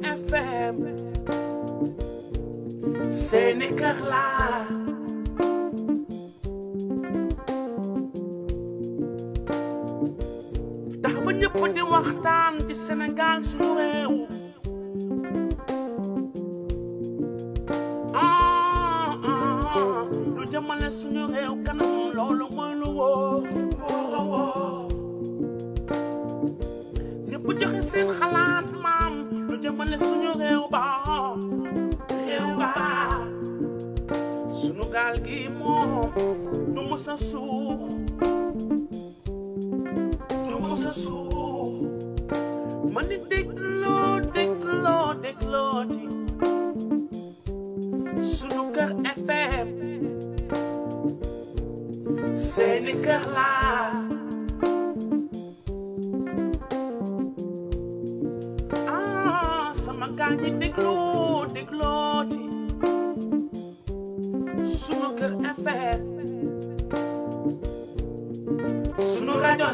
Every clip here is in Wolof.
FM Senekarlah tax ba ñëpp di waxtaan ci Sénégal suñu réew lu jëmale suñu réew kanam loolu mooy lu wóor ñëpp joxe ma ne suñu réew ba réew ba sunu gal gi moom du mës a suux du mës a suux ma ne dégloo dégloo dégloo di sunu kër FM seeni kër la. Sunu rajo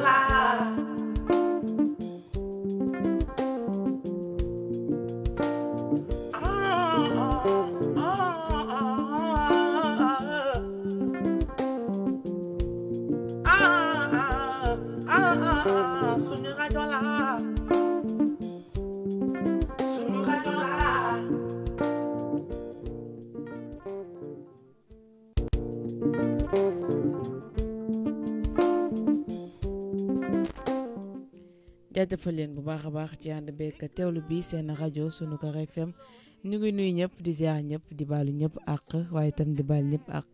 jaajëfal leen bu baax a baax ci ànd beek teewlu bi seen rajo Sunuker FM ñu ngi nuyu ñëpp di ziar ñëpp di baalu ñëpp àq waaye tam di baal ñëpp àq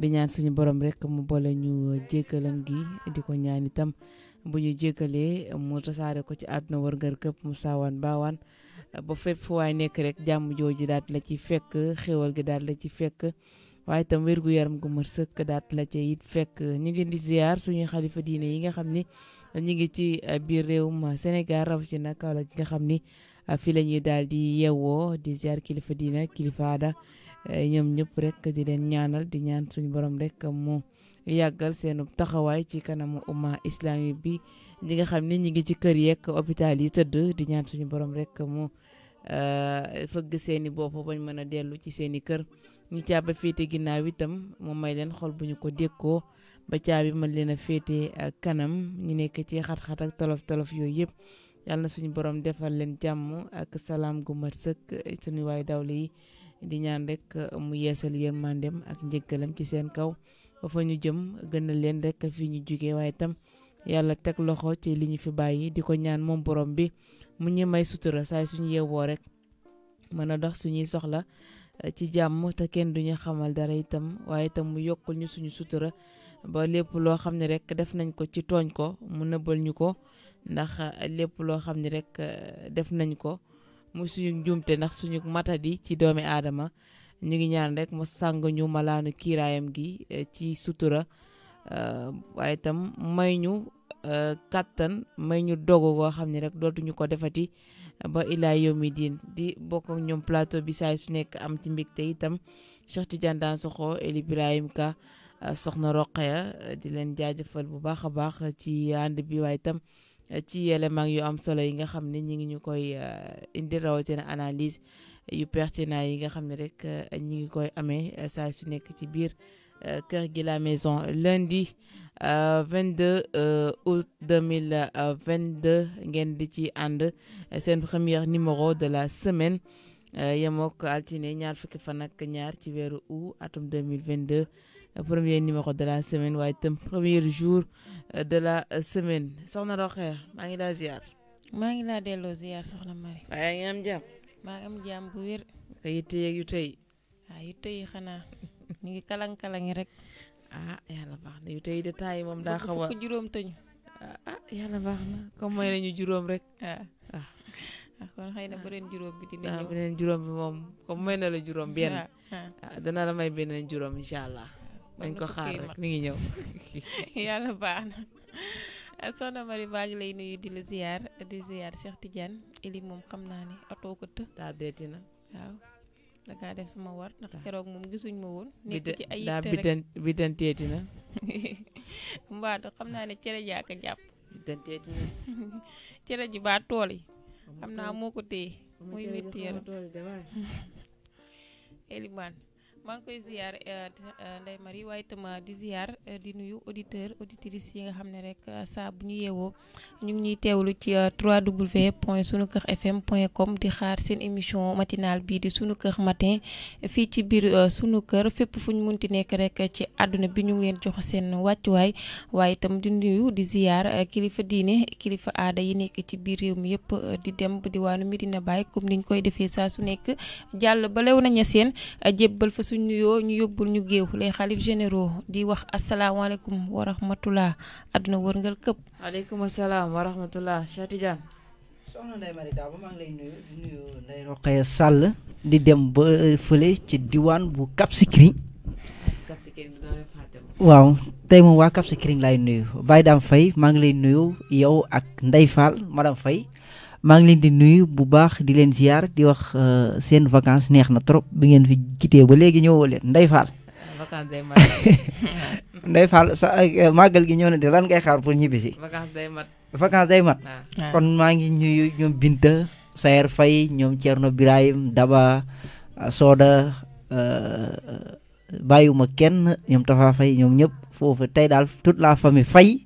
di ñaan suñu borom rekk mu boole ñu jéggalam gi di ko ñaan itam bu ñu jéggalee mu tasaare ko ci àdduna wërngër këpp mu saawaan baawaan ba fépp fu waay nekk rek jàmm jooju daat la ciy fekk xéwal gi daal la ciy fekk waaye itam wér gu yaram gu mër sëkk daat la ci it fekk ñu ngi di ziar suñuy xalifa diine yi nga xam ni. ñu ngi ci eh, biir réewum Sénégal rawatina Kaolack gi nga xam ni eh, fii la ñuy daal di yeewoo di ziar kilifa diina kilifa aada eh, ñoom ñëpp rek di leen ñaanal di ñaan suñu borom rek moo yàggal seenu taxawaay ci kanamu umma islamique bi ñi nga xam ni ñu ngi ci kër yeeg hôpital yi tëdd di ñaan suñu borom rek moo fëgg seen i bopp bañ mën a dellu ci seen i kër ñu fii féete ginnaaw itam moo may leen xol bu ñu ko dékkoo ba caabi mën leen a féete ak eh, kanam ñu nekk ci xat-xat ak tolof-tolof yooyu yëpp yàlla na suñu borom defal leen jàmm ak salaam gu mat sëkk eh, suñu waay dawle yi di ñaan rek eh, mu yeesal yërmandem ak njëggalam ci seen kaw ba fa ñu jëm gënal leen rek fi ñu jugee waaye tam yàlla teg loxo ci li ñu fi bàyyi di ko ñaan moom borom bi mu ñu may sutura saay suñu yeewoo rek mën a dox suñuy soxla ci jàmm te kenn duñu xamal dara itam waaye itam mu yokkul ñu suñu sutura ba lépp loo xam ne rek def nañ ko ci tooñ ko mu nëbbal ñu ko ndax lépp loo xam ni rek euh, def nañ ko mu suñu njuumte ndax suñu matadi ci doomi aadama ñu ngi ñaan rek mu sàng ñu malaanu kiiraayam gi euh, ci sutura euh, waaye itam may ñu kàttan may ñu dogu goo xam ne rek dootuñu ko defati ba ilaa yawmi diin di bokk ñoom plateau bi saay su nekk am ci mbig te itam Cheikh Tidiane Dansokho El Ibrahim Ka soxna Roqeya eh, di leen jaajëfal bu baax a baax ci ànd bi waaye itam eh, ci élément yu am solo yi nga xam ne ñi ngi ñu koy eh, indi rawatina analyse yu pertinent yi nga xam ne rek ñi ngi koy amee saa su nekk ci biir kër gi la maison lundi 22 août 2022 ngeen di ci ànd seen premier numéro de la semaine yemoo ko altine ñaar fukki fan ak ñaar ci weeru août atum 2022 premier numéro de la semaine waaye itam premier jour euh, de la euh, semaine soxna Roxeer maa ngi laa ziar. maa ngi laa delloo ziar soxna Marie. waaye yaa ngi am jàmm. maa ngi am jàmm bu wér. ka yitte yeeg yu tey. waaw ah, yu tey xanaa ñu ngi kalang kalangi rek. ah yàlla baax na yu tey détails yi moom daa xaw a fukk juróom tëñu. Ah, ah yàlla baax na comme may nañu juróom rek. ah, ah. kon xëy na beneen juróom bi dina ñëw beneen juróom bi moom comme may na la juróom benn. dana la may juróom incha allah. dañ ko xaar rek mi ngi ñëw. yàlla baax na. soxna Mari baa ngi lay nuyu di la ziar di ziar Cheikh Tidiane Eli moom xam naa ne atoo ko të. daa deeti na waaw. da def sama war ndax gisuñ ma woon. ay yitte rek xam naa ne cere jaa ko jàpp. cere ji baa tool yi. xam naa moo ko téye. muy witti yaram Elimane maa ngi koy ziar euh, euh, Ndeye Marie waaye itam euh, di ziar di nuyu auditeur auditrice yi nga xam ne rek saa bu ñu yeewoo ñu ngi ñuy teewlu ci 3w point sunu kër fm point com di xaar seen émission matinale bii di sunu kër matin fii ci biir sunu kër fépp fu ñu munti nekk rek ci àdduna bi ñu ngi leen jox seen wàccuwaay waaye itam di nuyu di ziar kilifa diine kilifa aada yi nekk ci biir réew mi yëpp di dem bu diwaanu Medina baay comme niñ koy defee saa su nekk jàll ba lew nañu seen jébbal fa suñ nuyoo ñu yóbbul ñu géew les xalif généraux di wax asalaamaaleykum wa rahmatulah àdduna wërngal këpp. waaleykum asalaam wa rahmatulah Cheikh Tidiane. ngi lay nuyu di dem ba euh, fële ci diwaan bu Cap Skirring. waaw tey moom waa Cap Skirring laay nuyu Baye Dame Faye maa ngi lay nuyu yow ak Ndeye Fall madame Faye maa ngi leen di nuyu bu baax di leen ziar di wax euh, seen vacances neex na trop bi ngeen fi quitté ba léegi ñëwoo leen Ndeye Fall. vacances day mat. Ndeye Fall sa euh, màggal gi ñëw na de lan ngay xaar pour ñibbisi. vacances day mat. vacances day mat. Ah. Ah. kon maa ngi nuyu ñoom Binta. Sayer Faye ñoom Thierno Birahim Daba Soda euh, bàyyiwuma kenn ñoom Tafa Faye ñoom ñëpp foofu tey daal toute la famille Faye.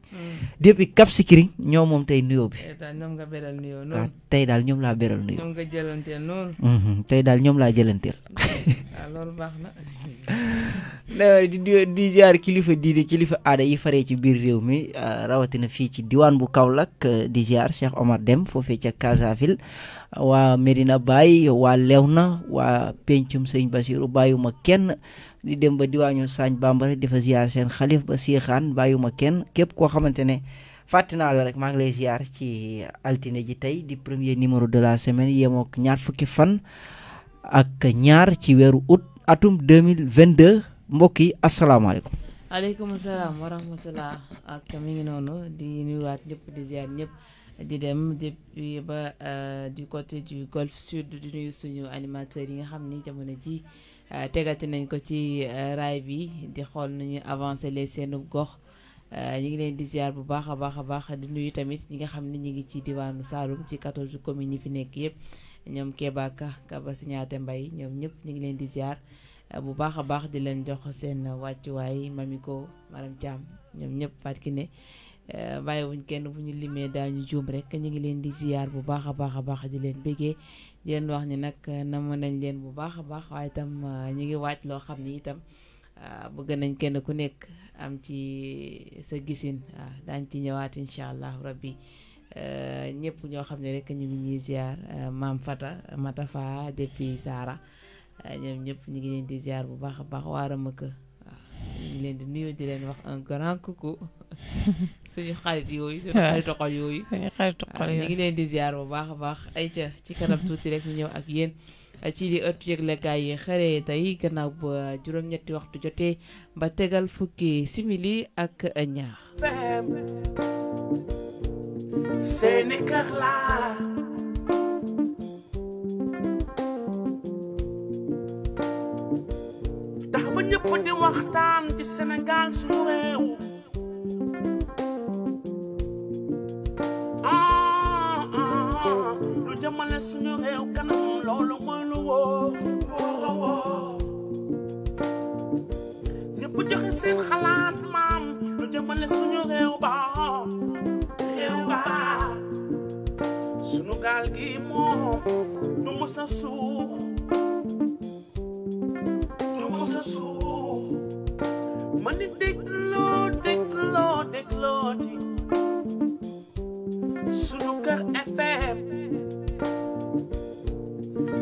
depuis Cap Skirring ñoo moom tey nuyoo bi. waaw eh, ah, tey daal ñoom laa beral nuyoo. Mm-hmm. tey daal ñoom laa jëlanteel. Ah, di di jaar kilifa diine kilifa aada yi faree ci biir réew mi ah, rawatina fii ci diwaan bu kaw Kaolack di jaar Cheikh Omar Dem foofee ca Casaville waa Medina Baye waa Lewna waa Pencum Sëñ Basiru bàyyuma kenn. di dem ba diwaañu sañ bambar di fa ziar sen khalif ba siixaan bàyyuma kenn képp koo xamante ne fàtte la rek ma ngi lay ziar ci altine ji tay di premier numéro de la semaine yemo yemook ñaar fukki fan ak ñaar ci wéru août atum 2022 mbokki assalamu alaykum alaykum assalam wa rahmatullah ak mi ngi nonu di wat ñep di ziar ñep di dem depuis ba euh, du côté du golf sud di nuyu suñu animateur yi nga xamni jamono ji Euh, tegati nañ ko ci euh, raay bi di xool nu ñuy avancer les seenu gox euh, ñi ngi leen di ziar bu baax a baax a baax di nuyu tamit ñi nga xam ne ñi ngi ci diwaanu Saloum ci 14 communes yi fi nekk yëpp ñoom Kéba Ka Kaba Signaté Mbaye ñoom ñëpp ñi ngi leen di ziar bu baax a baax di leen jox seen wàccuwaay Mamiko Maram Thiam ñoom ñëpp ki ne bàyyiwuñ kenn bu ñu limee daañu juum rek ñu ngi leen di ziar bu baax a baax a baax di leen bégee leen wax ni nag euh, namoon nañ leen bu baax a baax waaye itam euh, ñu ngi waaj loo xam ni itam euh, bëgg nañ kenn ku nekk am ci sa gisin waaw daañ ci ñëwaat incha allah rabbi ñëpp ñoo xam ne rek ñu ngi ñuy ziar maam Fata Matafa depuis Saara ñoom ñëpp ñu ngi leen di ziar bu baax a baax waa Ramaka waaw ñu leen di nuyu di leen wax un grand coucou suñu xarit yooyu suñu xarit toqal yooyu suñu xarit toqal yooyu ñu ngi leen di ziar bu baax a baax ay ca ci kanam tuuti rek ñu ñëw ak yéen ci li yi tey gannaaw ba juróom-ñetti waxtu jotee ba tegal fukki simili ak ñaar seeni kër laa ñëpp di waxtaan ci Sénégal suñu réew jëmale suñu réew kanam FM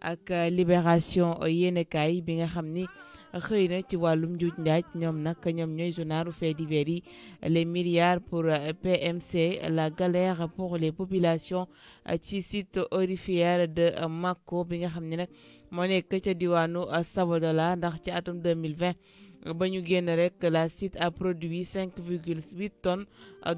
ak euh, libération euh, kay bi nga xamni xeyna ci walum ndaj ñom nak ñom ñoy journal fait divers les milliards pour euh, PMC la galère pour les populations ci site aurifère de Mako bi nga xamni nak mo nek ci diwanu Sabodola ndax ci atum 2020 bañu rek la site a produit 5,8 tonnes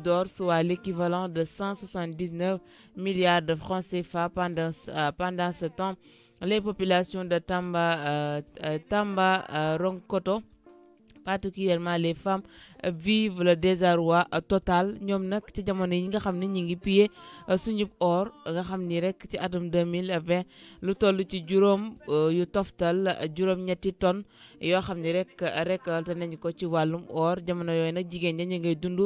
d'or soit l'équivalent de 179 milliards de francs CFA pendant pendant ce temps les population de Tamba, euh, euh, Tamba euh, Ronkoto, particulièrement les femmes, vive le désarroi euh, total ñoom nag ci jamono yi nga xam ne ñi ngi pillé euh, suñu or nga xam ni rek ci atum 2020 lu toll ci juróom euh, yu toftal juróom-ñetti tonnes yoo xam ni rek récolté nañu ko ci wàllum or jamono yooyu nag jigéen ña ñu ngay dund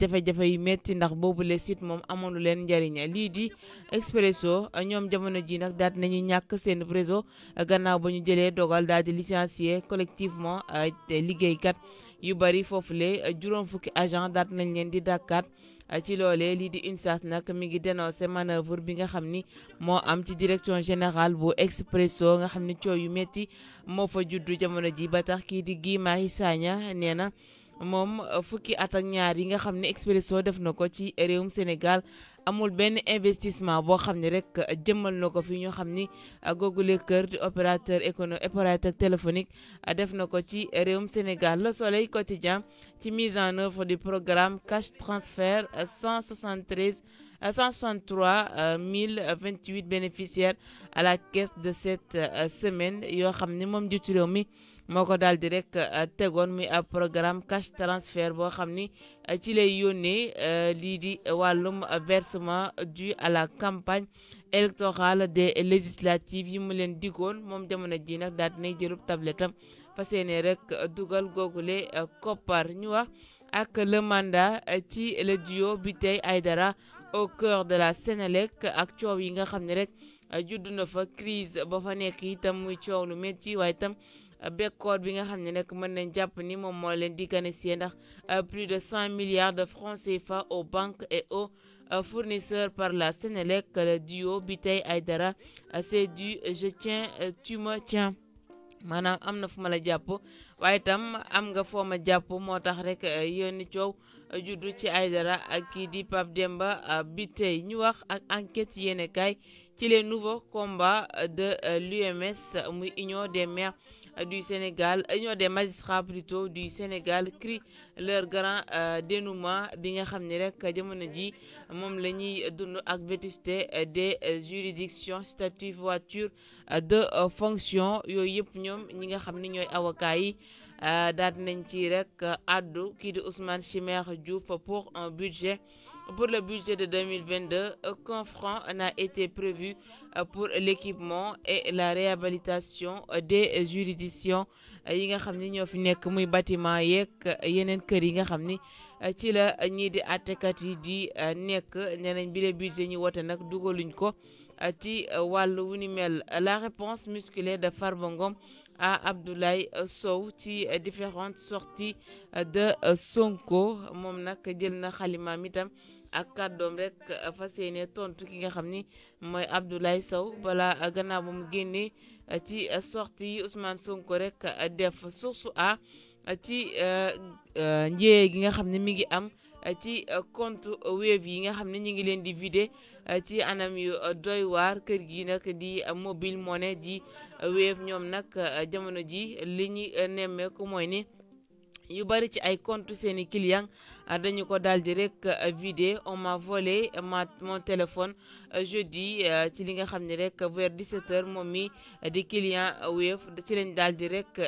jafe-jafe yu metti ndax boobu le site moom amoon lu leen njëriñ lii di Expresso ñoom jamono ji nag daal nañu ñàkk seen réseau gannaaw ba ñu jëlee dogal daal di licencier collectivement liggéeykat yu bari foofule eh, juróom fukki agent daat nañ leen di dàkkaat eh, ci loolee lii di UNSAS nag mi ngi dénoncé manœuvre bi nga xam ni moo am ci direction général bu Expresso nga xam ni coow yu métti moo fa juddu jamono ji ba tax kii di Guy Marius Sagna nee na moom eh, fukki atak ak ñaar yi nga xam ne Expresso def na ko ci réewum Sénégal amul ben investissement bo xamni rek jëmmal nako fi ñu xamni ni ah, opérateur opérateur téléphonique ah, def nako ci réewum Sénégal le soleil quotidien ci mise en œuvre du programme cash transfert 173 163 028 bénéficiaires à la caisse de cette ah, semaine yo xamni mom moom réew mi moo ko daal di rek euh, tegoon muy ab programme cash transfert boo xam ni euh, ci lay yónnee euh, lii di wàllum versement dû à la campagne électorale des législatives yi mu leen digoon moom jamono ji nag daal dinay jërub tablette am fas yéene rek dugal googule koppar ñu wax ak le mandat ci le dio bi tey Aïdara au cœur de la Sénélec ak coow yi nga xam ne rek judd na fa crise ba fa nekk itam muy coow lu métti waaye itam bekkoor bi nga xam ne nag mën nañ jàpp ni moom moo leen di gane ndax euh, plus de 100 milliards de francs CFA aux banques et aux euh, fournisseurs par la Sénélec le duo Biteye Aydara euh, c'est du je tiens tu me tiens maanaam am na fu ma la jàpp waaye tam am nga foo ma jàpp moo tax rek yónni coow juddu ci Aydara ak kii di Pape Demba Biteye ñu wax ak enquête yéene ci les nouveaux combats de l'UMS muy union des maires du Sénégal, union des magistrats plutôt du Sénégal crie leur grand euh, dénouement bi nga xam ne rek jamono ji moom la ñuy ak des juridictions statut voiture de fonction yooyu yëpp ñoom ñi nga xam ne ñooy euh, daal ci rek addu euh, di Ousmane Chimère Diouf pour un budget pour le budget de 2022, aucun franc n'a été prévu euh, pour l'équipement et la réhabilitation euh, des juridictions euh, yi nga xam ni ñoo fi nekk muy bâtiment yeeg yeneen kër yi nga xam ni ci la ñii di àttekat yi di nekk nee nañ le budget ñu wote nag dugaluñ ko ci wàllu wu ni mel la réponse musculaire de Farbongom à Abdoulaye Sow ci différentes sorties de Sonko moom nag jël na Khalima itam ak kàddoom rek fas yéene tontu ki nga xam ni mooy Abdoulaye Sow bala gannaaw ba génne génnee ci sortie yi Ousmane Sonko rek def source a ci njéye gi nga xam ni mi ngi am ci compte Wave yi nga xam ne ñu ngi leen di vidé ci anam yu doy waar kër gi nag di mobile money di Wave ñoom nag jamono ji li ñu nemmeeku mooy ni yu bari ci ay compte seeni client dañu ko euh, vidé on m'a volé euh, mon téléphone euh, jeudi ci li nga vers 17h momi de di client Wave ci lañ dal rek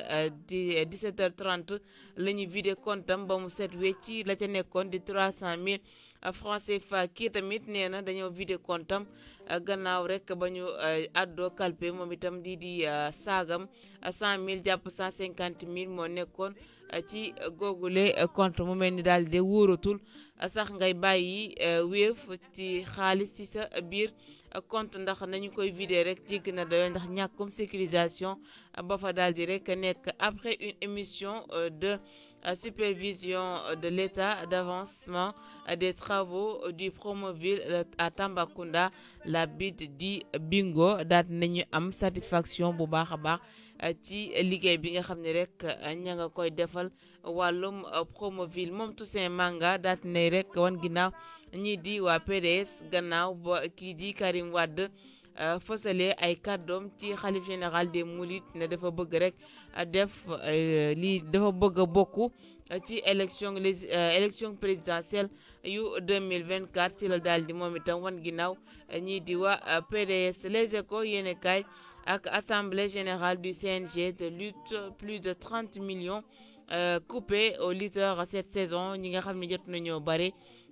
di 17h30 le vidé compte ba set le la ca di euh, franc fa ki tamit neena na dañoo vidé compte am euh, gannaaw rek bañu addo euh, àddoo kalpe moom itam di di sagam 100000 jàpp 150000 mo nekkoon ci gogulé compte mu melni ni daal de wóoratul sax ngay bayyi wéef ci xaalis ci sa biir compte ndax nañ koy vidé rek jéggi na doyoo ndax ñakum sécurisation ba fa daal di rek nekk après une émission de à supervision euh, de l'état d'avancement euh, des travaux euh, du Promoville à Tambacounda la di bingo date nañu am satisfaction bu ci bi ne Promoville Manga daat a rek wan ginnaaw ñii di waa PDS gannaaw Karim euh, fësalee ay kàddoom ci xalif général des moulites ne dafa bëgg rek euh, def euh, li dafa bëgg bokku ci élection élection présidentielle yu 2024 ci la dal di moom itam wan ginnaw ñi di wa PDS les échos yéene kaay ak assemblée générale du CNG de lutte plus de 30 millions coupés au leader cette saison ñi nga xamni ne jot nañoo bari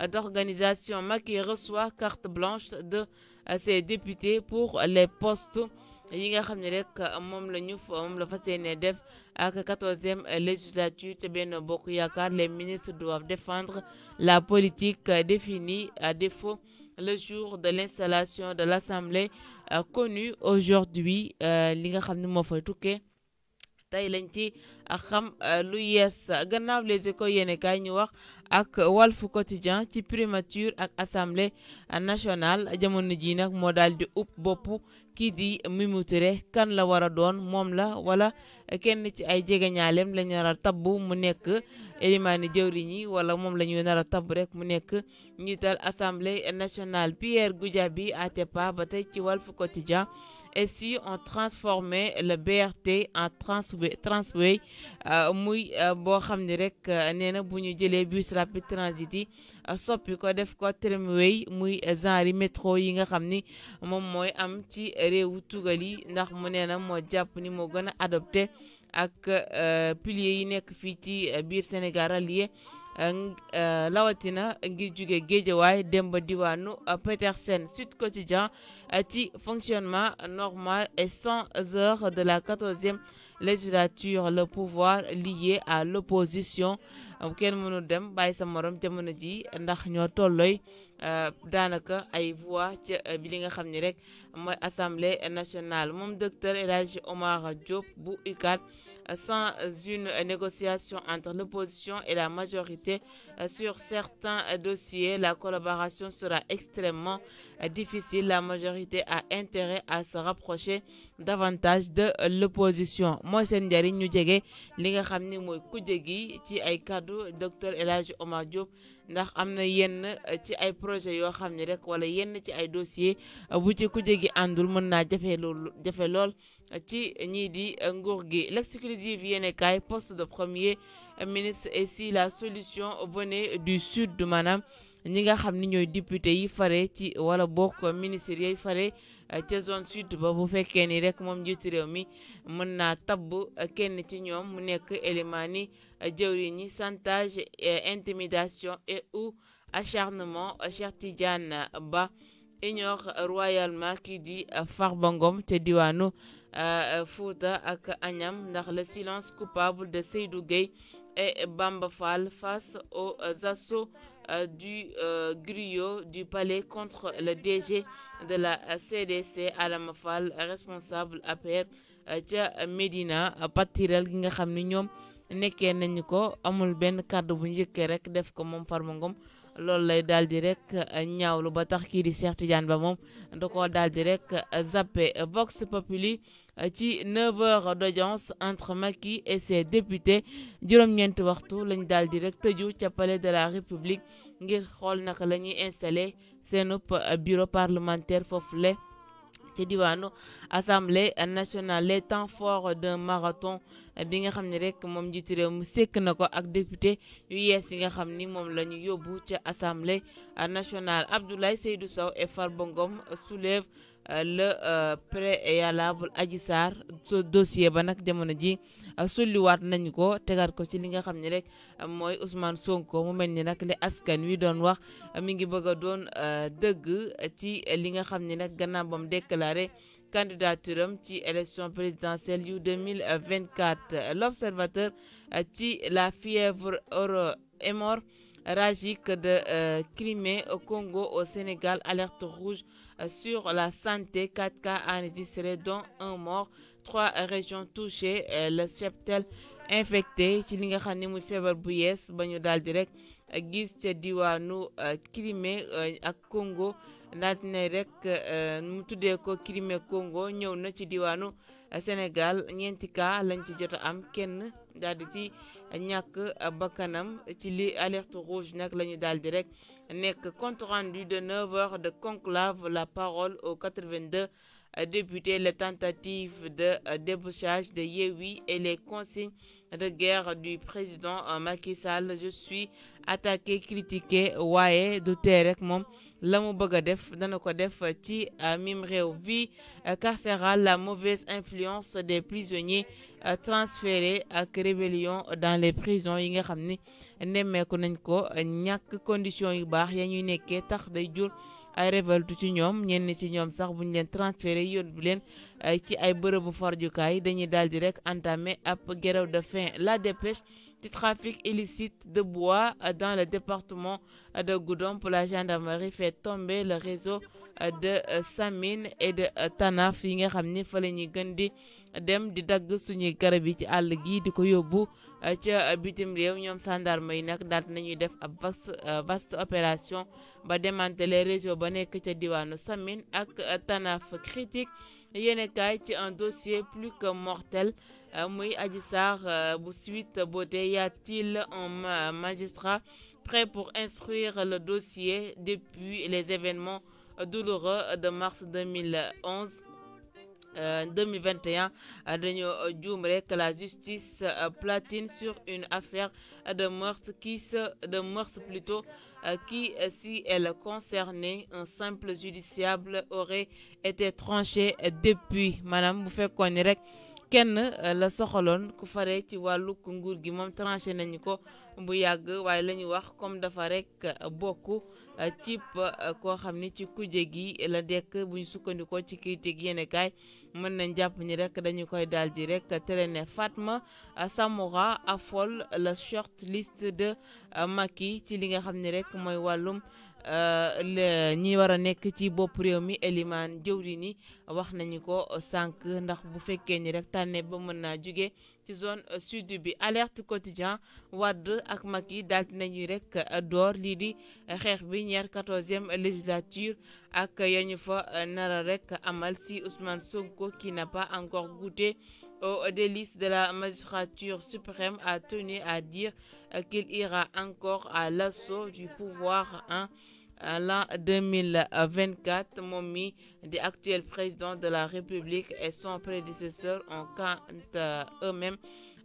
Euh, d'organisation. qui reçoit carte blanche de euh, ses députés pour les postes yi nga xam ne rek euh, moom la ñu moom la def 14e législature Bokk les ministres doivent défendre la politique définie à défaut le jour de l'installation de l'Assemblée connue aujourd'hui li nga xam ne fay tey lañ ci xam lu yees gannaaw les écoles yéene kaay ñu wax ak Walf Quotidien ci primature ak assemblée nationale jamono ji nag moo daal di up bopp kii di Mimi Touré kan la war a doon moom la wala kenn ci ay jegeñaaleem la ñu nar mu nekk élimaani jëwriñ yi wala moom la ñu nar a tabb rek mu nekk njiital assemblée nationale Pierre bi Atepa ba tey ci Walf Quotidien et si on transformait le BRT en transway euh, muy euh, bo xamni rek euh, bus rapide transit yi soppi ko def ko muy genre métro yi nga am ci yi ndax mu a ak pilier yi nekk fi ci Sénégal lawatina euh, ngir jóge Géejawaay dem ba diwaanu euh, Petersen suite Quotidien euh, ci fonctionnement normal et sans heures de la 14e législature le pouvoir lié à l'opposition ken mënul dem bay sa morom jamono ji ndax ño tolloy danaka ay voix ci bi li nga xamni rek moy assemblée nationale mon docteur El Omar Diop bu ikat sans une négociation entre l'opposition et la majorité euh, sur certains euh, dossiers. La collaboration sera extrêmement euh, difficile. La majorité a intérêt à se rapprocher davantage de l'opposition ci ñii di euh, nguur gi l'exclusive yéene kaay poste de premier euh, ministre et si la solution venait du sud manam ñi nga xamni ñoy député yi faré ci wala bokk ministère yi faré euh, ci zone sud ba bu fekké ni rek mom njiitu mi mën naa tabb kenn ci ñom mu nekk élément ni jëwriñ ñi chantage intimidation et ou acharnement Cheikh Tidiane Ba ignore royalement qui di farbangom te diwanu euh, euh, Fouta ak Agnam dans le silence coupable de Seydou et Bamba Fall face aux assauts euh, du griot du palais contre le DG de la CDC Alam Fall responsable à ca Medina, Medina, Patirel nga ne Amulben loolu lay daal di rek eh, ñaawlu ba tax kii di Cheikh Tidiane ba moom da koo rek eh, zappe Vox Populi eh, ci 9 heures d'audience entre Macky et ses députés juróom-ñeenti waxtu lañ daal di rek tëju ca palais de la République ngir xool naka la ñuy installé seenub bureau parlementaire foofu le ci diwaanu assemblée nationale les temps forts d'un marathon bi nga xam ne rek moom njiitu réew mu sekk na ko ak député yu yees yi nga xam ni moom la ñu yóbbu ca assemblée nationale Abdoulaye Seydou Sow et Farba Ngom soulève euh, le euh, préalable Adji Sarr so dossier ba nag jamono ji euh, sulliwaat nañu ko tegaat ko ci li nga xam ni rek mooy Ousmane Sonko mu mel ni nag li askan wi doon wax mi ngi bëgg a doon dëgg ci li nga xam ni nag gannaaw bam déclaré candidature ci élection présidentielle 2024 l'observateur euh, ci la fièvre euro hémorragique de euh, Crimée au Congo au Sénégal alerte rouge euh, sur la santé 4 cas enregistrés dont un mort trois régions touchées le cheptel infecté ci li nga xam muy bu Crimée ak Congo nous rek euh, mu tuddee ko Congo na ci Sénégal lañ ci alerte rouge rek compte rendu de 9 heures de conclave la parole aux 82 députés les tentatives de débouchage de Yewi et les consignes de guerre du président Macky Sall je suis attaqué critiqué waaye du la bëgg def def euh, euh, la mauvaise influence des prisonniers euh, transférés à rébellion dans les prisons yi nga xam ni nañ conditions yu baax ya ñuy tax day jur ay révolte ci ñoom ñenn ci sax transféré leen ci ay dañuy de fin la dépêche du trafic illicite de bois dans le département de Goudon pour la gendarmerie fait tomber le réseau de euh, Samine et de euh, Tanaf yi nga xam ni fa la ñuy gën di dem di dag suñu garab yi ci all gi di ko yóbbu euh, ca bitim réew ñoom gendarme yi nag daal nañuy def ab vaste opération ba démanteler réseau ba nekk ca diwaanu Samine ak Tanaf critique yéen kaay ci un dossier plus que mortel euh, Moui Adissar euh, suite bu y a-t-il un magistrat prêt pour instruire le dossier depuis les événements douloureux de mars 2011 2021 euh, la justice platine sur une affaire de meurtre qui de plutôt qui si elle concernait un simple judiciable aurait été tranchée depuis Madame bu Konerec. kenn euh, la soxaloon ku fare ci wàllu nguur gi moom tranché nañu ko bu yàgg waaye la wax comme dafa rek euh, bokk euh, cib koo xam ni ci kuje gi la dekk bu ñu sukkandikoo ci kayité gi yéene mën nañ jàpp ni rek dañu koy daal di rek tere ne Fatma Samoura affole la short liste de Macky ci li nga xam ni rek mooy wàllum Euh, le war Tibo Priomi ci Eliman Djurini yi wax nañu ko sànq ndax bu fekke ni rek zone sud bi alerte quotidien wad ak Dalt dal di rek door li di bi quatorzième législature ak yañu fa nara rek amal si Ousmane Sonko qui n'a pas encore goûté au délice de la magistrature suprême a tenu à dire qu'il ira encore à l'assaut du pouvoir hein à euh, l'an 2024. Momi, des actuels présidents de la République et son prédécesseur ont quand euh, eux-mêmes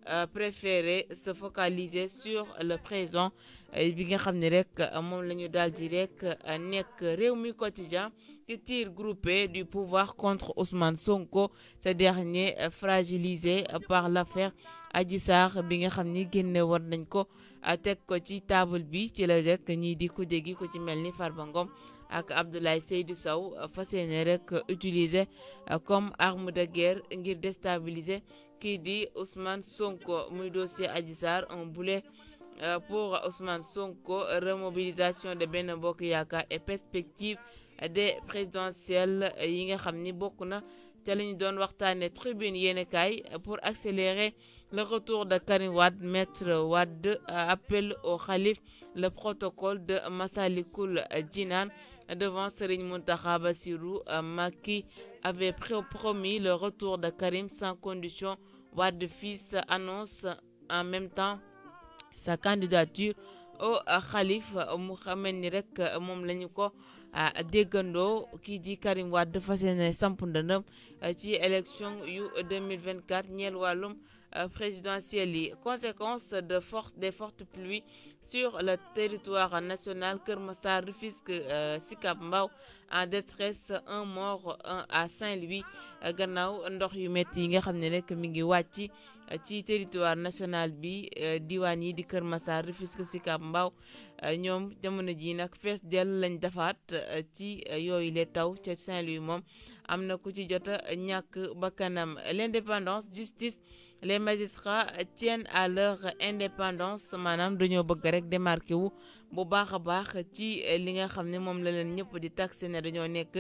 euh, préféré se focaliser sur le présent bi nga xam ne rek euh, moom la ñu daal di rek euh, nekk réew mi quotidien qui tire groupé du pouvoir contre Ousmane Sonko ce dernier euh, fragilisé par l'affaire Adji Sarr bi nga xam ni génne war nañ ko teg ko ci table bi ci la rek ñii di ku déggi ku ci mel ni Farba Ngom ak Abdoulaye Seydou Sow fas rek utilisé comme arme de guerre ngir déstabiliser kii di Ousmane Sonko muy dossier Adji Sarr un boulet euh, pour Ousmane Sonko, remobilisation de Ben Bokyaka et perspective des présidentielles euh, yi Khamni ni tribune pour accélérer le retour de Karim Wad, maître Wad, euh, appel au Khalif le protocole de Masalikul Jinan devant Serigne Mountakha qui avait promis le retour de Karim sans condition Wad fils annonce en même temps sa candidature au euh, Khalif euh, Mohamed Nirek Moumleniko rek qui euh, lañu ko ki di Karim Wade fas samp élection 2024 Niel walum présidentielle conséquence de fortes des fortes pluies sur le territoire national Kër refuse Rufisque Sikap en détresse un mort à Saint-Louis gannaaw ndox yu metti nga xamné rek ci territoire national bi euh, diwaan yi di Kër Massar Rufisque Sicap Mbao euh, ñoom jamono ji nag fees dell lañ defaat euh, ci yooyu le taw ca Saint-Louis moom am na ku ci jot a ñàkk bakkanam l'indépendance justice les magistrats tiennent à leur indépendance maanaam dañoo bëgg rek démarqué wu bu baax a baax ci li nga xam ne moom la leen ñëpp di taxé ne dañoo nekk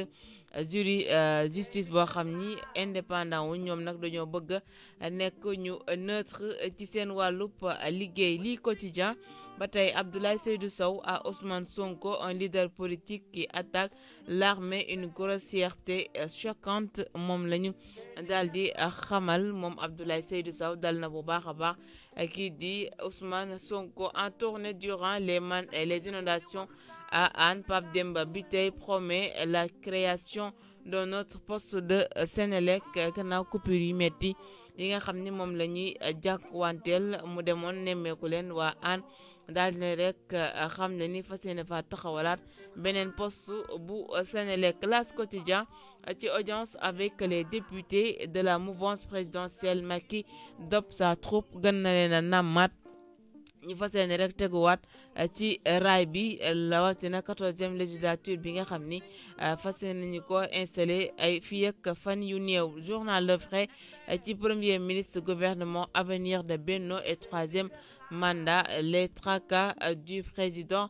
jury euh, justice boo xam ni indépendant wu ñoom nag dañoo bëgg nekk ñu neutre ci seen wàllub liggéey lii quotidien ba tey Abdoulaye Seydou Sow à Ousmane Sonko un leader politique qui attaque l'armée une grossièreté choquante moom lañu ñu daal di xamal moom Abdoulaye Seydou Sow dal na bu baax a baax kii di Ousmane Sonko en tournée durant les man les inondations à Anne, Pape Demba Bitey promet la création d'un autre poste de Sénélec euh, gannaaw coupure yi metti yi nga xam ni moom la ñuy euh, jànkuwanteel mu demoon nemmeeku leen waa Hann daal rek euh, xam ni fas fa taxawalat Benen poste bu Sénélec classe Quotidien ci audience avec les députés de la mouvance présidentielle Macky dope sa troupe gën na leen ñu fas yéene rek teguwaat eh, ci eh, raay bi 14e eh, législature bi nga xam ni fas nañu ko installé ay fii ak fan yu néew journal Le Vrai ci premier ministre gouvernement avenir de Benno et troisième mandat les tracas du président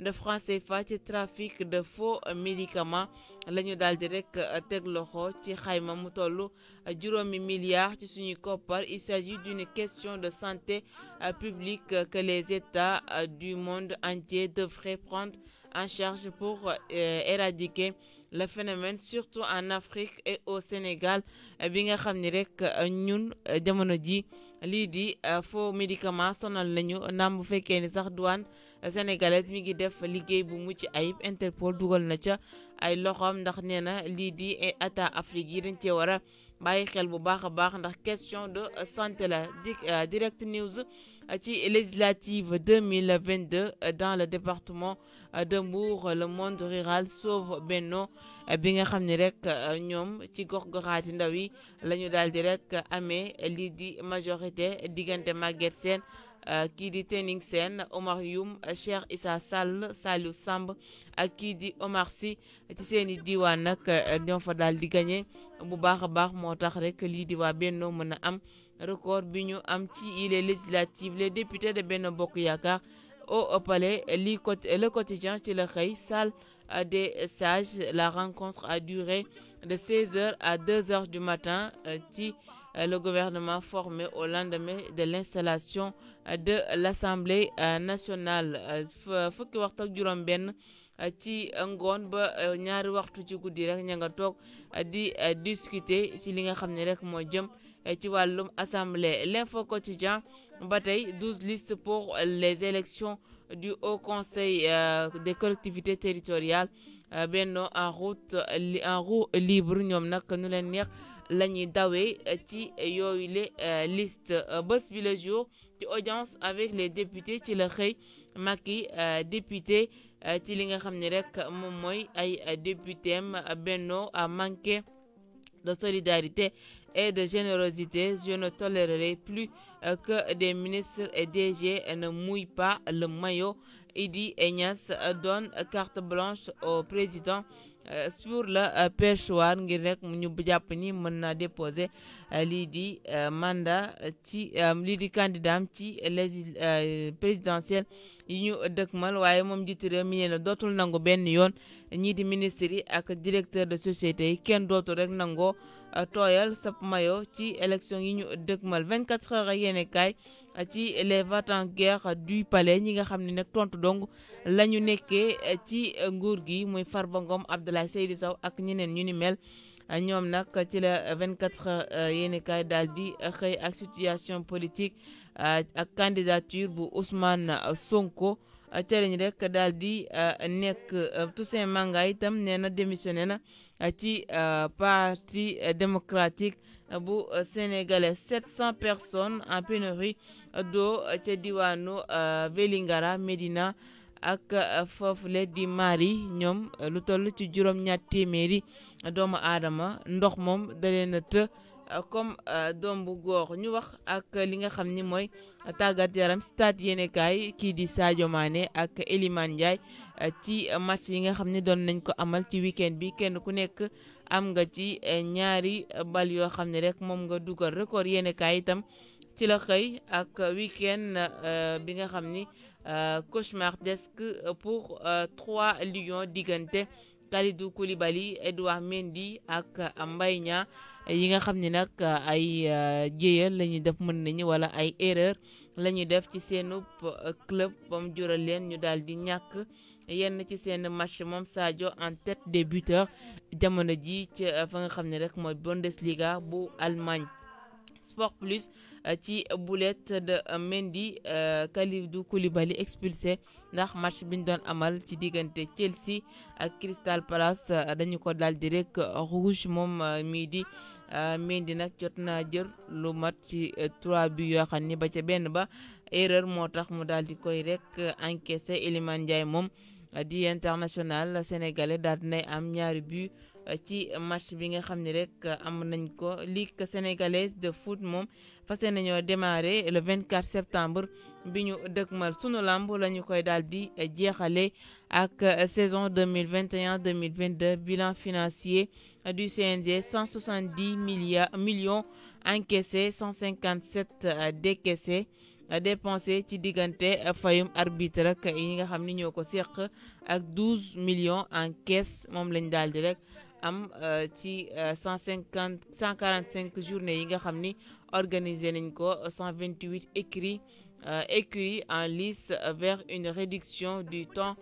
de français CFA ci trafic de faux médicaments lañu d'Al di rek euh, teg loxo ci xayma mu tollu euh, juróomi milliards ci suñu koppar il s'agit d'une question de santé euh, publique que les États du monde entier devraient prendre en charge pour éradiquer le phénomène surtout en Afrique et au Sénégal bi nga xamni rek ñun jamono ji li di faux médicaments sonal lañu naam bu ni sax douane sénégalaise mi ngi def liggéey bu Interpol dugal na ca ay Lidi ndax Ata na lii di état Afrique yi dañ cee war question de santé la euh, direct news euh, ci législative 2022 euh, dans le département de Mbour le monde rural sauve Benno bi nga xam Tigor, rek ñoom ci gox-goxaati ndaw rek majorité diggante euh, qui dit Tening Sen, Omar Youm euh, cher Issa Sal, Salou Samb ak euh, dit Omar si ci seen i diiwaan ñoo fa daal di gagné bu baax a baax moo rek lii di Benno record bignot Amti, il est législatif les députés de Beno Bokk au palais le quotidien ci la xëy salle des sages la rencontre a duré de 16 h à 2 h du matin ci. Euh, le gouvernement formé au lendemain de l'installation euh, de l'Assemblée euh, nationale fukki faut ak juróom ci ngoon ba ñaari waxtu ci guddi rek ña nga toog di discuter si li nga xam ne rek moo jëm ci wàllum assemblée l'info quotidien ba tey douze listes pour les élections du haut conseil des collectivités territoriales benno en route en roue libre ñoom nag nu leen neex lañuy Dawei euh, ci yooyu le euh, liste euh, bés bi le jour ci audience avec les députés ci la xëy Macky député ci li nga xam rek moom mooy ay député Benno a manqué de solidarité et de générosité je ne tolérerai plus que des ministres et DG ne mouillent pas le maillot Idi Egnas donne carte blanche au président Euh, sur la euh, perchoir ngir rek ñu jàpp ni mën na déposer euh, lii di manda ci lii di candidat ci légis présidentielle yi ñu dëkkmal waaye moom jiitu réew mi ne dootul nangu benn yoon ñii di ministre yi ak directeur de société yi kenn dootul rek nangoo tooyal sab mayo ci élection yi ñu dëgmal 24 heures yéene kaay ci les va-t-en-guerre du palais ñi nga xam ne nag tontu dong la ñu nekkee ci nguur gi muy Farba Ngom Abdoulaye Seydou saw ak ñeneen ñu ni mel ñoom nag ci la 24 heures euh, yéene kaay daal di xëy ak situation politique euh, ak candidature bu Ousmane Sonko. ca ñu rek daal di euh, nekk euh, Toussaint Manga itam nee na démissionné na euh, ci parti démocratique bu sénégalais cent personnes en pénurie d'eau ca diwaanu Vélingara Médina ak foofule di Mali ñoom lu toll ci juróom-ñaar téeméeri doomu aadama ndox moom da leen Euh, comme euh, doom bu góor ñu wax ak li nga xam ni mooy tàggat yaram stade yéenekaay kii di Sadio maane ak Elimane Ndiaye euh, ci match yi nga xam ne doon nañ ko amal ci weekend bi kenn ku nekk am nga ci ñaari bal yoo xam ni rek moom nga dugal record yéenekaay itam ci la xëy ak weekend bi nga xam ni cauchemardesque pour trois Lions diggante Kalidou Koulibaly Edouard Mendy ak Mbaye yi nga xamni nak uh, ay uh, jéyal lañu def mën nañu wala ay erreur lañu def ci seenub uh, club bam jural len ñu daal di ñàkk yenn ci seen match mom Sadio en tête des buteurs jamono ji ci fa nga xamni rek moy Bundesliga bu Allemagne Sport Plus ci boulette de Mendy Kalidou Koulibaly expulsé ndax match biñ doon amal ci diggante Chelsea ak Crystal Palace dañu ko daal di rek rouge mom midi Euh, Mendy nag jot naa jër lu mat ci euh, trois bi yoo xam ni ba ca benn ba erreur moo tax mu daal di koy rek euh, encaissé Iliman Ndiaye moom di international sénégalais daal dinay am ñaari bu ci match bi nga xam ne rek euh, am nañ ko ligue sénégalaise de foot moom fase nañoo démarrer le 24 septembre bi ñu dëkkmal sunu lamb lañu koy daal di jeexale ak euh, saison 2021 2022 bilan financier du CNG 170 millions encaissés 157 euh, décaissés dépensé ci diggante fayum arbitre ak yi nga xam ni ñoo ko ak 12 millions en caisse moom lañ daal rek am euh, ci 145 euh, 145 journées yi nga organisé nañ ko écrit euh, écrits en lice vers une réduction du temps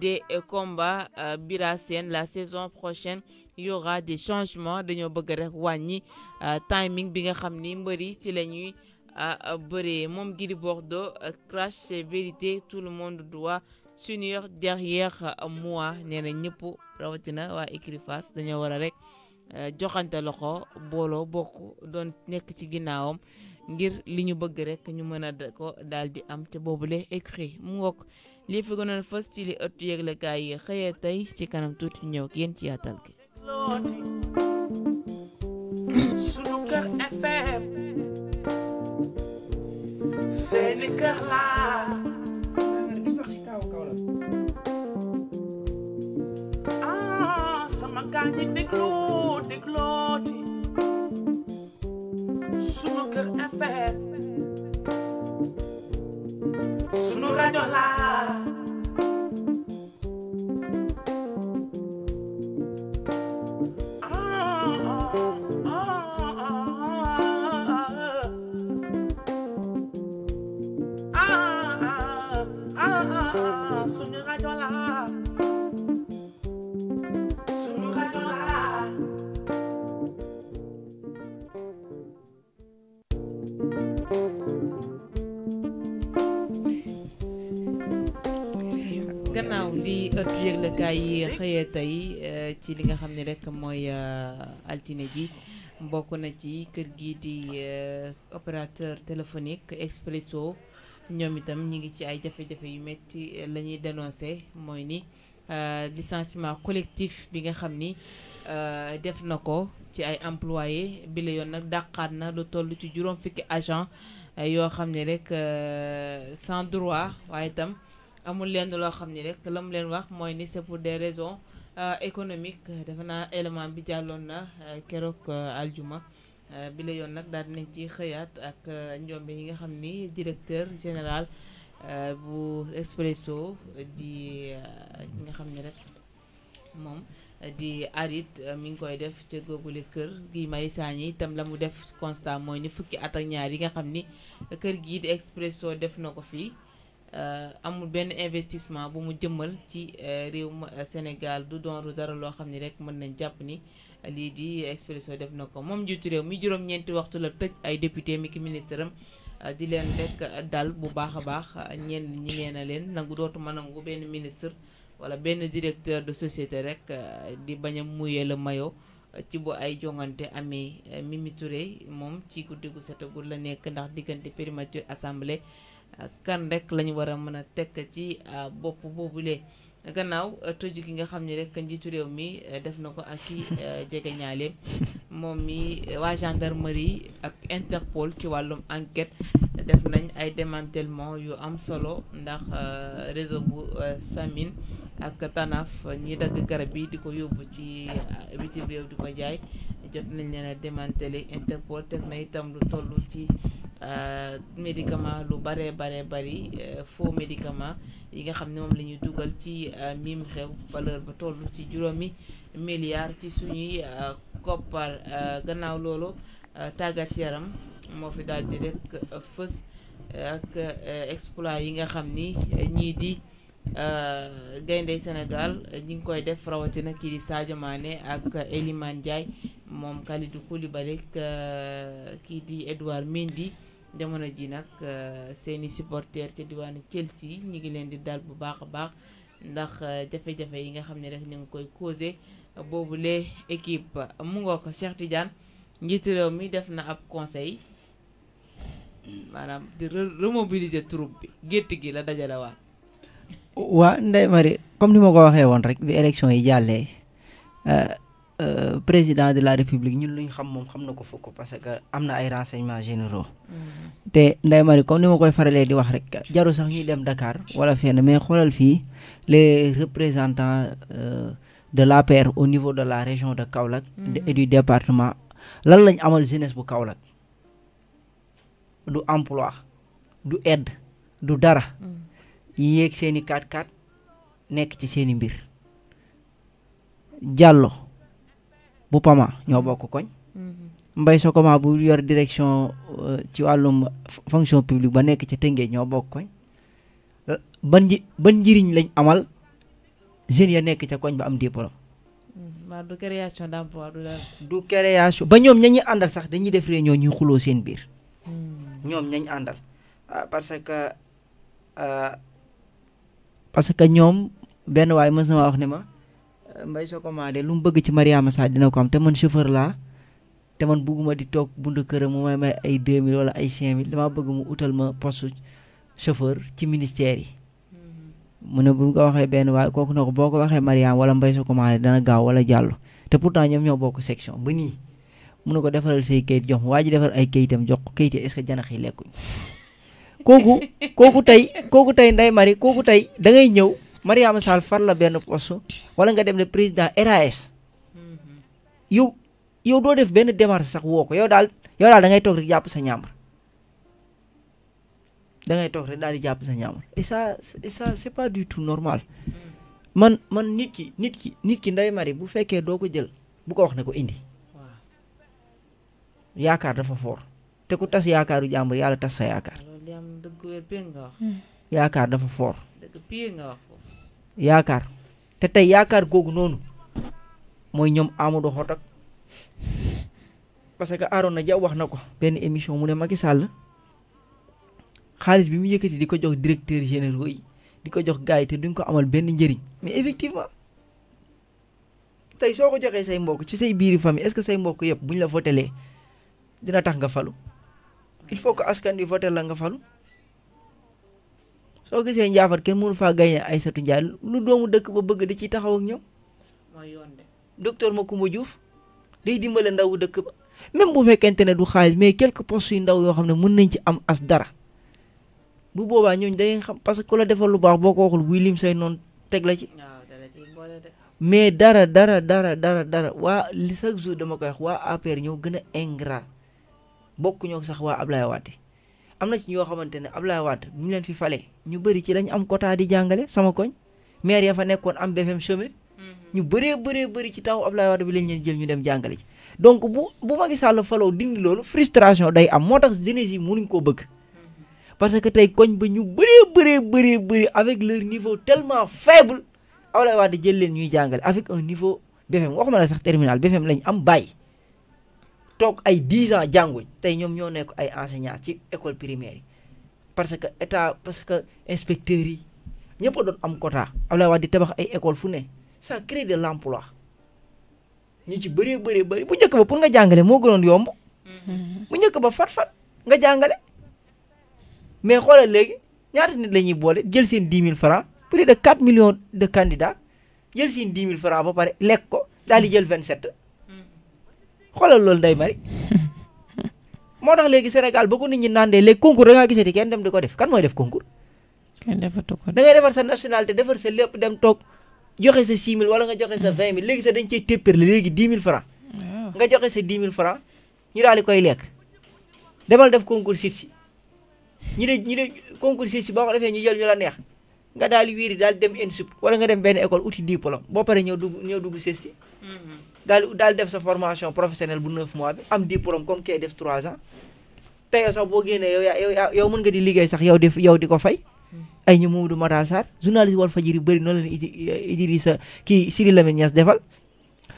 des combats Bira la saison prochaine il y aura des changements de bëgg rek wani timing bi nga xam mbëri ci la à mon guide Bordeaux clash vérité tout le monde doit s'unir derrière moi nee na ñëpp rawatina waa écurie Fass dañoo war rek euh, joxante loxo booloo bokk doon nekk ci ginnaawam ngir li ñu bëgg rek ñu mëna a daldi daal di am te boobule écurie mu ngoog lii fi gënoon fës ci li ëttu yëglekaay yi xëyee tey ci kanam tuuti ñëw ak yéen ci yaatal gi. Sunuker FM seeni kër laa Kanji déglu dégloo ci sunu kër FM sunu radio la altiné ji bokk na ci kër gi di euh, opérateur téléphonique Expresso ñoom itam ñi ngi ci ay jafe-jafe yu metti euh, la ñuy dénoncé mooy ni euh, licenciement collectif bi nga xam ni def na ko ci ay employé bi la yoon nag dàqaat na lu toll ci juróom fukki agent yoo xam ne rek sans droit waaye itam amul leen loo xam ni rek lam mu leen wax mooy ni c'est pour des raisons Euh, économique euh, defe naa élément bi jàlloon na euh, keroog aljuma bi la yoon nag daal dinañ ci xëyaat ak njombe yi nga xam ni directeur général bu Expresso di nga xam ni rek moom di arit mi ngi koy def ca googule kër gi may saañi itam la mu def constant mooy ni fukki at ak ñaar yi nga xam ni kër gii di Expresso def na ko fii Euh, amul benn investissement bu mu jëmmal ci euh, réew euh, Sénégal du doon dara loo xam ni rek mën nañ jàpp ni lii di Expresso def na ko moom njiitu réew mi juróom-ñeenti waxtu la tëj ay député mi ministre am di leen rek dal bu baax a baax ñenn ñi nee na leen nangu dootuma nangu benn ministre wala benn directeur de société rek di bañ a muyee la mayo ci bu ay jongante amee Mimi moom ci guddi gu setagul la nekk ndax diggante primature assemblée. kan rek lañu wara mëna tek a tekk ci le euh, boobule gannaaw euh, tëju gi nga xamni rek rek jitu rew mi euh, def nako ak i jege ñaaleem mi wa gendarmerie ak interpol ci walum enquête def nañ ay démantèlement yu am solo ndax réseau bu samin ak tanaf ñi dag garab yi di ko ci bitim rew di jaay jot nañ leena démanteler interpol tek na itam lu tollu ci Euh, médicament lu bare bare bari euh, faux médicament yi nga xam ne moom la ñuy dugal ci euh, mim xew valeur ba toll ci juróomi milliards ci suñuy koppar gannaaw loolu tàggat yaram moo fi daal di rek fës ak exploit yi nga xam ni ñii di gaynde Sénégal ñi ngi koy def rawatina kii di Sadio ak Elimane Ndiaye moom Kalidou Koulibaly kii di Edouard Mendy jamono ji nag euh, seeni supporter ci diwaanu Chelsea ñi ngi leen di dal bu baax a baax ndax euh, jafe-jafe yi nga xam ne rek ñu ngi koy causé boobu lee équipe mu ngoo ko seex Tidiane njiitu réew mi def na ab conseil maanaam di remobiliser troupe bi gétt gi la dajale waat waa Ndeye Marie comme ni ma ko waxee woon rek bi élection yi jàllee euh, Euh, président de la république ñun luñ xam moom xam na ko fukk parce que am na ay renseignements généraux. Mm-hmm. te Ndeye Marie comme ni ma koy faralee di wax rek jaru sax ñuy dem Dakar wala fenn mais xoolal fii les représentants euh, de la l'APR au niveau de la région de Kaolack. et mm-hmm. du département lan lañ amal jeunesse bu Kaolack emploi du aide du dara. Mm-hmm. yéeg seen i 4 nekk ci seen i mbir Diallo. bu Pama ñoo bokk koñ. Mm-hmm. Mbaye Sokoma bu yor direction euh, ci wàllum fonction publique ba nekk ci Tëngéej ñoo bokk koñ. Euh, ba ji ban njëriñ lañ amal jeunes ya nekk ca koñ ba am diplôme. Mm-hmm. waaw du création du la. du ba ñoom ña ñuy àndal sax dañuy def réunion ñuy xuloo seen biir. Mm-hmm. ñoom ñañ àndal ah, parce que euh, parce que ñoom benn waaye mës na wax ne ma. mbay soo commandé lu mu bëgg ci Mariama Sarr dina ko am te man chauffeur laa te man bëgguma di toog buntu këram mu may may ay 2000 wala ay 5000 damaa bëgg mu utal ma poste chauffeur ci ministère yi. Mm-hmm. mu ne bu ñu ko waxee benn waaye kooku na ko boo ko waxee Mariama wala mbay soo commandé dana gaaw wala jàllu te pourtant ñoom ñoo bokk section ba nii mun na ko defaral say kayit jox waa ji defar ay kayitam jox ko kayit est-ce que janax yi lekkuñ kooku kooku tey kooku da Maryam salfarla la annabi koso wala nga dem le président RAS yow yow do def ben démarche sax woko ko yow dal yow dal da ngay tok rek japp sa ñamr da ngay tok rek dal di japp sa ñamr et ça et ça c'est pas du tout normal man hmm. man nit ki nit ki nit ki nday mari bu fekke do ko jël bu ko wax ne ko indi yaakar dafa for te ku tass yaakaru jàmbur yalla tass sa yaakar yaakar dafa foor yaakaar te tey yaakaar googu noonu mooy ñoom Amadou Hott ak parce que na Dia wax na ko benn émission mu ne Macky Sall xaalis bi mu yëkkati di ko jox directeur généraux yi di ko jox gars yi te duñ ko amal benn njëriñ mais effectivement tey soo ko joxee say mbokk ci say biir famille est-ce que say mbokk yëpp buñ la votelee dina tax nga falu il faut que askan wi voté la nga falu soo gisee njaafat kenn mënu faa ay Aysatu Njaay lu doomu dëkk ba bëgg di ciy taxaw ak ñoom mooy yoon de docteur Macoumba Diouf day dimbale ndaw dëkk ba même bu fekkente ne du xaalis mais quelques postes yu ndaw yoo xam ne mën nañ ci am as dara bu boobaa ñooñ dañuy xam parce que ku la defal lu baax boo ko waxul buy lim say noonu teg la ci mais dara dara dara dara dara waa li chaque jour dama koy wax waa APR ñëw gën a ingrat bokk ñoo sax waa Ablaye Wade am na ci ñoo xamante ne Ablaye Wade ñu leen fi fale ñu bëri ci lañ am quota di jàngale sama koñ maire yaa fa nekkoon am BFM chômé mhm. ñu bëree bëree bëri ci taw Ablaye Wade bi lañ leen jël ñu dem jàngale ci donc bu bu Macky Sall faloo dindi loolu frustration day am moo tax jeunesse yi koo bëgg mhm. parce que tey koñ ba ñu bëree bëree bëree bëri avec leur niveau tellement faible Ablaye Wade jël leen ñuy jàngale avec un niveau BFM ma la sax terminal BFM lañ am bàyyi toog ay dix ans jànguñ tey ñoom ñoo nekk ay enseignants ci école primaire parce que état parce que inspecteurs yi ñëpp doon am kota Abdoulaye Wade di tabax ay école fu ne sa crée de l'emploi ñu ci bëree bëree bëri bu njëkk ba pour nga jàngale moo gënoon yomb mm-hmm. bu njëkk ba fat-fat nga jàngale mais xoolal léegi ñaata nit la ñuy boole jël seen dix mille francs plus de quatre millions de candidats jël seen dix mille francs ba pare lekk ko daal di jël vingt sept xoolal loolu day mari moo tax léegi Sénégal ba ko nit ñi naan dee léegi concours da ngaa gisati kenn dem di ko def kan mooy def concours. kenn ko da ngay defar sa nationalité defar sa lépp dem toog joxe sa 6 000 wala nga joxe sa 20 mm. 000 léegi sa dañ cey téppérle léegi 10 mil francs nga joxe sa 10 000 francs ñu daal di koy lekk demal def concours sit si ñu de ñu de concours sit si boo ko defee ñu jël ñu la neex nga daal wiiri daal dem INSUP wala nga dem benn école uti diplôme boo paree ñëw dugg ñëw dugg sit si mm-hmm. daal daal def sa formation professionnelle bu 9 mois bi am diplôme comme kay def 3 ans te sax boo génnee yow yaa yow mën nga di liggéey sax yow di yow di ko fay. ay ñu du Mamadou Matar Sarr journaliste Walfadjri bëri noonu la Idrissa kii Cyril Lamine Niass defal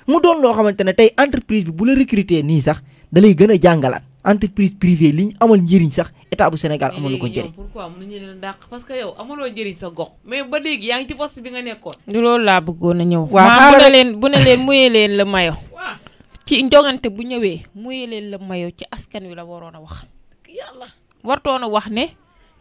mu doon loo xamante ne tey entreprise bi bu la recruter nii sax dalay lay gën a jàngalaat. entreprise privée li amul amal njëriñ sax état bu Sénégal amul ko njëriñ. pourquoi ñu leen dàq parce que yow amul lo njëriñ sa gox mais ba légui yaa ngi ci poste bi nga nekkoon. du loolu la bëggoon a ñëw. ma bu ne leen bu ne leen muyé leen le mayo. ci ndogante bu ñëwé muyé leen le mayo ci askan wi la waroon a wax. yalla wartoon a wax ne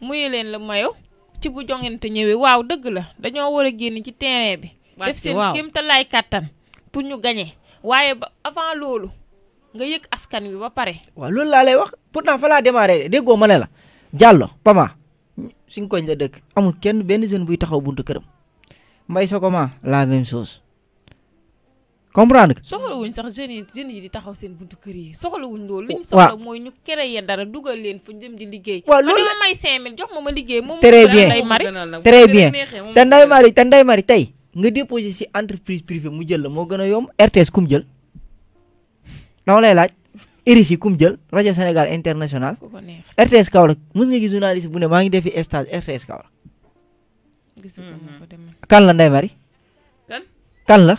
muyé leen le mayo ci bu jongante ñëwé waaw dëgg la dañoo war a génn ci terrain bi. def seen kéemtalaay kàttan pour ñu gagné waaye ba avant loolu nga yëg askan wi ba pare. wa lool la lay wax pourtant fa la démarrer déggoo ma ne la Diallo Pama suñ koñ la dëkk amul kenn benn jeune buy taxaw buntu kërëm mbay soko ma la même chose. comprendre nga. soxla wuñ sax jeune jeune yi di taxaw seen buntu kër yi soxla wuñ lool liñ soxla mooy ñu créer dara dugal leen fu ñu dem di liggéey. wa lool la may 5000 jox ma liggéey. mom très bien très bien te nday mari te nday mari tay nga déposer ci entreprise privée mu jël la mo gëna yom RTS kum jël. dama lay laaj iris yi kum jël rajo Sénégal international RTS Kaolack mës nga gis journaliste bu ne maa ngi defi stage RTS Kaolack. Mm-hmm. kan la Ndeye Marie. kan kan la.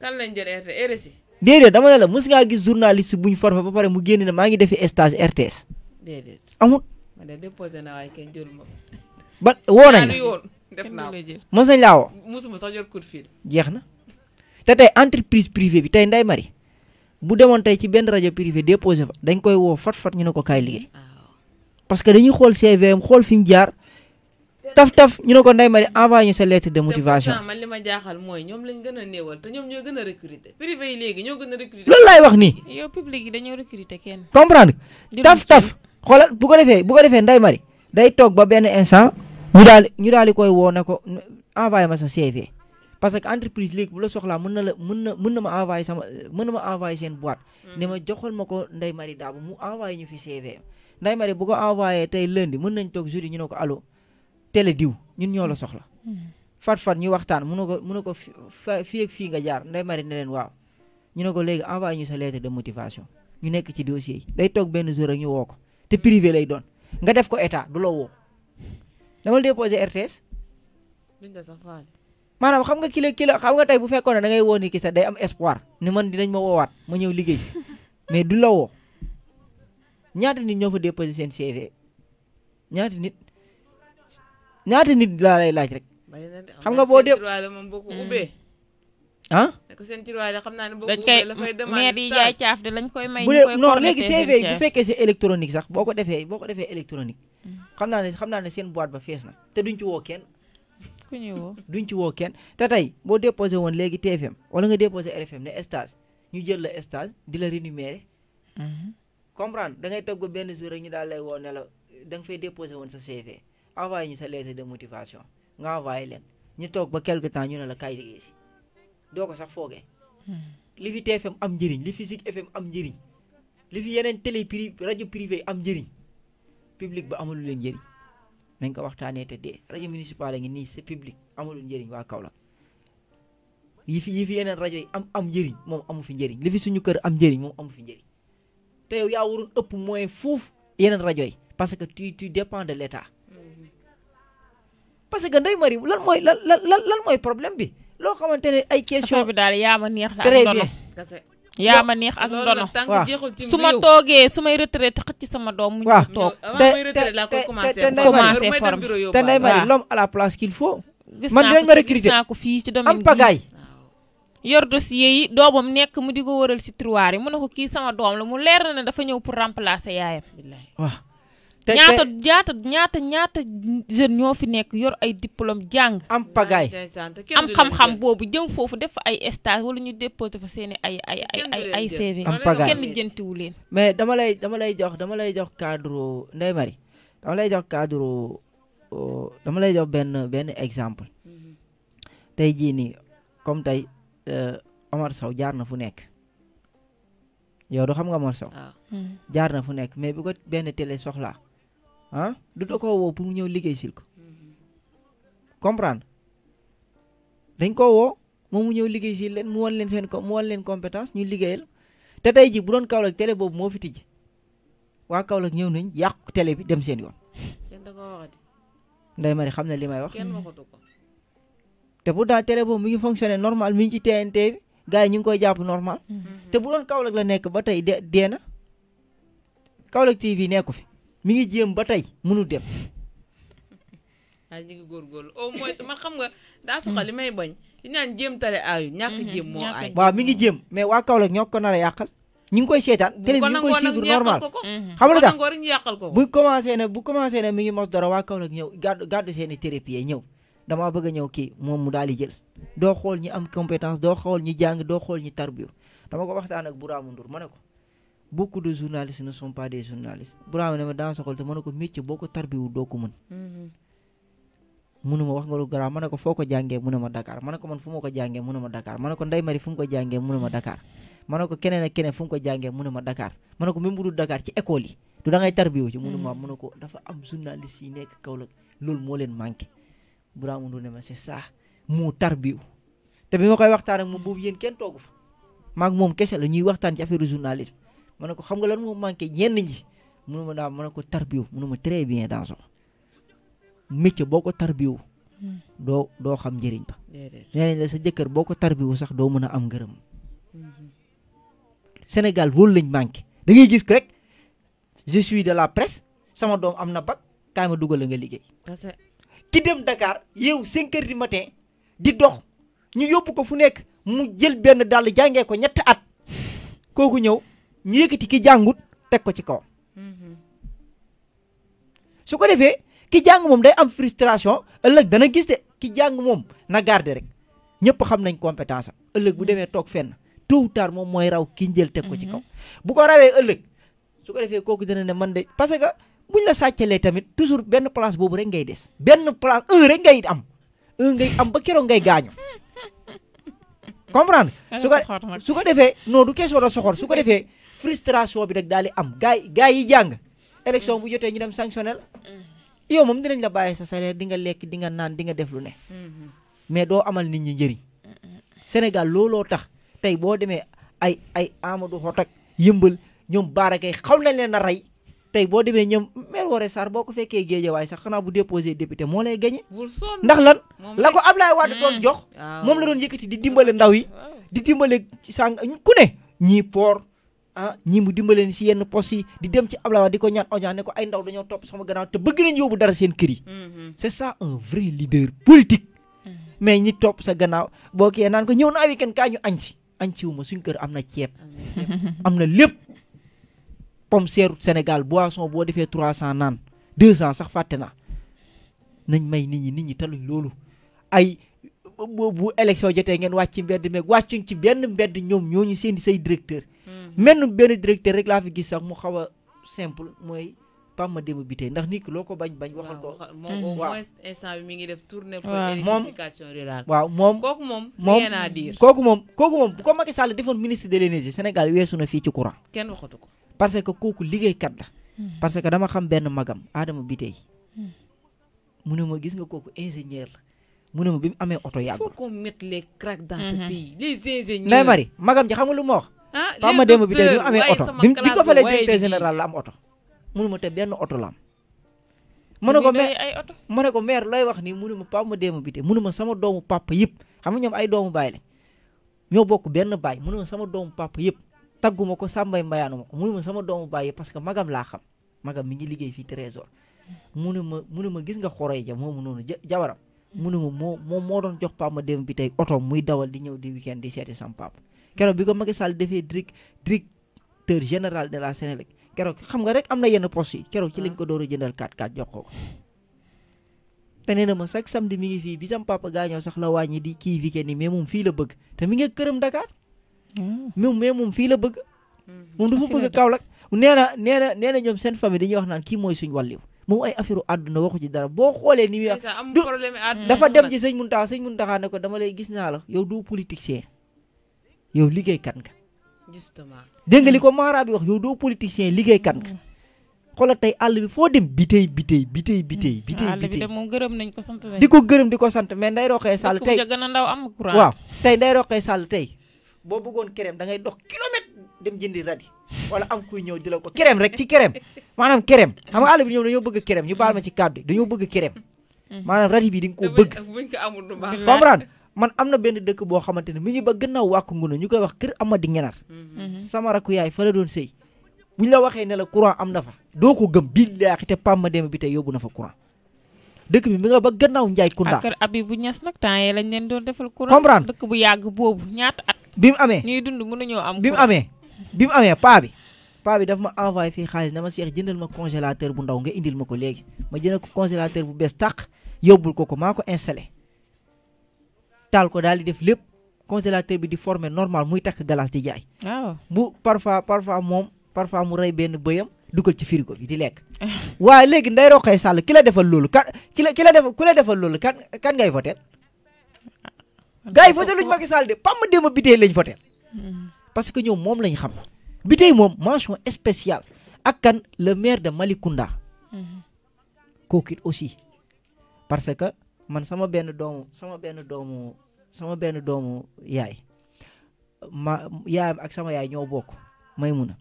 kan lañ dama ne la mës ngaa gis journaliste buñ formé ba pare mu génne ne maa ngi defi stage RTS. déedéet amul. ma de ba woo nañ def naa ko mos nañ woo. mosuma sax jot coup jeex na te tey entreprise privée bi tey Ndeye Marie. bu demoon tey ci benn rajo privé déposé fa dañ koy woo fat-fat ñu ne ko kaay liggéey parce que dañuy xool cv CVM xool fi mu jaar taf taf ñu ne ko nday mari envoyé ñu sa lettre de motivation. man li ma jaaxal mooy ñoom lañ gën a néewal te ñoo gën a recruter privé yi léegi ñoo gën a recruter. loolu laay wax nii. yow public dañoo recruter kenn. comprendre taf taf. xoolal bu ko defee bu ko defee nday mari day toog ba benn instant ñu daal ñu daal di koy woo ne ko envoyé ma sa CV. parce que entreprise léegi bu la soxlaa mën na la mën na mën na ma envoyé sama mën na ma envoyé seen boîte. Hmm. ne ma joxal ma ko Ndeye Marie Dabo mu envoyé ñu fi CV Ndeye Marie bu ko envoyé tey lundi mën nañ toog jeudi ñu ko allo télé diw ñun ñoo la soxla. Hmm. ñu waxtaan mun na ko mun na ko fii fii nga jaar Ndeye Marie ne leen waaw ñu ne ko léegi envoyé ñu sa lettre de motivation ñu nekk ci dossier yi day toog benn jour rek ñu woo ko te hmm. privé lay doon nga def ko état du la woo. dama déposé RTS. maanaam xam nga kilo kilo ki la nga tey bu fekkoon ne da ngay woo ni ki sax am espoir ni man dinañ ma woowaat ma ñëw liggéey si du la woo ñaata nit ñoo fa déposé seen CV ñaata nit ñaata nit laa lay laaj rek. xam nga boo dee hmm. ah. dañ koy maire yi jaay caaf de lañ koy may. bu dee non fekkee c'est électronique sax boo ko defee boo ko defee électronique. Hmm. xam naa ne xam naa ne seen ba fees na te duñ ci woo kenn. ku ñu woo duñ ci woo kenn te tey boo déposé woon léegi TFM wala nga déposé RFM ne stage ñu jël la stage di la rémunérer. Mhm. comprendre da ngay togg benn jour rek ñu daal lay woo ne la da nga fay déposé woon sa CV envoyé ñu sa lettre de motivation nga envoyé leen ñu toog ba quelque temps ñu ne la kaay liggéey si doo ko sax foogee. Mhm. li fi am njëriñ li fi Zik FM am njëriñ li yeneen télé pri rajo privé am njëriñ public ba amul leen njëriñ. nañ ko waxtaanee te dee rajo municipal a ngi nii c'est public amul njëriñ waa Kaolack yi fi yi yeneen rajo yi am am njëriñ moom amu fi njëriñ li fi suñu kër am njëriñ moom amu fi njëriñ te yow yaa waroon ëpp moyen fuuf yeneen rajo yi parce que tu tu dépend de l'état parce que Ndeye Marie lan mooy lan lan lan mooy problème bi loo xamante ne ay question bi daal yaa ma neex la très yaa ma neex ak ndono su ma toogee su may retraité ci sama doom mu ñu toog commencé forme te nday mari l'homme à la place qu'il faut man dañ ma recruter naa ko fii ci domaine am pagaay yor si yi doomam nekk mu di ko wëral si tiroir yi mun a ko kii sama doom la mu leer na ne dafa ñëw pour remplacer yaayam waaw ñaata ñaata ñaata ñaata jeune ñoo fi nekk yor ay diplôme jàng. am pagaay am xam-xam boobu jëm foofu def ay stage wala ñu déposé fa seen ay ay ay ay CV. am pagaay kenn jëntiwu leen. mais dama lay dama lay jox dama lay jox cadre Ndeye Marie dama lay jox cadre euh, dama lay jox benn benn exemple. Mhm. tey jii nii comme tey euh, Omar saw jaar na fu nekk. yow du xam nga Omar Sow. Ah. Mhm. jaar na fu nekk mais bu benn télé soxlaa. ah du da koo woo pour mu ñëw liggéey sil ko comprendre dañ koo woo moom mu ñëw liggéey sil leen mu won leen seen mu won leen compétence ñu liggéeyal te tey ji bu doon Kaolack télé boobu moo fi tijji waa Kaolack ñëw nañ yàq tele bi dem seen yoon. nday mari xam ne li may wax. te pourtant télé boobu mi ngi fonctionné normal mi ngi ci TNT bi gars yi ñu ngi koy jàpp normal. Mhm. te bu doon Kaolack la nekk ba tey de dee na Kaolack TV nekku fi. mi ngi jéem ba tey mënu dem. waaw ñu ngi góorgóorlu au moins man xam nga daa soxal li may bañ li naan jéem tale aayu ñàkk mhm, jéem moo aay. waaw mi ngi jéem mais waa Kaolack ñoo ko nar a yàqal. ñu ngi koy seetaan télé bi ñu ngi koy suivre normal mhm. xam nga tax commencé ne bu commencé ne mi ngi mos dara waa Kaolack ñëw gàddu gàddu seen i thérapie ñëw damaa bëgg ñëw kii moom mu daal di jël doo xool ñi am compétence doo xool ñi jàng doo xool ñi tarbiyu dama ko waxtaan ak Buraamu Ndour ma ne ko beaucoup de journalistes ne sont pas des journalistes Brahima ne ma daan soxal te ma ne ko métier boo ko tarbiwul doo ko mën. mënu mm-hmm. ma wax nga lu garaaw ma ne foo ko jàngee mu ne ma Dakar ma ne ma ko jàngee mu ne ma Dakar ma ne ko Ndeye Marie fu mu ko ci école du da ngay ci. mu mm-hmm. ne dafa am journalistes yi nekk Kaolack loolu moo leen manqué Brahima du ne ma c'est mu tarbiwu te bi ma koy waxtaan ak moom boobu yéen kenn toogu fa maag moom kese la ñuy waxtaan ci affaire journalisme ma ne ko xam nga lan moo manqué ñenn ñi mënu ma daal ma ne ko tarbiw mënu ma très bien daa sox métier boo ko tarbiw hmm. doo doo xam njëriñ ba nee nañ la sa jëkkër boo ko tarbiwu sax doo mën a am ngërëm hmm. Sénégal loolu lañ manqué da gis rek je suis de la presse sama doom am na bac kaay ma dugal nga liggéey ki dem Dakar yow cinq heures du matin di dox ñu yóbbu ko fu nekk mu jël benn dàll jàngee ko ñetti at kooku ñëw ñu ti ki jàngut teg ko ci kaw mhm. su ko defee ki jàng moom day am frustration ëllëg dana gis de ki jàng moom na garde rek ñëpp xam nañ compétence am ëllëg bu mhm. demee toog fenn tôt ou tard moom mooy raw ki jël teg ko ci mhm. kaw bu ko rawee ëllëg su ko defee kooku dina ne man de parce que buñ la sàccalee tamit toujours benn place boobu rek ngay des benn place un rek ngay am un ngay am ba keroog ngay gaañu comprendre su ko su ko defee noo du question da soxor su ko defee frustration bi rek daal di am gaay gaay yi jàng élection bu jotee ñu dem sanctionné mm-hmm. yow moom dinañ la bàyyi sa salaire di nga lekk di nga naan di nga def lu ne mm-hmm. mais doo amal nit ñi njëriñ mm-hmm. Sénégal looloo tax tey boo demee ay ay Amadou Hotak yëmbal ñoom baara baarakay xaw nañ leen a rey tey boo demee ñoom maire Woré Sarr boo ko fekkee waaye sax xanaa bu déposé député moo lay gañe ndax lan la ko am Ablaye Wade doon mm. jox moom la doon yëkkati di dimbale ndaw yi di dimbale ci sàng ku ne ñii poor ñi mu dimbalé ni ci yenn pos yi di dem ci ablawa di ko ñaan oñaane ko ay ndaw dañoo top sama gannaaw te bëgg nañ yobu dara seen kër yi c'est ça un vrai leader politique mais ñi top sa gannaaw bo kee naan ko ñëw naa weekend ka ñu añ ci añ ci wuma suñu kër amna ciép amna lepp na lépp pomme seeru sénégal boisson bo defee 300 nan 200 sax faté na nañ may nit ñi nit ñi taluñ lolu ay bu élection jotté ngeen wacc ci mbedd meeg wàccuñ ci benn mbéd ñom ñoñu seen di say directeur menn benn directeur rek laa fi gis sax mu xaw a simple mooy pam ma démb bi tey ndax nit loo ko bañ bañ. waxal ko moom mm. au mi ngi def tournée. pour électrification rurale. waaw moom kooku moom. rien à dire kooku moom kooku moom bu ko Macky Sall defoon ministre de l'énergie Sénégal weesu na fii ci courant. kenn waxatu ko. parce que kooku kat la. Mm. parce que dama xam benn magam aadama bi mm. mu ne ma gis nga kooku ingénieur la mu ne ma bi mu amee oto yàgg. il faut qu'on mette les craques dans mm-hmm. magam ji xam nga lu ma wax. Ah, Pama Demba bi tey bi mu amee oto bi bi ko falee directeur général la am oto munuma te benn oto la am mu ne ko maire mu ne ko maire looy wax nii munuma Pama Demba bi te munuma sama doomu papa yëpp xam nga ñoom ay doomu baay la ñoo bokk benn baay munuma sama doomu papa yëpp tagguma ko sàmbay mbayaanu ma ko munuma sama doomu baay yëpp parce que magam laa xam magam mi ngi liggéey fii trésor munuma munuma gis nga xoroy ja moomu noonu jabaram munuma moo moom moo doon jox ma Demba bi tey oto muy dawal di ñëw di di seeti sam Quero bi comme Macky Sall drik ter général de la senelik keroog xam nga rek am na yenn poste yi keroog ci lañ ah. ko doro jëndal 4-4 samedi mi ngi fii bi sam papa gaañoo sax la wàññi di ki vi keni mais moom fi la bëgg te mi nga këram Dakar ah. moom mais moom fi la bëgg moom dafa bëgg Kaolack nee na nee na ñom sen ñoom famille dañuy wax naan ki moy suñu waliw moom ay affaire aduna waxu ci dara bo xolé ni muy wax dafa dem ci seigne Muntaxa seigne Muntaxa ne ko dama lay gis na la yow politicien yow kan nga justement dégg nga li ko maara bi wax yow doo politicien kan nga xoolal tey àll bi foo dem bitey bitey bitey bitey bitey bitey moom gërëm nañ ko sant nañ di ko gërëm di ko sant mais nday roqee sàll tey gën a ndaw am courant waaw tey nday roqee sàll tey boo bëggoon kërëm da ngay dox kilomètre dem jëndi radi wala am kuy ñëw di la ko kërëm rek ci kërëm maanaam kërëm xam nga àll bi ñoom dañoo bëgg kërëm ñu baal ma ci kàddu dañoo bëgg kërëm maanaam radi bi di nga koo bëgg comprendre man am na benn dëkk boo xamante ne mi ngi ba gannaaw wàkk nguna ñu koy wax kër Amady Ngenar mhm. mhm. sama rakku yaay fa la doon sëy bu ñu la waxee ne la courant am na fa doo ko gëm billaahi te pam ma dem bi tey yóbbu na fa courant dëkk bi mi nga ba gannaaw Njaay Kunda ah, kër Abibu Ñas nag temps yee lañ leen doon defal courant comprendre dëkk bu yàgg boobu ñaata at bi mu amee ñuy dund mënuñoo am bi mu amee bi mu amee paa bi paa bi dafa ma envoyé fii xaalis dama seex jëndal ma congélateur bu ndaw nga indil ma ko léegi ma jënd ko congélateur bu bees tàq yóbbul ko ko maa ko installé tal ko daal di def lépp congélateur bi di former normal muy takk glace di jaay. bu parfois parfois moom parfois mu rey benn bëyam dugal ci frigo bi di lekk. waaye léegi nday roqee sàll ki la defal loolu kan ki la ki la defal ku la defal loolu kan kan ngay voté. gars yi voté luñ Macky Sall de pam démb bitee lañ voté. parce que ñoom moom lañ xam. bitee moom mention spécial ak kan le maire de Malikunda mm-hmm. kooku it aussi parce que man sama benn doomu sama benn doomu sama benn doomu yaay ma yaayam ak sama yaay ñoo bokk Maymuna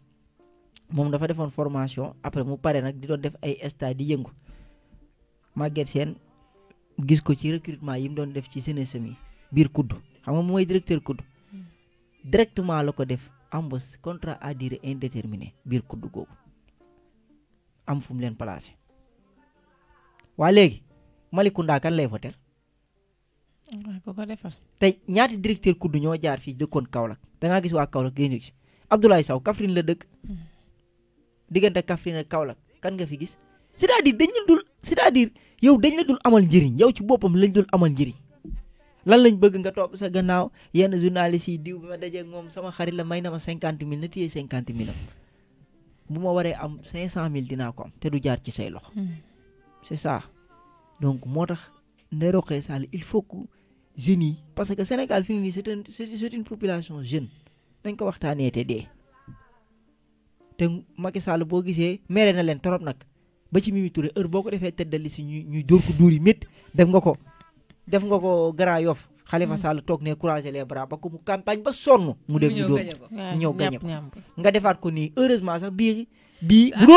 moom dafa defoon formation après mu pare nag di doon def ay stage di yëngu Maguette Sène gis ko ci recrutement yi mu doon def ci jeunesse mi biir kuddu xam nga mooy directeur kudd hmm. directement la ko def embauche contrat à durée indéterminée biir kudd googu am fu leen placé waa léegi Malicounda kan lay voter ko ko defal tey ñaati directeur kudd ñoo jaar fii dëkkoon Kaolack da ngaa gis waa Kaolack génn ci Abdoulaye Sow Kaffrine la dëkk hmm. diggante Kaffrine ak Kaolack kan nga fi gis si à dire dañ la dul cest à yow dañ la dul amal njëriñ yow ci boppam lañ dul amal njëriñ lan lañ bëgg nga topp sa gannaaw yenn journaliste yi diw bi ma dajeeg moom sama xarit la may na ma cinquante mille na téye cinquante mille bu ma waree am cinq cent mille dinaa ko am te du jaar ci sa loxo. Hmm. jeunes yi parce que Sénégal fi mu nii c'est un c'est population jeune dañ ko waxtaanee te dee te Macky Sall boo gisee mere na leen trop nag ba ci Mimi Touré heure boo ko defee tëddali si ñuy ñuy dóor ko dóor yi métti def nga ko def nga ko Grand xale Khalifa Sall toog ne croiser les bras ba ko mu campagne ba sonn. mu dem ñu dóor ñëw gañe ko nga defaat ko nii heureusement sax bii. bii ah, bu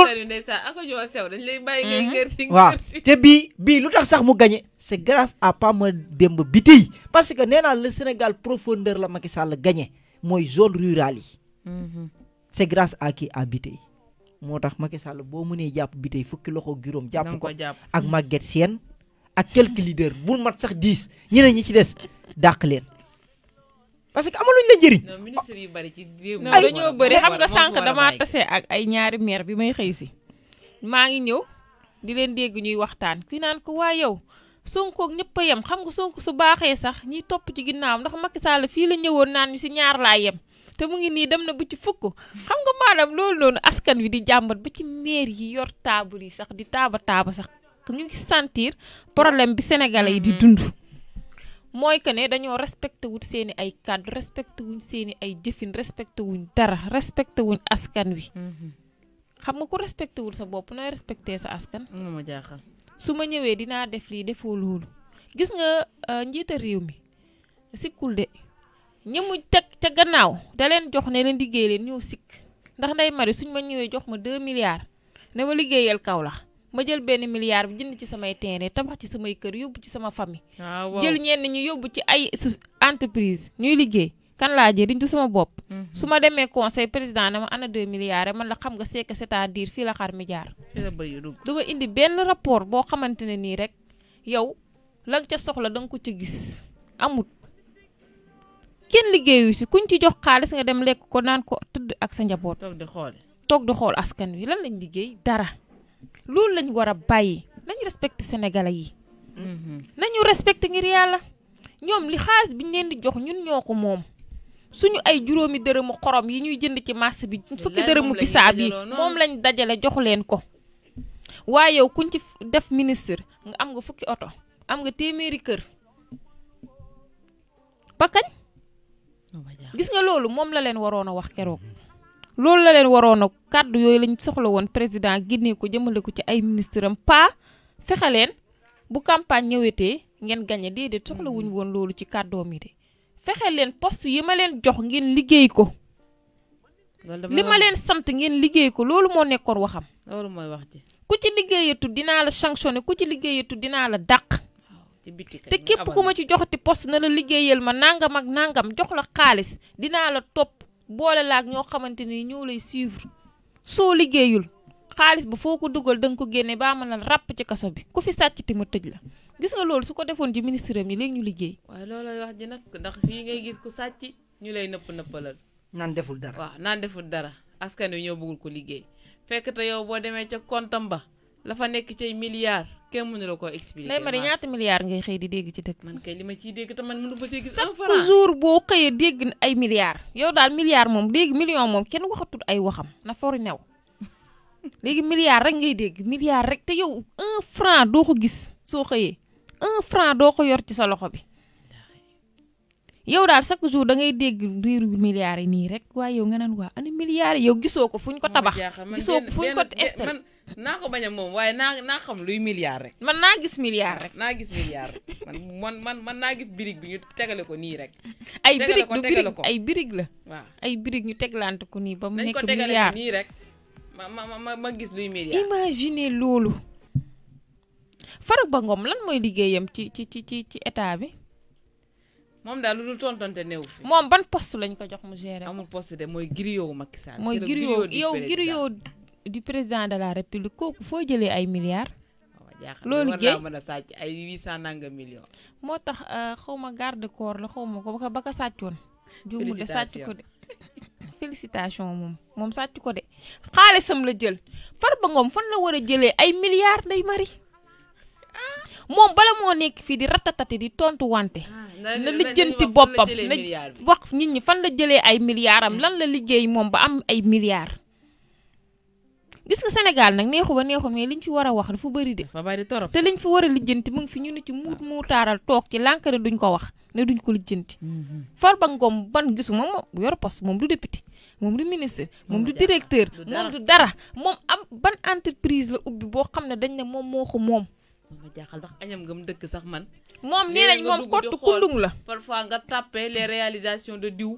doon mhm. waaw te bii bii lu tax sax mu gagné c'est grace à Pama Demba Bitèye parce que nee naa Sénégal profondeur la Macky Sall gañe mooy zone rural yi mhm. c'est grace à kii à Bitèye moo tax Macky Sall boo mënee jàpp Bitèye fukki loxo juróom jàpp ko ak Maguette Sène ak quelques leaders bul mat sax dix ñeneen ñi ci des dàq leen parce que amaluñ la njëriñ. non ministre yu bari ci jéem ay dañoo bëri xam nga sànq damaa tase ak ay ñaari maire bi may xëy si. maa ngi ñëw di leen dégg ñuy waxtaan ki naan ko waa yow Sonko ak ñëpp yem xam nga Sonko su baaxee sax ñiy topp ci ginnaawam ndax Macky Sall fii la ñëwoon naan ñu si ñaar laa yem. te mu ngi nii dem na bu ci fukk xam nga maanaam loolu noonu askan wi di jàmbat ba ci maire yi yor taabul yi sax di taaba taaba sax ñu ngi sentir problème bi sénégalais yi di mm-hmm. dund. mooy que ne dañoo respecté wut seen i ay kàddu respecté wuñ seen i ay jëfin respecté wuñ dara respecté wuñ askan wi. Mhm. xam nga ku respecté wul sa bopp nooy respecté sa askan. ma jaaxal su ma ñëwee dinaa def lii defoo loolu. gis nga euh, njiita réew mi sikkul de ñi mu teg ca gannaaw da leen jox ne leen liggéey leen ñëw sikk ndax nday mari suñ ma ñëwee jox ma 2 milliards ne ma liggéeyal kaw la ma jël benn milliard bi jënd ci samay terrain tabax ci samay kër yóbbu ci sama famille. Ah, jël ñenn ñu yóbbu ci ay entreprise ñuy liggéey. kan laa jëriñ du sama bopp. Mhm. su ma demee conseil président ne ma ana 2 milliards man la xam nga c'est que à dire fii la xar mi jaar. du ma indi benn rapport boo xamante ne nii rek yow la ca soxla da nga ko ca gis amut. kenn liggéeyu si kuñ ci jox xaalis nga dem lekk ko naan ko tëdd ak sa njaboot. di xool toog di xool askan wi lan lañ liggéey dara. loolu lañ war a bàyyi nañu respecté sénégalais yi. Mhm. nañu respecté ngir yàlla ñoom li xaalis bi ñu leen di jox ñun ñoo ko moom. suñu ay juróomi dërëmu xorom yi ñuy jënd ci marché bi fukki dërëmu bisaab yi moom lañu dajale jox leen ko. waaye yow kuñ ci def ministre nga am nga fukki oto am nga téeméeri kër ba kañ. gis nga loolu moom la leen waroon a wax keroog. loolu la leen waroon a kàddu yooyu lañ soxla woon président génnee ko jëmale ko ci ay ministre am pas fexe leen bu campagne ñëwetee ngeen gañe déedéet soxla wuñ woon loolu ci kàddoo yi de fexe leen post yi ma leen jox ngeen liggéey ko li ma sant ngeen liggéey ko loolu moo nekkoon waxam loolu wax ji ku ci liggéeyatu dinaa la sanctionné ku ci liggéeyatu dinaa la dàq te képp ku ma ci joxati post na la liggéeyal ma nàngam ak nangam jox la xaalis dinaa la topp boole laak ñoo xamante ni ñoo lay suivre soo liggéeyul xaalis ba foo ko dugal da nga ko génne baa mën a ràpp ci kaso bi ku fi sàcc te ma tëj la gis nga loolu su ko defoon ci ministre am yi léegi ñu liggéey. waaye loolooy wax ji nag ndax fii ngay gis ku sàcc ñu lay nëpp nëppalal. naan deful dara waaw naan deful dara askan wi ñoo bëggul ko liggéey fekk te yow boo demee ca kontam ba. la nekk cay milliards kenn mënu la koo expliquer. Ndeye Marie ñaata milliards ngay xëy di dégg ci dëkk. man kay li ma ciy dégg te man mënu ma cee gis. un franc chaque jour boo xëyee dégg ay milliards. yow daal milliards moom léegi million moom kenn waxatul ay waxam na fori new léegi milliards rek ngay dégg milliards rek te yow un franc doo ko gis soo xëyee un franc doo ko yor ci sa loxo bi. yow daal chaque jour da ngay dégg riiru milliards yi nii rek waaye yow nga naan waa ana milliards yow gisoo ko fu ñu ko tabax gisoo ko fu ñu ko estel naa ko bañ moom waaye naa naa xam luy milliard rek. man naa gis milliard rek. naa gis milliard rek man man naa gis birig bi tegale ko nii rek. ay birig ay birig la. waaw ay birig ñu teglante ko nii ba mu nekk milliard nii rek ma gis luy milliard. imagine loolu. Farba Ngom lan mooy liggéeyam ci ci ci ci ci état bi. moom daal lu dul tontonte néew fi. moom ban post lañ ko jox mu géré. amul poste de mooy griot Macky Sall. mooy griot yow griot di président de la république kooku foo jëlee ay milliards. loolu géej mën a sàcc ay 800 nanga millions. moo tax euh, xaw ma garde corps la xaw ma ko ba ko sàccoon. juumu de sàcc ko de félicitation moom moom sàcc ko de xaalisam la jël Farba Ngom fan la war a jëlee ay milliards nday mari moom bala moo nekk fii di ratatati di tontu wante ah, na lijjanti boppam na wax nit ñi fan la jëlee ay milliards am hmm. lan la liggéey moom ba am ay milliards gis nga Sénégal nag neexu ba neexul mais liñ fi war a wax dafa bëri de. dafa bëri torop te liñ fi war a lijjanti mu ngi fi ñu ne ci muut ah. muutaaral toog ci lànkare duñ ko wax ne duñ ko lijjanti. Mm-hmm. ba Ngom ban gisuma moom yor poste moom du député moom du ministre moom du directeur moom du dara moom am ban entreprise la ubbi boo xam ne dañ ne moom moo ko moom. ma jaaxal ndax añam nga mu sax man. moom nee nañ moom kottu kundung la. parfois nga tàppee les réalisation de diw.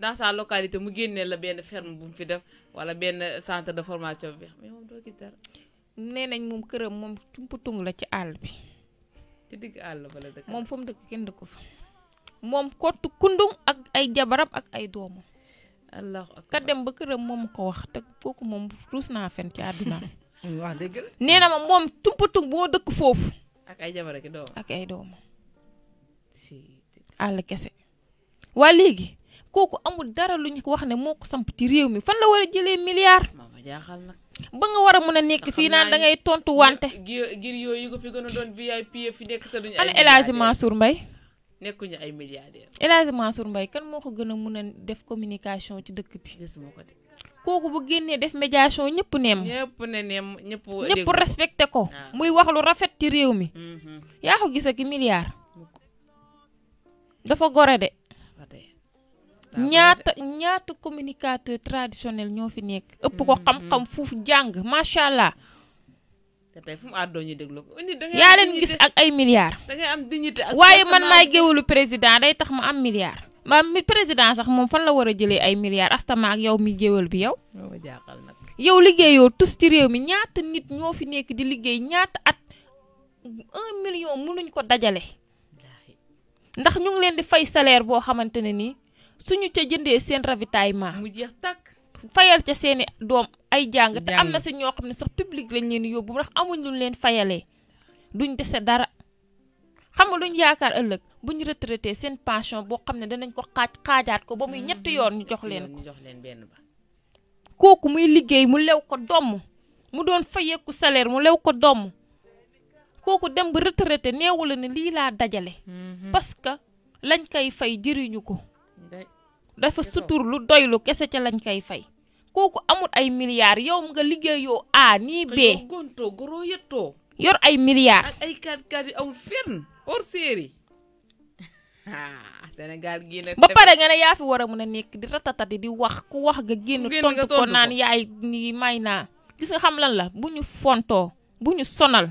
dans sa localité mu génnee la benn ferme bu mu fi def wala benn centre de formation bi mais moom doo gis dara. nee nañ moom këram moom cumputung la ci àll bi. ci digg àll ba la moom fa mu dëkk kenn dëkk fa. moom kottu jabaram ak ay doomam. allah dem ba këram moom ko wax te kooku moom ruus naa fen ci àdduna wax dëgg la ma moom cumputung boo dëkk foofu. ak ay jabar ak i doomam ak ay doomam. àll kese waa léegi. kooku amul dara lu ñu ko wax ne moo ko samp ci réew mi fan la war a jëlee milliard. mama jaaxal nag. ba nga war a mën a nekk fii naan da ngay tontu wante. ngir yooyu ko fi gën a doon VIP fi nekk te duñu. ay ana El Hadj Mansour Mbaye. ay milliardaire. El Hadj Mansour kan moo ko gën a mën a def communication ci dëkk bi. kooku bu génnee def médiation ñëpp neem. ñëpp ne ñëpp. ñëpp respecté ko. Ah. muy wax lu rafet ci réew mi. Mm-hmm. yaa ko gis ak milliard. dafa gore de. ñaata ñaata communicateur traditionnel ñoo fi nekk. ëpp ko mm-hmm. xam-xam fuuf jàng macha allah. fu mu déglu ko yaa leen gis ak ay milliards. da ngay am dignité ak waaye man maay géwélu président day tax ma am milliard. ma mi président sax moom fan la war a jëlee ay milliards astama ak yow mi géwél bi yow. jaaxal nag yow liggéeyoo tus ci réew mi ñaata nit ñoo fi nekk di liggéey ñaata at un million mënuñ ko dajale. ndax ñu ngi leen di fay salaire boo xamante ne nii. suñu ca jëndee seen ravitaillement mu jeex takk fayal ca seeni doom ay jàng te am na si ñoo xam ne sax public lañ leen yóbbu ndax amuñ luñ leen fayalee duñ dese dara xam nga luñ yaakaar ëllëg bu ñu retraité seen pension boo xam ne danañ ko xaaj xaajaat ko ba muy mm-hmm. ñetti yoon ñu jox leen ko kooku muy liggéey mu lew ko domm mu doon fayeeku salaire mu lew ko domm kooku dem ba retraité neewu la ne lii laa dajale mm-hmm. parce que lañ koy fay jëriñu ko dafa sutur lu doylu kese ca lañ koy fay kooku amul ay milliards yow nga liggéeyoo A nii B. yor ay milliards. ak ay kat kat yi amul fenn ah, ba pare nga ne yaa fi war a mën a nekk di ratatati di wax ku wax nga génn tontu ko naan yaay nii may naa gis nga xam lan la bu ñu fontoo bu ñu sonal.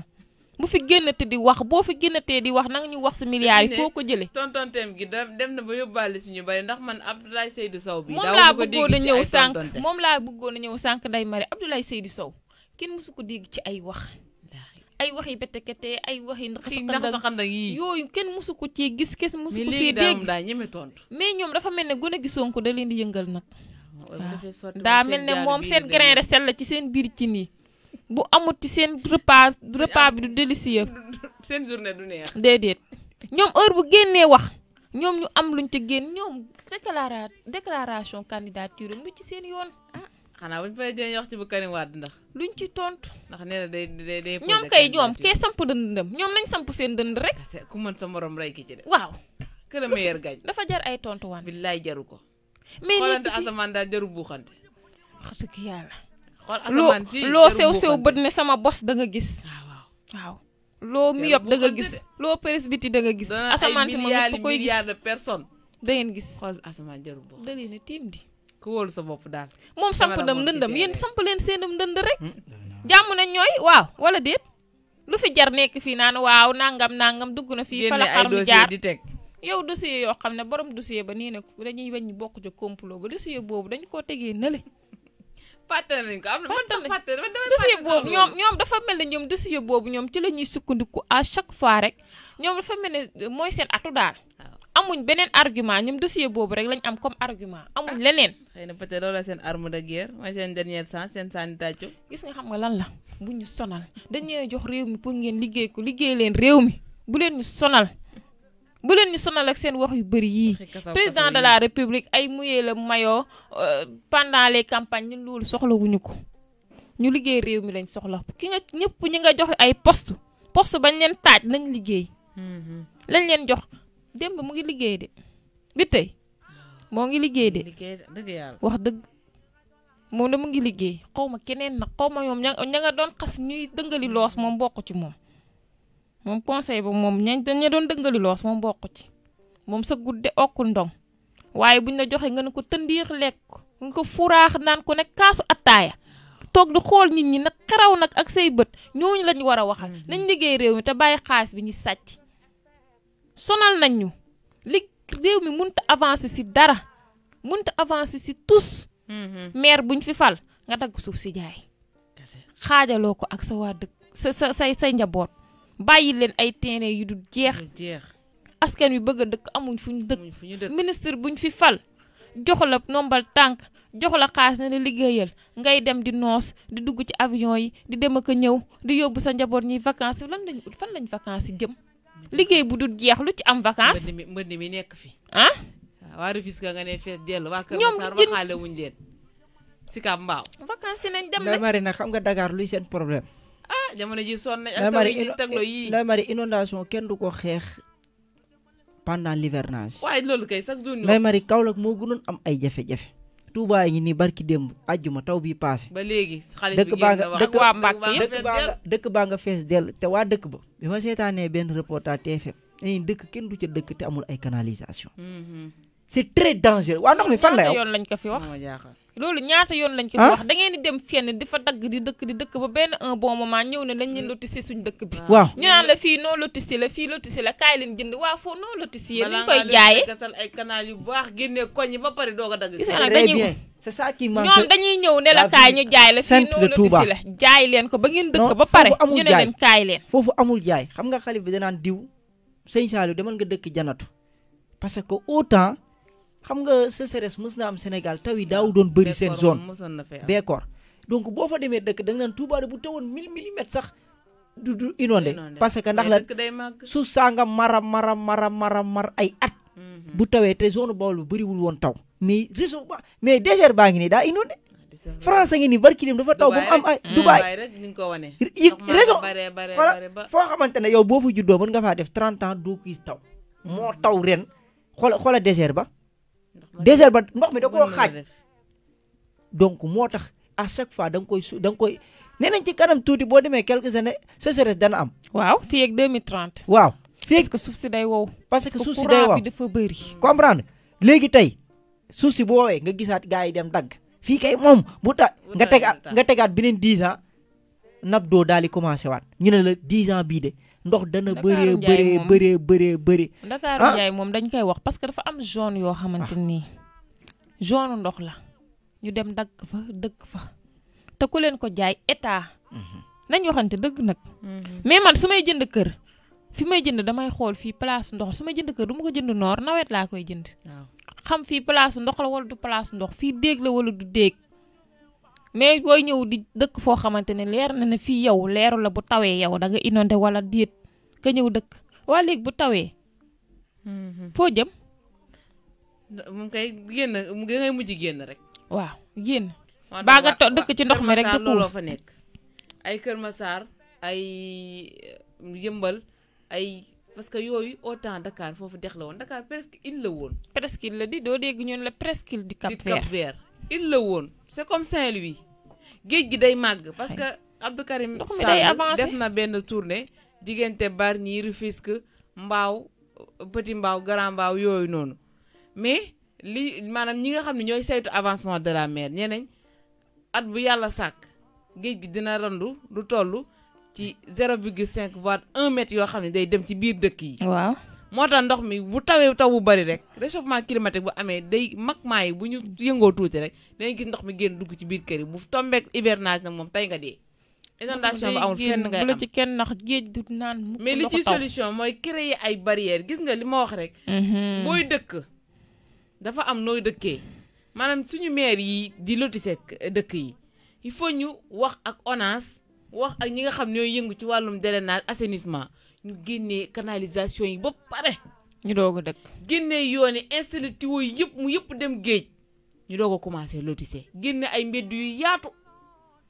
mu fi génn te di wax boo fi génnatee di wax nanga ñu wax si milliards yi foo ko jëlee. tontonteem gi dem na ba yóbbaale suñu bari ndax man Abdoulaye Seydou Sow. bi daaw ko dégg ci ay tontonte moom laa bëggoon a ñëw sànq moom laa bëggoon a ñëw sànq Ndeye Marie Abdoulaye Seydou Sow kenn mësu ko dégg ci ay wax. ay wax yi betekete ay wax yi ndax saxandang yi yooyu kenn musu ko ci gis kenn musu ko cee dégg mais ñoom dafa mel ne gone gi Sonko da leen di yëngal nag ah, daa mel ne moom seen grain de sel ci seen biir ci nii bu amut ci seen repas repas bi du délicieux. seen journée du neex. déedéet ñoom heure bu génnee wax ñoom ñu am luñ ci génn ñoom déclara déclaration candidature lu ci seen yoon ah. xanaa buñ fay jëlee wax ci bu Karim ndax. luñ ci tontu. ndax nee na day day day. ñoom kay ñoom kee samp dëndam ñoom nañ samp seen dënd rek. ku mën sa morom rey ki ci de. waaw. que le meilleur gagne. dafa jar ay tontu waan. billaay jaru ko. mais nit ki xoolante asamaan daal jaru buuxante. wax dëgg yàlla. loo loo sew sew bët ne sama bos da nga gis. waaw loo mi yob da nga gis loo presbytie da nga gis. asamaan si moom ñëpp koy gis de da ngeen gis xool asamaan jarul bokk da leen di. ku sa bopp daal. moom samp nam ndëndam yéen samp leen seenam ndënd rek. Hmm? jàmm nañ ñooy waaw wala déet. lu fi jar nekk fii naan waaw nangam nangam dugg na fii. fa la xar mu jaar di teg. yow dossier yoo xam ne borom dossier ba nii nag dañuy bañ bokk ca complot ba dossier boobu dañu koo tegee nële. fàtte nañ ko am na man sax fàtte man boobu ñoom ñoom dafa mel ne ñoom dossier boobu ñoom ci la ñuy sukkandiku à chaque fois rek ñoom dafa mel ne mooy seen atu daal. amuñ beneen argument ñoom dossier boobu rek lañ am comme argument amuñ ah. leneen. xëy na peut-être seen arme de guerre mooy seen dernière chance seen sànni tàccu. gis nga xam nga lan la bu ñu sonal dañ jox réew mi pour ngeen liggéey ko liggéey leen réew mi bu leen ñu sonal. bu leen ñu sonal ak seen wax yu bëri yii président de la république ay muyee la mayoo euh, pandale campagne ñun loolu soxlawuñu ko ñu liggéey réew mi lañ soxla ki nga ñëpp ñu nga jox ay post poste bañ leen taaj nañ liggéey mm-hmm. lañ leen jox démb mu ngi liggéey de bi tey moo ngi liggéey de wax dëgg moom da mu ngi liggéey xaw ma keneen nag xaw ñoom ña nga doon xas ñuy dëngali loos moom bokk ci moom mom conseil bu mom ñañ ñu doon dëngali loos mom bokku ci mom sa gudde okku ndong waye buñ la joxe nga ne ko tëndiix lek nga ko furax naan ko nek kaasu ataya tok du xol nit ñi nak karaw nak ak say bët ñooñu lañ wara waxal mm-hmm. nañ liggéey réew mi te bàyyi xaalis bi ñi sonal nañ ñu li réew mi muñ ta avancer ci dara muñ ta avancer ci tous. mère mm-hmm. buñ fi fal nga dag suuf ci jaay. xaajaloo ak sa wa dëkk sa sa say njaboot. bàyyi leen ay terrain yu du jeex. askan wi bëgg a dëkk amuñ fu ñu dëkk. ministre ñu fi fal jox la nombal tànk jox la xaalis ne la liggéeyal ngay dem di noos di dugg ci avion yi di dem ak ñëw di yóbbu sa njaboot ñuy vacances lan lañ fan lañ vacances jëm. liggéey bu du jeex lu ci am vacances. mbënd mi mbënd mi nekk fi. ah. waa Rufisque nga ne dellu waa Kër Masar waxaale wuñ leen. si Kambaaw. vacances nañ dem nag Marina xam nga Dakar luy seen problème. ah jamono ji sonn nañ ak taw yi teglo yii Ndeye Marie inondation kenn du ko xeex pendant l'hivernage waaye loolu kay sax du Ndeye Marie moo gënoon am ay jafe-jafe Touba yi ngi nii barki démb àjjuma taw bii paase ba léegi xale bi génn dëkk baa nga fees dell te waa dëkk ba bi ma seetaanee benn reportage TFM dañuy dëkk kenn du ca dëkk te amul ay canalisation mhm. c'est très dangereux waa ndox mi fan la yow yoon lañ ko fi wax loolu ñaata yoon lañ ko fi wax da di dem fenn di fa dagg di dëkk di dëkk ba benn un bon moment ñëw ne lañ leen lotissé suñ dëkk bi waaw ñu naan la fii non lotissé la fii lotissé la kaay leen jënd waa foo non lotissé yéen ñu koy jaayee ay yu baax génne koñ yi ba pare doog a dagg gis nga nag dañuy c'est ñoom dañuy ñëw ne kaay ñu jaay la fii non lotissé la jaay leen ko ba ngeen dëkk ba pare ñu ne leen kaay leen foofu amul jaay xam nga xalif bi danaan diw sëñ Saliou demal nga dëkk janatu parce que autant xam nga sécheresse mës na am Sénégal taw yi daaw doon bëri seen zone bekkoor donc boo fa demee dëkk da nga naan Touba bu tawoon 1000 millimètres sax du du inondé parce que ndax la su sangam mara mara mara mara mar ay at mhm. bu tawee te zone Bawol bu bëriwul woon taw mais réseau ba mais désert baa ngi nii daa inondé ah, France ngi ni barki dem dafa taw ba mu am ay Dubaay yi réseau voilà foo xamante ne yow boo fa juddoo mën nga faa def 30 ans doo taw moo taw ren xoola xoola désert ba désert ba ndox mi da koo xaaj donc moo tax à chaque fois da koy su da nga koy nee nañ ci kanam tuuti boo demee quelques années sécheresse dana am. waaw fii ak 2030. waaw fii parce que suuf si day wow. parce que suuf si day wow courant bi dafa bëri. léegi tey suuf si bu woowee nga gisaat gars yi dem dagg fii kay moom bu ta nga tegaat nga tegaat beneen 10 ans nab doo daal di commencé waat ñu ne la 10 ans bii de. ndox dana bëree bëree bëree bëree bëri Ndakaaru ah! Njaay moom dañ koy wax parce que dafa am zone yoo xamante ah! nii zone ndox la ñu dem dagg fa dëkk fa te ku leen ko jaay état mhm. nañ waxante dëgg nag mhm. mais man su may jënd kër fi may jënd damay xool fii place ndox su may jënd kër du ma ko jënd noor nawet laa koy jënd xam fii place ndox la wala du place ndox fii déeg la wala du déeg mais booy ñëw di dëkk foo xamante ne leer na ne fii yow leeru la bu tawee yow danga nga inondé wala déet ka ñëw dëkk waa léegi bu tawee. Mhm. foo jëm. mu koy génn mu ngay mujj génn rek. waaw génn. baa nga to dëkk ci ndox mi rek. looloo fa nekk ay Kër Masar ay euh, yëmbal ay. parce que yooyu autant Dakar foofu dex la woon Dakar presque île la woon. presque île la di doo dégg ñun la presque île du Cap Vert. il la woon c' est comme saint géej gi day màgg parce que Abdou Karim Sall def na benn tournée diggante nii Rufisque Mbaaw Petit Mbaaw Grand Mbaaw yooyu noonu mais li maanaam ñi nga xam ne ñooy saytu avancement de la mer ñeneen at bu yàlla sàkk géej gi dina randu lu toll ci zéro virgule cinq voire un yoo xam ne day dem ci biir dëkk yi waaw moo tax ndox mi bu tawee taw bu bari rek réchauffement climatique bu amee day mag maa yi bu ñu yëngoo tuuti rek dañuy gis ndox mi génn dugg ci biir kër yi bu tombeek hivernage nag moom tey nga dee. inondation bu amul fenn ngay am ci kenn ndax géej naan mais li ci solution mooy créer ay barrières gis nga li ma wax rek. Mhm. booy dëkk dafa am nooy dëkkee maanaam suñu maire yi di lotise dëkk yi il faut ñu wax ak ONAS wax ak ñi nga xam ñooy yëngu ci wàllum drainage assainissement. ñu génnee canalisation yi ba pare. ñu doog a dëkk génnee yoon yi installé tuyaux yëpp mu yëpp dem géej ñu doog a commencé lotissé génne ay mbedd yu yaatu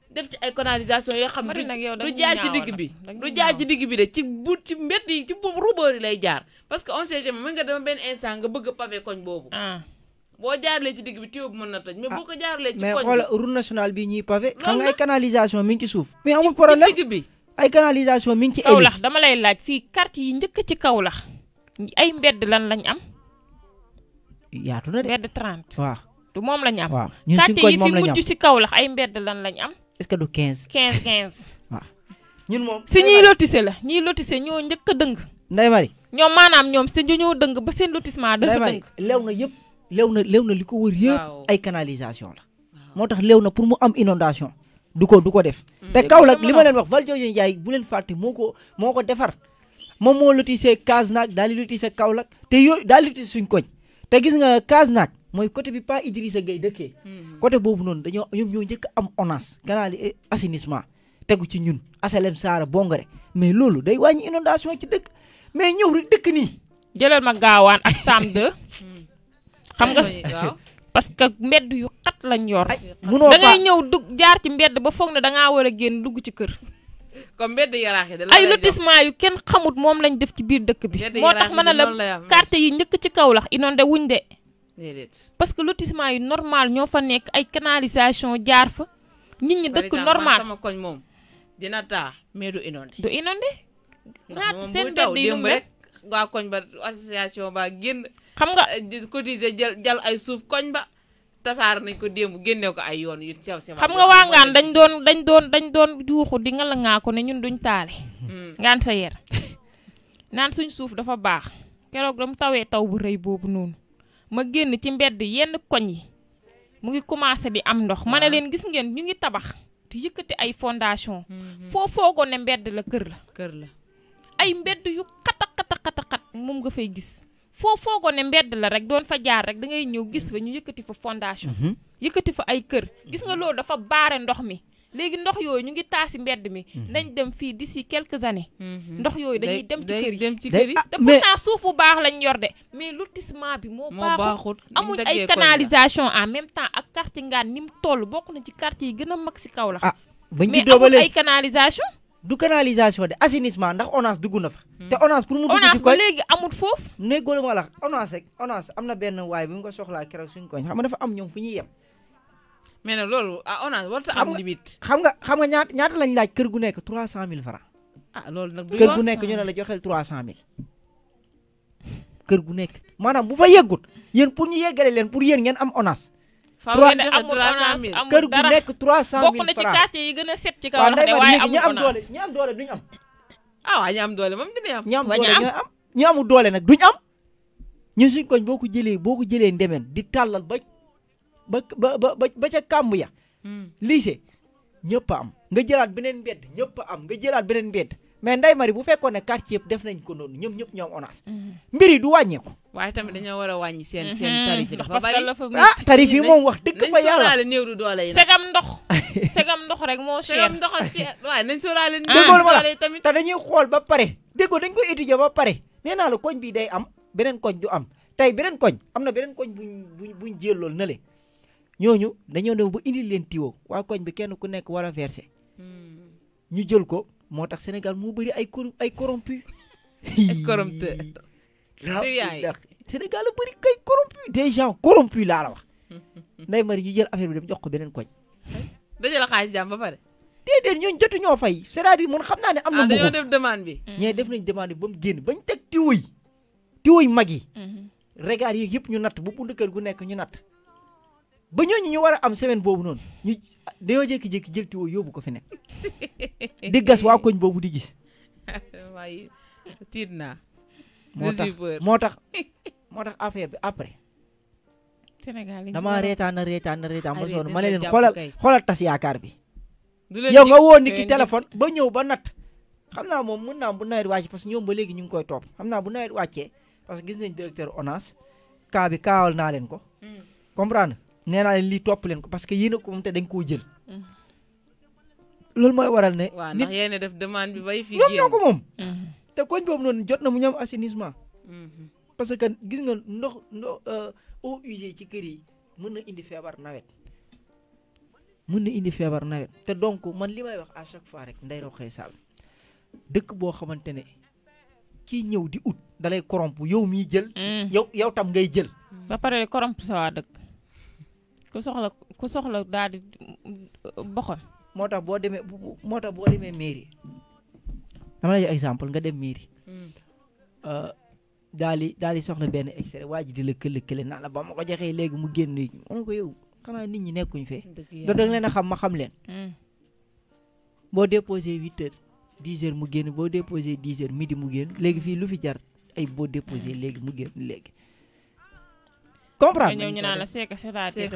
def ci ay canalisation yoo xam ne du jaar ci digg bi du jaar ci digg bi de ci bu ci mbedd yi ci boobu rubeer lay jaar parce que on sait jamais mën nga dama benn instant nga bëgg a pavé koñ boobu ah. boo jaarlee ci digg bi tuyau bi mën na toj mais boo ah. ko jaarlee ci koñ mais xoola route nationale bi ñuy pavé xam ay canalisation mi ci suuf mais amul problème digg bi ay canalisation mi ngi ci. Kaolack dama lay laaj fii quartier yi njëkk ci Kaolack ay mbedd lan lañ am. yaatu na de mbedd 30. waaw du moom lañ am. waaw ñun suñu koñ moom lañ am yi fi mujj ci Kaolack ay mbedd lan lañ am. est-ce que du quinze 15 15. waaw ñun moom. si ñiy lotissé la ñiy lotissé ñoo njëkk dëng. Ndeye Marie ñoom maanaam ñoom si ñoo dëng ba seen lotissement dafa dëng. lew na yëpp lew na lew na li ko wër yëpp. ay canalisation la. moo tax lew na pour mu am inondation du ko du ko def. Mm. te Kaolack li ma leen wax Valdiodio Ndiaye bu leen fàtte moo ko moo ko defar moom moo lotissé Kasnack daal di lotissé Kaolack te yooyu daal di suñ koñ te gis nga Kasnack mooy côté bi pas Idrissa gay dëkkee. Mm. côté boobu noonu dañoo ñoom ñoo njëkk am ONAS canal assainissement tegu ci ñun asalem saara bongare mais loolu day wàññi inondation ci dëkk mais ñëw rek dëkk nii. jëlal ma gaawaan ak Sam 2 mm. xam nga parce que mbedd yu xat lañ yor. da ngay ñëw dug jaar ci mbedd ba foog ne da ngaa war a génn dugg ci kër. comme mbedd yaraax ay lotissement yu kenn xamut moom lañ def ci biir dëkk bi. moo tax mën a la quartier yi njëkk ci kaw lax inondé wuñ de. parce que lotissement yu normal ñoo fa nekk ay canalisation jaar fa. nit ñi dëkk normal moom dina du inondé. du inondé. ñaata seen mbedd yi rek xam nga cotiser jël jël ay suuf koñ ba tasaar nañ ko démb génne ko ay yoon yu sew si xam nga waa ngaan dañ doon dañ doon dañ doon yuuxu di nga la ngaa ko ne ñun duñ taale ngaan sa yer naan suñ suuf dafa baax keroog dam tawee taw bu rëy boobu noonu ma génn ci mbedd yenn koñ yi mu ngi commencé di am ndox ma ne leen gis ngeen ñu ngi tabax di yëkkati ay fondation foo foogoon ne mbedd la kër la kër la ay mbedd yu xata xata xata moom nga fay gis foo foogoon ne mbedd la rek doon fa jaar rek da ngay ñëw gis fa ñu yëkkati fa fondation. Mhm. yëkkati fa ay kër. gis nga mhm. loolu dafa baare ndox mi. léegi ndox yooyu ñu ngi taasi mbedd mi. Mhm. nañ dem fii di si quelques années. ndox yooyu dañuy dem ci kër yi dem ci kër yi. Ah, te suuf bu baax lañ yor de mais lu lotissement bi moo. baaxut amuñ ay canalisation en même temps ak quartier ngaan ni mu toll bokk na ci quartier yi gën a mag si kaw la. mais amul ay canalisation. du canalisation de assainissement ndax ONAS dugg na fa. Hmm. te ONAS pour mu dugg ci koñ léegi amut foofu. néegóol ma la ONAS rek ONAS am na benn waay bi mu ko soxlaa keroog suñu koñ xam nga dafa am ñoom fu ñuy yem. mais nag loolu ah ONAS warut am limite. xam nga xam nga ñaata ñaata lañ laaj kër gu nekk 300000 francs ah loolu nag kër gu nekk ñu ne la joxeel 300000. kër gu nekk maanaam bu fa yeggut yéen pour ñu yeggale leen pour yéen ngeen am ONAS trois amul kër gu nekk trois cent mille francs bokk na ci quartier yi gën a set ci am doole ñi am doole duñ am ah, ñi am doole moom dina am ñi am doole ñooy am ñi doole nag duñ am ñu suñ koñ boo ko jëlee boo ko jëlee ndemen di tàllal ba ba ba ba ca kàmb ya hmm. lycée ñëpp am nga jëlaat beneen mbedd ñëpp a am nga jëlaat beneen mbedd mais Ndeye Marie bu fekkoon ne quartier yëpp def nañ ko noonu ñëpp ñëpp ñoom ONAS. mbir yi du wàññeeku. waaye tamit dañoo war a wàññi seen mhm. seen tarif yi dafa bari ah tarif yi moom wax dëgg fa yàlla nañ sóoraale néew du doole yi segam ndox segam ndox rek moo cher segam ndox cher waaw nañ sóoraale néew du doole yi te dañuy xool ba pare déggoo dañ koy étudier ba pare nee naa la koñ bi day am beneen koñ du am tey beneen koñ am na beneen koñ buñ buñ buñ jëloon na le ñooñu dañoo dem ba indil leen tiwo waa koñ bi kenn ku nekk war a verser hmm. ñu jël ko moo tax Sénégal moo bari ay cor ay corrompu. ay corrompteur. Sénégal la bëri kay corrompu des gens corrompus laa la wa nay mari ñu jël affaire bi dem jox ko beneen koñ. dajale xaalis jàmm ba pare. déedéet ñooñu jotu ñoo fay c'est-à-dire mun xam naa ne. am na ah, dañoo def demande bi. ñee def nañ demande bi ba mu génn bañ teg tiwo yi. yu mag yi. Mm-hmm. regard yi yëpp ñu natt bu bunt kër gu nekk ñu natt. ba ñooñu ñu war a am semaine boobu noonu dañoo jékki-jékki jël tiwo yóbbu ko fi nekk di gas waa koñ boobu di gis. waaye tiit naa. moo tax moo tax moo tax affaire bi après. Sénégal reetaan na reetaan na reetaan ba sonn ma ne leen xoolal xoolal tas yaakaar bi. yow nga woo nit ki téléphone ba ñëw ba natt. xam naa moom mën naa bu nawet wàccee parce que ñoom ba léegi ñu koy topp xam naa bu nawet wàccee parce que gis nañ directeur ONAS cas bi kaawal naa leen ko hmm. comprendre nee naa leen lii topp leen ko parce que yéen ko moom te dañ koo jël. Mm. loolu mooy waral ne. waaw ndax yéen a def demande bi bay fi ñoom ñoo ko moom. Mm-hmm. te koñ boobu noonu jot na mu ñam assainissement. Mm-hmm. parce que gis nga ndox ndox euh, eau usée ci kër yi mën na indi feebar nawet. mën na indi feebar nawet te donc man li may wax à chaque fois rek nday roxee sall dëkk boo xamante ne kii ñëw di ut dalay corompe yow mi jël. Mm. yow yow tam ngay jël. ba pare corompe sa waa dëkk. ku soxla ku soxla daal di boxal. moo tax boo demee moo tax boo demee mairie dama la jox exemple nga dem mairie. Hmm. Euh, daal di daal di soxla benn extrait waa ji di la kële kële la ba ma ko joxee léegi mu génn nit ñi mën nit ñi nekkuñ fee. dëgg da leen a xam ma xam leen. Hmm. boo déposé huit heures dix mu génn boo déposé dix heures midi mu génn léegi fii lu fi jar ay boo déposé léegi mu génn léegi. comprendre nga ñu naan la seeka c'est-à-dire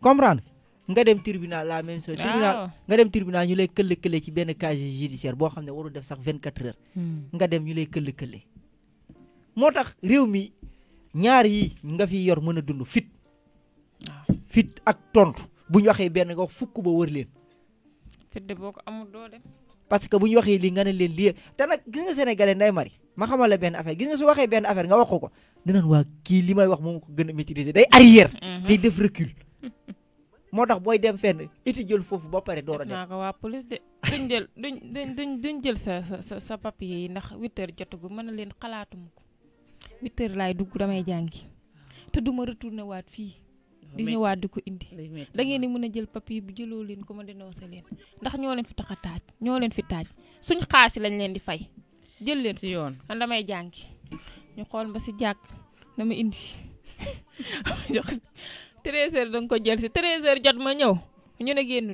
xam ah, dem tribunal la même chose. tribunal nga dem tribunal ñu lay këll këlle ci benn casier judiciaire boo xam ne warul def sax 24 heures. Hmm. nga dem ñu lay këll këlle. moo tax réew mi ñaar yi nga fi yor mën a dund fit. fit ak tontu bu ñu waxee benn nga wax fukk ba wër leen. de boo ko amul doo parce que bu ñu waxee li nga ne leen lii te nag gis nga sénégalais nday mari ma xamal la benn affaire gis nga su waxee benn affaire nga wax ko dinañ waa kii li may wax moom ko gën a maîtriser day arrière mhm. day def recul moo tax booy dem fenn iti jël foofu ba pare door a dem naa ko waa police de duñ jël duñ duñ jël sa sa sa papier yi ndax huit heures mën na leen xalaatum ko huit laay dugg damay jàngi te duma retourné waat fii di ñëwaat di ko indi da ngeen di mën a jël papier bu jëloo leen ko ma dénoncé leen ndax ñoo leen fi tax a taaj ñoo leen fi taaj suñ xaasi lañ leen di fay jël leen ci yoon man damay jàngi ñu xool ba si jàkk dama indi jox 13 heures danga ko jël si 13 jot ma ñëw ñu ne génn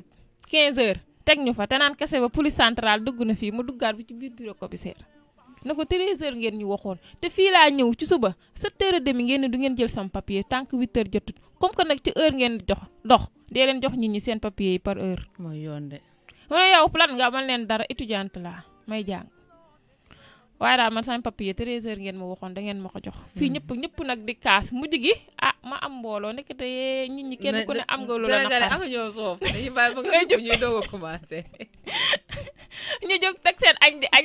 quinze heures teg ñu fa te naan kese ba police centrale dugg na fii ma duggaat bi ci biir bureau commissaire na ko treize heures ngeen ñu waxoon te fii laa ñëw ci suba sept heures demi ngeen ne du ngeen jël sam papier tant que huit heures jotut comme que nag ci heure ngeen di jox dox dee leen jox nit ñi seen papier yi par heure. mooy yoon de. mu ne yow plan nga man leen dara étudiante la may jàng waaye daal man sama papier treize heures ngeen ma waxoon da ngeen ma ko jox. fii ñëpp ñëpp nag di kaas mujj gi ah ma am mbooloo nekk te nit ñi kenn ko ne am nga. loolu naqar am na ñoo soof dañuy bàyyi ba nga ñuy ñu jóg teg seen añ di añ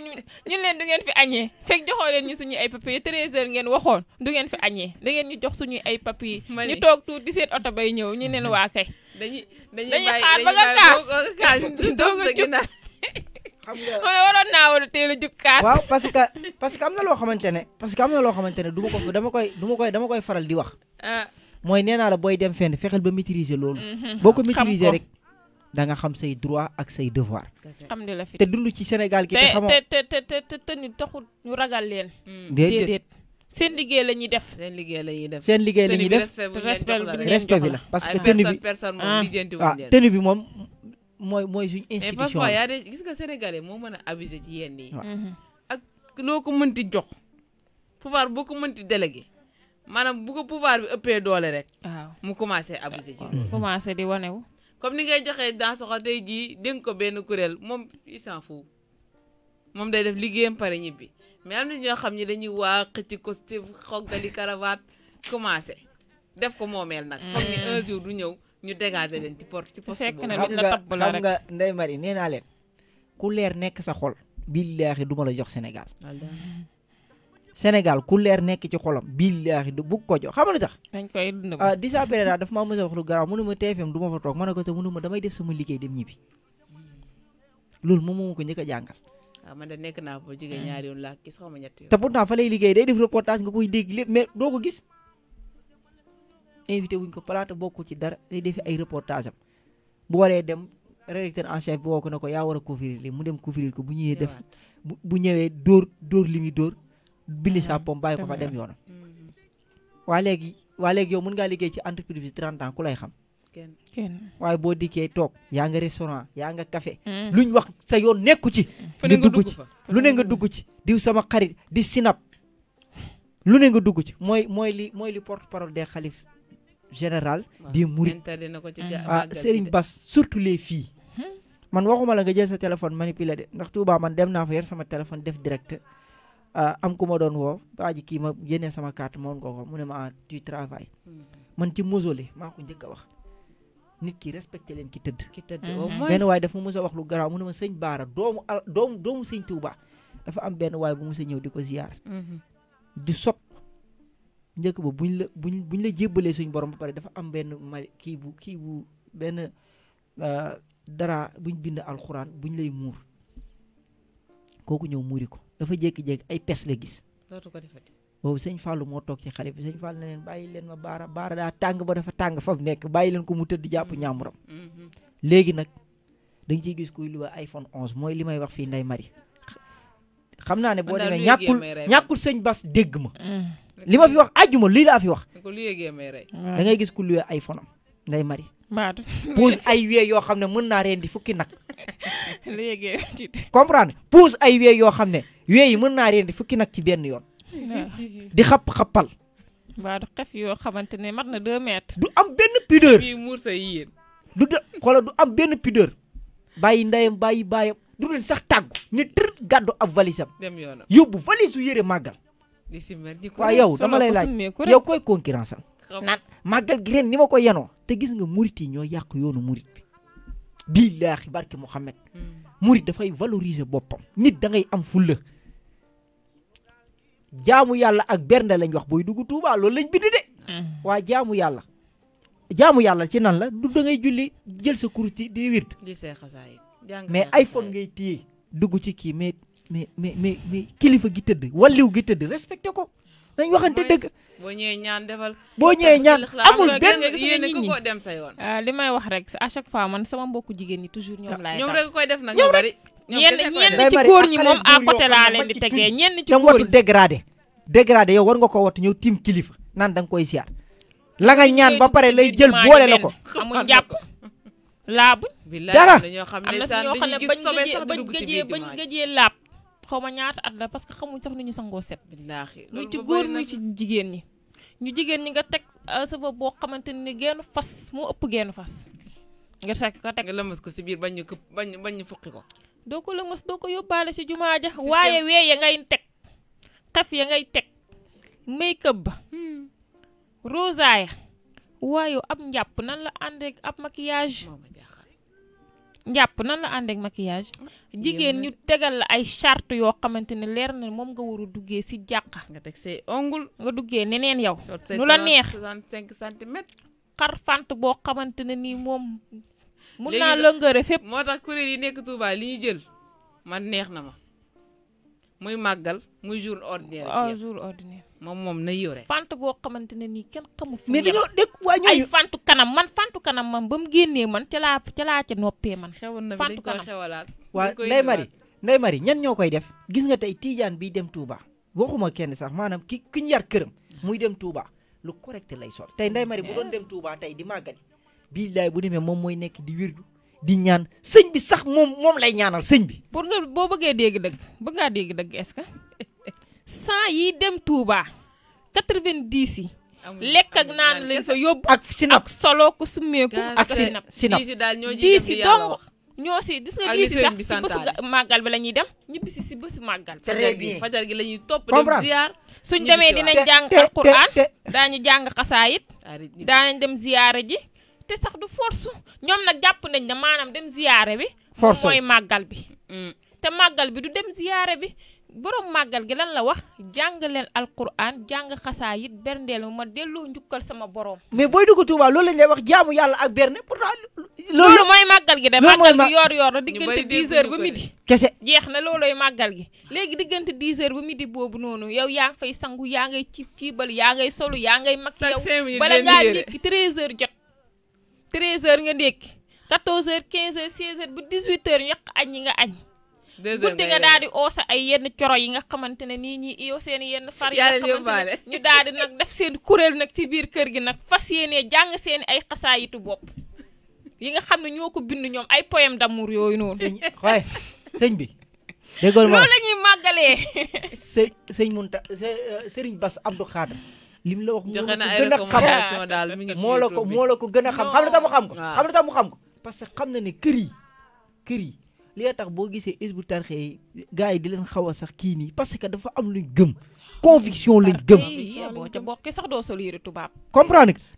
ñu leen du ngeen fi añee fekk joxoo leen ñu suñuy ay papier treize heures ngeen waxoon du ngeen fi añee da ngeen ñu jox suñuy ay papier ñu toog tuuti seet oto bay ñëw ñu neen waa kay dañuy xaar ba nga kaas doog a jug xam nga waroon naa war a teel a jug kaas waaw parce que parce que am na loo xamante ne parce que am na loo xamante ne du ko dama koy du ma koy dama koy faral di wax ah. mooy nee naa la booy dem fenn fexeel ba maîtriser loolu mhm. boo ko maîtriser rek da nga xam say droit ak say devoir. xam ne la fi te dund ci Sénégal gi. te xamoo te te te te te ni taxul ñu ragal leen. Mm. déedéet seen liggéey la ñuy def. seen liggéey la ñuy def seen liggéey la ñuy def respect bi la parce que tenue bi personne moom ah. Ah, tenue bi moom mooy mooy suñu institution. mais yaa de gis nga sénégalais moo mën a abuser ci yenn yi. Mhm. ak loo ko mënti jox pouvoir boo ko mënti délégué. maanaam bu ko pouvoir bi ëppee doole rek. waaw mu commencé abuser ci. Mhm. commencé di wanewu comme ni ngay joxee daa soxo tey jii dénk ko benn kuréel moom il s'en fout moom day def liggéeyam pare ñibbi mais am na ñoo xam ne dañuy waa xëcc costume xoggali cravate commencé def ko moomeel nag. foog ni un du ñëw ñu dégager leen ci port ci poste boobu. xam nga xam nga Ndeye Marie nee naa leen ku leer nekk sa xol. billaahi du ma la jox Sénégal. Sénégal ku leer nekk ci xolom xolam billaahi du bugg ko jox xam nga lu tax ah, Disa Pereira daf maa mos a wax lu garaaw mënuma TFM du ma fa toog ma ne ko te mënuma damay def sama liggéey dem ñibbi loolu moom moo ko njëkk a jàngal waaw ah, man de nekk naa ba jigéen hmm. ñaari yoon laa gis xaw ma ñett yoon te pourtant fa lay liggéey day def reportage nga koy dégg lépp mais doo ko gis invité wuñ ko palaata bokku ci dara day def ay reportage am bu waree dem rédacteur en chef bi woo ko ne ko yaa war a couvrir li mu dem couvrir ko bu ñëwee def bu ñëwee dóor dóor li muy dóor bili sapoom bàyyi ko fa dem yoonam mhm. waa léegi waa léegi yow mën ngaa liggéey ci entreprise bi 30 ans ku lay xam kenn waaye boo dikkee toog yaa nga restaurant yaa nga café mhm. luñ wax sa yoon nekku ci mhm. nga dugg ci lu ne nga dugg ci diw sama xarit di sinap lu ne nga dugg ci mooy mooy li mooy li porte parole des xalif général des mourides ah Serigne Bass surtout les fii man waxuma la nga jël sa téléphone manipuler de ndax Touba man dem naa fa yor sama téléphone def direct Euh, am ku ma doon woo waa ji kii ma yénee sama carte moom nga ko mu ne ma ah, tu travail hmm. man ci mausolée maa ko njëkk a wax nit ki respecté leen ki tëdd ki tëdd mhm. benn waaye dafa ma mos a wax lu garaaw mu ne ma sëñ baara doomu al doomu doomu sëñ Tuuba dafa am benn waaye bu mos ñëw di ko ziyaar mhm. di sob njëkk ba buñ la buñ buñ la jébbalee suñ borom ba pare dafa am benn mali kii bu kii bu benn euh, dara buñ bind alxuraan buñ lay muur kooku ñëw muuri ko dafa jékki-jékki ay pes la gis. dootu ko defati. boobu sëñ Fallou moo toog ci xale bi sëñ Fallou ne leen bàyyi leen ma baara baara daa tàng ba dafa tàng fa nekk bàyyi leen ko mu tëdd jàpp mm-hmm. ñaamuram. Mm-hmm. léegi nag da nga ciy gis kuy luwa iPhone 11 mooy li may wax fii nday Marie. xam naa ne boo demee ñàkkul ñàkkul sëñ Bas dégg ma. Mm. li ma fi wax àjjuma lii laa fi wax. da ngay gis ku luwa iPhone am Ndeye Marie. maatu pousse ay wee yoo xam ne mën naa reen di fukki nag. léegi comprendre pousse ay wee yoo xam ne. yooyu mën naa rendi fukki nag ci benn yoon. di xapp xappal. waa du yoo xamante ne mat na 2 du am benn pudeur fii muur sa yéen. du du am benn pudeur bàyyi ndeyam bàyyi baayam du leen sax tàggu ni tër gàddu ab valisam. dem yoonam yóbbu valisu yére màggal. waa yow dama lay laaj yow koy concurrence am. naan màggal gi ren ni ma ko yenoo. te gis nga murit yi ñoo yàq yoonu murit bi. billaahi barke Muhammad hmm. murit dafay valoriser boppam. nit da ngay am fulla jaamu yàlla ak bernde lañ wax booy dugg Touba loolu lañ bind de. Mm. waa jaamu yàlla. jaamu yàlla ci nan la du da ngay julli jël sa kurus di di wird. mais iPhone ngay téye dugg ci kii mais mais mais mais kilifa gi tëdd walliw gi tëdd respecté ko. nañ waxante dëgg. boo ñëwee ñaan defal. boo ñëwee ñaan amul benn yéene ku ko dem sa yoon. Ah, li may wax rek a chaque fois man sama mbokku jigéen ñi toujours ñoom ah, laay. ñoom rek koy def nag ñu bari ñenn ñenn ci góor ñi moom à côté laa leen di tegee ñenn ci góor ñi dégradé dégradé yow war nga ko wat ñëw tim kilifa nan dang koy siar la nga ñaan ba pare lay jël boole la ko amul japp laab dara am na ñoo xam ne bañ gëjee bañ gëjee bañ gëjee laab xawma ñaata at la parce que xamuñ sax ni ñu sangoo set muy ci góor muy ci jigéen ñi ñu jigéen ñi nga teg euh, sa bopp boo xamante ni genn fas moo ëpp genn fas nga teg nga teg nga lëmas ko si biir bañ ñu bañ bañ ñu ko doo ko lëngas doo ko yóbbaale si jumaa ja waaye wee ya ngay teg xef ya ngay teg make up ba hmm. rosaaya waaye ab njàpp nan la àndeek ab maquillage njàpp nan la àndeek maquillage ah, jigéen ñu tegal la ay chart yoo xamante ne leer na moom nga war duggee si jàqa nga teg say ongul nga duggee neneen yow nu la neex xar fant boo xamante ne nii moom mun naa lëngëre fépp moo tax kuréel yi nekk Touba li ñu jël man neex na ma muy màggal muy jour ordinaire. ah jour moom moom na yore. fant boo xamante ne nii kenn xamu. mais dañoo dégg waa ñooñu kanam man fantu kanam man ba mu génnee man calaa laa ca laa noppee man. xewoon na bi dañ koy xewalaat waa Ndeye Marie Ndeye ñan ñoo koy def gis nga tey Tidiane biy dem Touba waxuma kenn sax maanaam ki ki yar këram. muy dem tuubaa lu correct lay sol. tey Ndeye mari bu doon dem Touba tey di màggali. billaay bu demee moom mooy nekk di wirdu di ñaan sëñ bi sax moom moom lay ñaanal sëñ bi. pour nga boo bëggee dégg dëgg bëgg dégg dëgg est-ce que yi dem Touba quatre-vingt-dix yi. lekk ak naan lañ fa yóbbu. ak sinap ak solo ko summeeku ak sinap sinap diis yi dong ñoo si dis nga diis yi sax si bés màggal bi la ñuy dem ñibbisi si si bés màggal. très bien fajar gi la ñuy topp dem ziar. suñ demee dinañ jàng alquran daañu jàng xasaayit daañu dem ziyaara ji. te sax du force ñoom nag jàpp nañ ne maanaam dem ziyaare bi. force mooy màggal bi. Mm. te màggal bi du dem ziyaare bi boroom màggal gi lan la wax jàng leen alquran jàng xasaa it berndeel ma delloo njukkal sama borom. mais booy dugg Touba loolu lañ lay wax jaamu yàlla ak berne pourtant. loolu mooy màggal gi de màggal gi yoor yoor la diggante 10 ba midi kese jeex na loolooy màggal gi léegi diggante 10 heures ba midi boobu noonu yow yaa ngi fay sangu yaa ngay ciib ciibal yaa ngay solu yaa ngay mag yow bala ngaa jékki jot treize heures nga ndékki quatorze heures quinze heures bu dix huit heures yàq añ yi nga añ guddi nga daal di oosa ay yenn coro yi nga xamante ne nii ñii iyoo seen yenn far yi nga ñu daal di nag seen kuréel nag ci biir kër gi nag fas yéenee jàng seen ay xasaayitu bopp yi nga xam ne ñoo ko bind ñoom ay poème d'amour yooyu noonu waaye sëñ bi déggoon ma loolu la ñuy màggalee sëñ sëñ Munta sëriñ euh, Bass Abdou Khadre lim la wax. joxe na mi ngi moo la ko ko gën a xam xam na tax mu xam ko. xam na tax xam ko parce que xam na ne kër yi kër yi. li tax boo gisee is bu tarxee yi gars yi di leen xaw a sax kii nii parce que dafa am luñ gëm conviction lañ gëm boo ca bokkee sax doo sol yére tubaab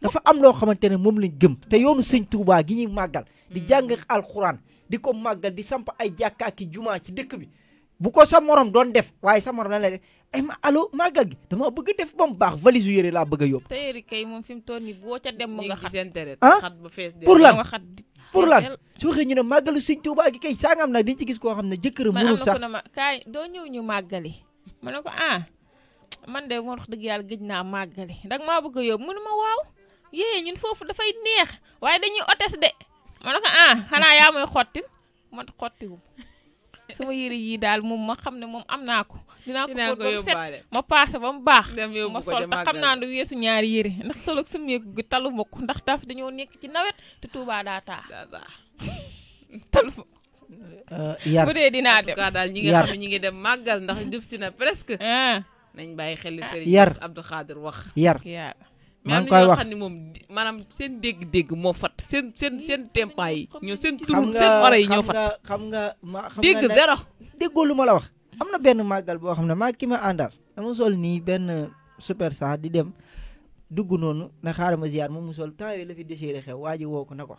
dafa am loo xamante ne moom lañ gëm te yoonu sëñ Tuubaa gi ñuy màggal di jàng mm. alxuraan di ko màggal di samp ay jàkka ak jumaa ci dëkk bi bu ko sa moroom doon def waaye sa morom lan lay def ay eh, ma alo màggal gi dama bëgg def ba mu baax valise yu yére laa bëgg a yóbbu. tailleur kay moom fi mu toll nii boo ca dem nga xat ah? xat ba fees pour lan pour lan su waxee ñu ne màggalu sëñ Tuubaa gi kay sangam nag di ci gis koo xam ne jëkkëram mënul sax man na ma kaay doo ñëw ñu màggali ma ne ko ah man de moo wax dëgg yàlla gëj naa màggali ndax maa bëgg a yóbbu mënu ma waaw yéen ñun foofu dafay neex waaye dañuy otes de ma ne ah, xanaa yaa may xotti man xottiwum sama yére yii daal moom ma xam ne moom am naa ko. dinaa ko yóbbaale ma paase ba mu baax. ma sol te xam naa du weesu ñaari yére ndax solo ak sumeeku gi talu ko ndax daaf dañoo nekk ci nawet te Touba daa taa. talu uh, yar bu dee dinaa dem daal ñi nga xam ngi dem màggal ndax jub si na presque. Ah. nañ bàyyi xel li ah. Serigne Abdou Khadir wax yar. maa ngi koy wax xam moom maanaam seen dégg-dégg moo fat seen seen seen tempa yi ñoo seen turu seen ora yi ñoo fat xam nga ma xam nga dégg dara déggoo lu ma la wax am na benn màggal boo xam ne maa ki ma àndal dama sol nii benn super sa di dem dugg noonu na xaaral ma ziar moom mu sol temps yooyu la fi déchiré xew waa ji woo ko na ko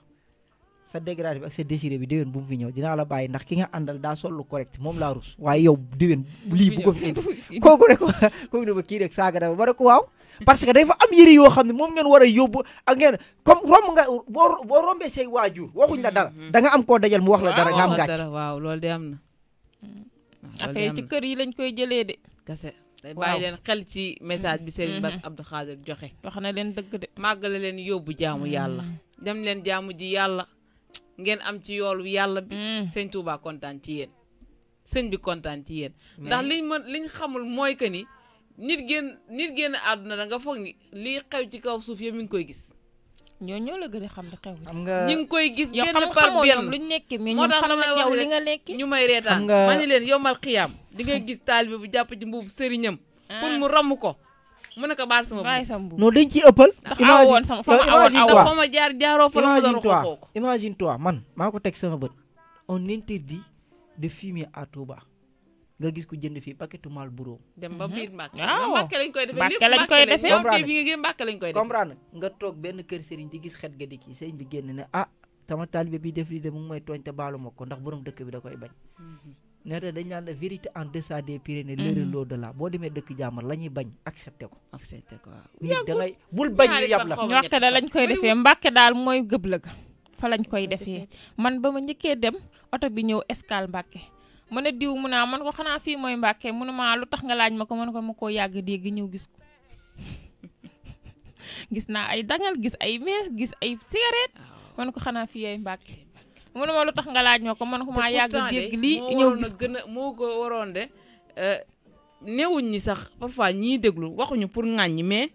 sa dégradé bi ak sa désiré bi déwén bu mu fi ñëw dinaa la bàyyi ndax ki nga àndal daa sollu correct moom laa rus waaye yow déwén lii bu ko fi indi kooku ne ko kooku ne ma kii rek saaga dafa ba ne waaw parce que dafa am yëre yoo xam ne moom ngeen war a yóbbu ngeen comme romb nga boo boo rombee say waajur waxuñ la dara mm-hmm. da nga am koo dajal mu wax la dara nga am gàcc waaw loolu de am na mm. affaire ci kër yi lañ koy jëlee de kase bàyyi leen xel ci message bi Serigne Bass mm-hmm. Abdou joxe na leen dëgg de màggale leen yóbbu jaamu yàlla mm. dem ngeen am ci yoolu yàlla bi mm. sëñ Touba kontaan ci yéen sëñ bi kontaan ci yéen ndax liñ mën liñ xamul mooy que ni nit génn nit génn àdduna da nga foog ni lii xew ci kaw suuf yëpp mi ngi koy gis ñoo ñoo la gën a xam li xew xam nga ñi ngi koy gis benn par benn luñ nekk mais moo tax dama li nga lekk ñu may reetaan ma ni leen yomal xiyaam di ngay gis taalibe bu jàpp ci mbuubu sëriñam ah. pour mu ramm ko mu na ko baal sama mbubb non dañ ciy ëppal. imagine fa ma jaar jaaroo fa la ko doon man maa ko teg sama bët on interdit de fumer à Touba. nga gis ko jënd fii paquetu Marlboro. dem ba biir Mbàkke. Mm-hmm. waaw Mbàkke lañ koy defee lépp Mbàkke lañ koy defee comprendre nga toog benn kër sëriñ di gis xet ga di ci sëriñ bi génn ne ah sama taalibe bi def lii de mu ngi may tooñ te baalu ma ko ndax borom dëkk bi da koy bañ. Mm-hmm. ne dañ naan la vérité en deçà des Pyrénées. l'erreur mhm. l'au-delà boo demee dëkk jàmbur la ñuy bañ accepté ko. accepté ko waaw. bul bañ ñu yab la. ñoo da lañ koy defee Mbàkke daal mooy gëb la fa lañ koy defee man ba ma njëkkee dem oto bi ñëw escale Mbàkke mu ne diw mu naa man ko xanaa fii mooy Mbàkke mu ne maa lu tax nga laaj ma ko man ko ma koo yàgg dégg ñëw gis ko gis naa ay dangal gis ay mees gis ay cigarette man ko xanaa fii yaay Mbàkke mu ne ma lu tax nga laaj ma ko man xumaa yàgg dégg lii ñëw gis gën a moo ko waroon de euh, newuñ ñi sax parfois ñiy déglu waxuñu pour ŋàññi mais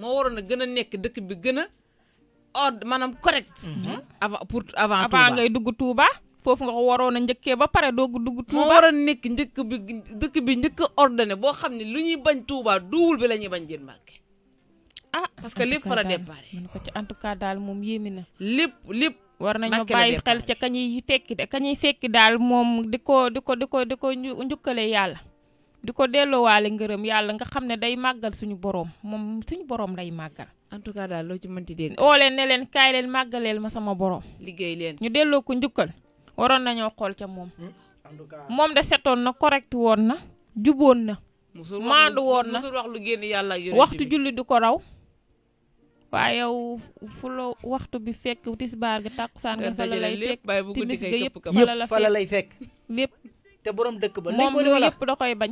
moo waroon gën a nekk dëkk bi gën a ordre maanaam correct mhm. avant pour avant avant ngay dugg Touba foofu nga waroon a njëkkee ba pare doog dugg Touba moo waroon nekk njëkk bi dëkk bi njëkk a ordonné boo xam ne lu ñuy bañ Touba duwul bi la ñuy bañ biir Mbàkke ah parce que lépp fara départ en ci cas daal moom yéemi na lépp lépp war nañoo bàyyi xel ca kañuy fekki de kañuy fekki daal moom di ko di ko di ko di ko njukkale yàlla di ko delloowaale ngërëm yàlla nga xam ne day màggal suñu boroom moom suñu boroom lay màggal. en tout cas daal loo ci mënti dégg. oo leen ne leen kaay leen màggaleel ma sama boroom. liggéey leen ñu delloo ko njukkal. waroon nañoo xool ca moom. Hmm, moom de setoon na correct woon na. juboon na. maandu woon na musul wax lu génn yàlla waxtu julli du ko raw. waa yow fu la waxtu bi fekk tisbaar ga tàkkusaan nga fa la lay fekk timis ga yëpp fa la lay fekk lépp te borom dëkk ba moom loolu yëpp da koy bañ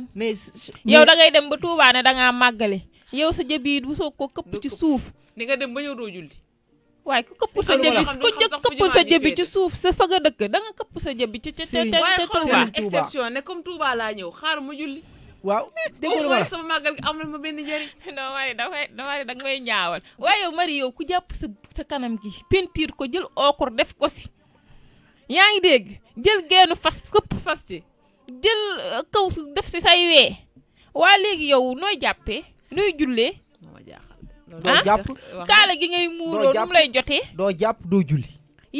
yow da ngay dem ba Tuubaa ne dangaa màggale yow sa jëb yi bu soog ko këpp ci suuf ni nga dem ba ñëw doo julli waaye ku këpp sa jëbi ku jëkk këpp sa jëbi ci suuf sa fa dëkk da këpp sa jëbi ci ca ca ca Tuubaa exception ne comme Tuubaa laa ñëw xaar mu julli waaw déggoo la waaye sama màggal gi am na ma benn njëriñ. non Marie dafay Marie danga may ñaawal. waaye yow Marie yow ku jàpp sa sa kanam gi peinture ko jël okor def ko si. yaa ngi dégg jël geenu fas këpp fas ci jël euh, su def si say wee waa léegi yow nooy jàppee nooy jullee. doo ah? jàpp kaala gi ngay muuroo nu mu lay jotee. doo jàpp doo julli.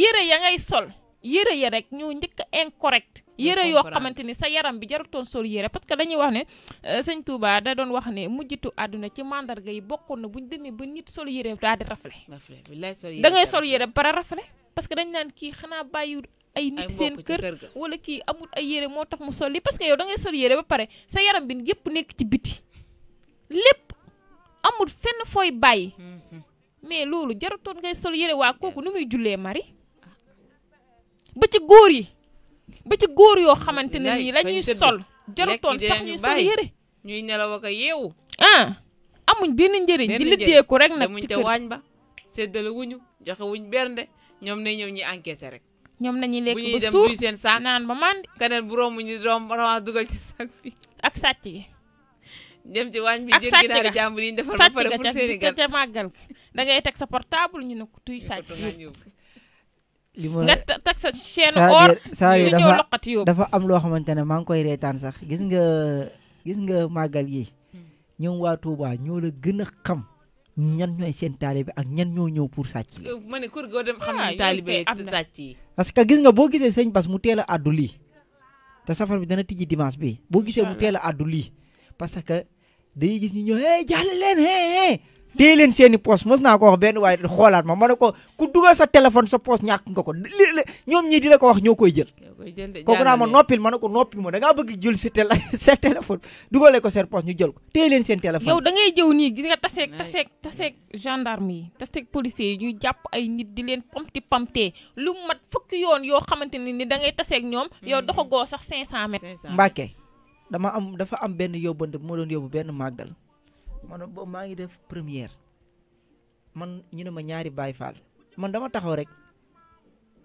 yére ya ngay sol yëre ya rek ñoo njëkk incorrect yére yoo xamante ni sa yaram bi jarutoon sol yére parce que dañuy wax ne euh, sëñ Touba da doon wax ne mujjitu àdduna ci mandarga yi bokkoon na bu ñu demee ba nit sol yére daal di rafle da ngay sol yére ba pare parce que dañ naan kii xanaa bàyyiwul ay seen kër wala kii amul ay yére moo tax mu sol yi que yow da ngay sol yére ba pare sa yaram bi yëpp nekk ci biti lépp amul fenn fooy bàyyi mm-hmm. mais loolu jarutoon ngay sol yére waa kooku nu muy jullee mari ba ci góor yi ba ci góor yoo xamante ne nii la ñuy sol jarutoon sax ñuy sol yëre ñuy nelaw ak a yeewu ah amuñ benn njëriñ di liddeeku rek nag ci kër ba séddale wuñu joxe wuñ bernde ñoom ne ñëw ñi encaisser rek ñoom nañuy lekk ba suur bu dem seen saak naan ba mandi keneen bu romu ñu rom rom dugal ci saak fi ak sàcc gi dem ci wañ bi jël ginaari jàmbur yi ñu defal ba pare pour seen gal da ngay teg sa portable ñu ne ko tuy sàcc li ma nga tag sa chaîne or ñu ñëw loqati dafa am loo xamante ne maa ngi koy reetaan sax gis nga gis nga màggal yi hmm. ñoom waa baa ñoo la gën a xam ñan ñooy seen taalibe ak ñan ñoo ñëw pour sàcc yi. ma ne kur goo dem xam ah, ne taalibe ak sàcc yi. parce que gis nga boo gisee sëñ Bass mu teel a àddu lii te safar bi dana tijji dimanche bi boo gisee mu ah, teel addu àddu lii parce que day gis ñu ñëw hey jàll leen hey hey. téye leen seeni poos mës naa ko wax benn waaye xoolaat ma ma ne ko ku dugal sa téléphone sa poos ñàkk nga ko ñoom ñii di la ko wax ñoo koy jël kooku naa ma noppil ma ne ko noppil ma da ngaa bëgg jël sa tél sa téléphone dugalee ko ñu jël ko téye leen seen téléphone yow da ngay jëw nii gis nga taseeg taseeg taseeg gendarme yi taseeg policier yi ñu jàpp ay nit di leen pamti pamtee lu mat fukki yoon yoo xamante ne ni da ngay taseeg ñoom hmm. yow doxagoo sax 500 mètres Mbacke dama am dafa am benn yóbbante bu ma doon yóbbu benn màggal man boobu maa ngi def première man ñu ne ma ñaari Baay Faal man dama taxaw rek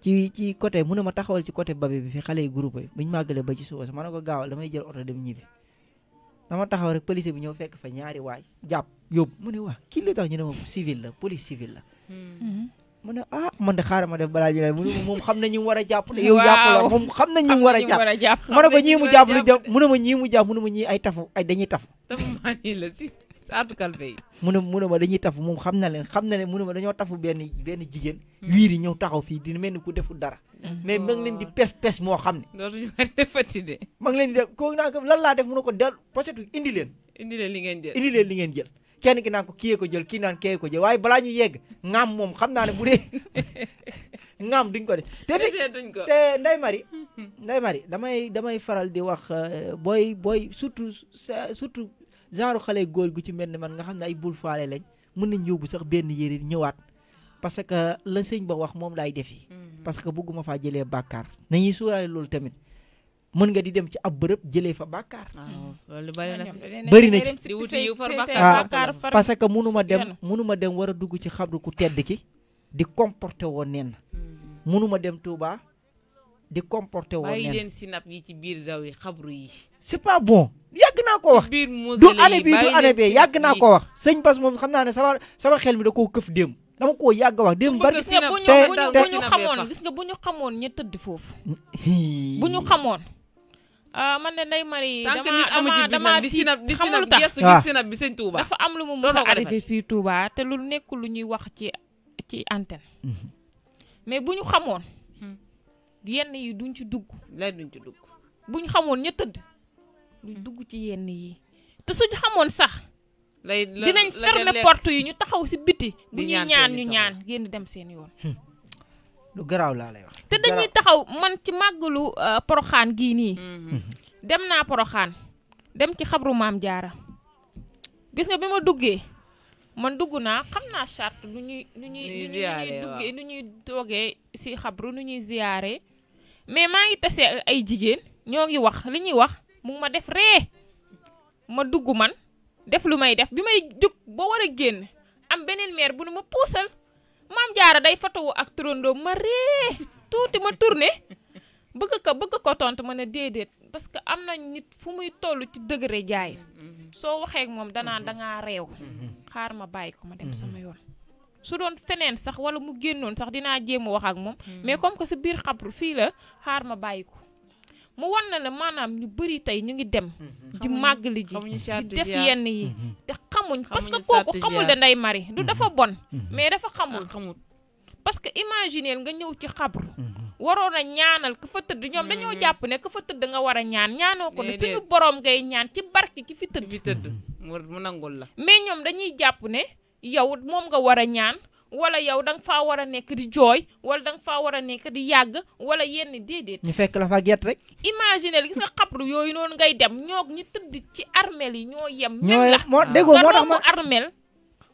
ci ci côté mu na ma taxawal ci côté babe bi fi xale yi groupe yi bu ñu màggalee ba ci suba sax ma ne ko gaawal damay jël oto dem ñibbi dama taxaw rek police bi ñëw fekk fa ñaari waay jàpp yóbbu mu ne waa kii tax ñu ne ma civil la police civil la. Hmm. mu ne ah man de xaaral ma def balaa ñu ne xam na ñi mu war a jàpp yow la xam na ñi mu a jàpp ma ne ko ñii mu ma ñii mu ma ñii ay tafu ay dañuy tafu sartu kalpe yi mu ne mu ne ma tafu moom xam na leen xam na ne mu ne ma dañoo tafu benn benn jigéen hmm. wiir yi ñëw taxaw fi dina mel ni ku deful dara hmm. mais ma ngi leen di pes pes moo xam ne dootuñu defati de ma ngi leen di def kooku naa ko lan laa def mu ne ko del posetu indi leen indi li ngeen jël indi li ngeen jël kenn ki naan ko kiyee ko jël ki naan kiyee ko jël waaye balaa ñu yegg ŋaam moom xam naa ne bu dee ŋaam ko de te te nday mari nday mari damay damay faral di wax euh, booy booy surtout surtout genre xale góor gu ci mel ni man nga xam ne ay bul faale lañ mën nañ yóbbu sax benn yére ñëwaat parce que la sëñ ba wax moom laay defi mm-hmm. parce que bëgguma faa jëlee bàkkaar nañuy suuraale loolu tamit mën nga di dem ci ab bërëb jëlee fa bàkkaar ah, bëri na ah, ci ah, parce que munuma dem munuma dem war a dugg ci xabru ku tedd ki di comporté woon neen mm-hmm. munuma dem tuubaa di comporté woo. bàyyi leen sinap yi ci biir zaw yi xabru yi. c'est pas bon yàgg naa ko wax. biir du année bii du année bee yàgg naa ko wax. sëñ Bas moom xam naa ne sama sama xel mi da koo këf démb dama koo yàgg wax démb. bari te bu ñu xamoon gis nga bu ñu xamoon ña tëdd foofu. bu ñu xamoon. Ah, man de Ndeye Marie. dama dama di sinap di sinap gerte gi sinap bi sëñ Touba. dafa am lu mu mos a arrivé fii Touba te lu nekkul lu ñuy wax ci ci antenne. Mhm. mais bu ñu xamoon. yenn yi duñ ci dugg lay duñ ci dugg buñ xamoon ña tëdd duñ dugg ci yenn yi te suñ xamoon sax lay dinañ fermer porte yi ñu taxaw si biti bu ñuy ñaan ñu ñaan génn dem seen yoon hmm. lu garaaw laa lay wax te dañuy taxaw man ci màggalu euh, poroxaan gii nii hmm. dem naa poroxaan dem ci xabru maam jaara gis nga bi ma duggee man dugg naa xam naa charte nu ñuy nu ñuy nu ñuy duggee nu ñuy toogee si xabru nu ñuy ziyaare mais maa ngi tase ay jigéen ñoo ngi wax li ñuy wax mu ma def ree ma dugg man def lu may def bi may jóg ba war a génn am beneen meer bu nu ma puusal maam jaara day fatawu ak turandoom ma ree tuuti ma tourné bëgg ko bëgg ko tontu ma ne déedéet parce que am na nit fu muy toll ci degré jaay mm-hmm. soo waxee ak moom danaa mm-hmm. dangaa réew mm-hmm. xaar ma bàyyi ko ma dem sama yoon su doon feneen sax wala mu génnoon sax dinaa jéem a wax ak moom. Hmm. mais comme que si biir xabru fii la xaar ma bàyyi ko. mu wan na la maanaam ñu bëri tey ñu ngi dem. Hmm. di màggali ji di def yenn yi. Hmm. te xamuñ parce que kooku xamul da nday mari du dafa bon. mais dafa xamul ah, xamul. parce que imagineel nga ñëw ci xabru. waroon a ñaanal ka fa tëdd ñoom dañoo jàpp ne ka fa tëdd nga war a ñaan ñaanoo ko ne suñu borom ngay ñaan ci barke ki fi tëdd. fi mu nangul la. mais ñoom dañuy jàpp ne. yow moom nga war a ñaan wala yow danga fa war a nekk di jooy wala da nga faa war a nekk di yàgg wala yenn déedéet. ñu fekk la fa gerte rek. imaginer gis nga xabru yooyu noonu ngay dem ñoo ñu tëdd ci armeel yi ñoo yem. ñoo yem moo déggoo moo tax ma armel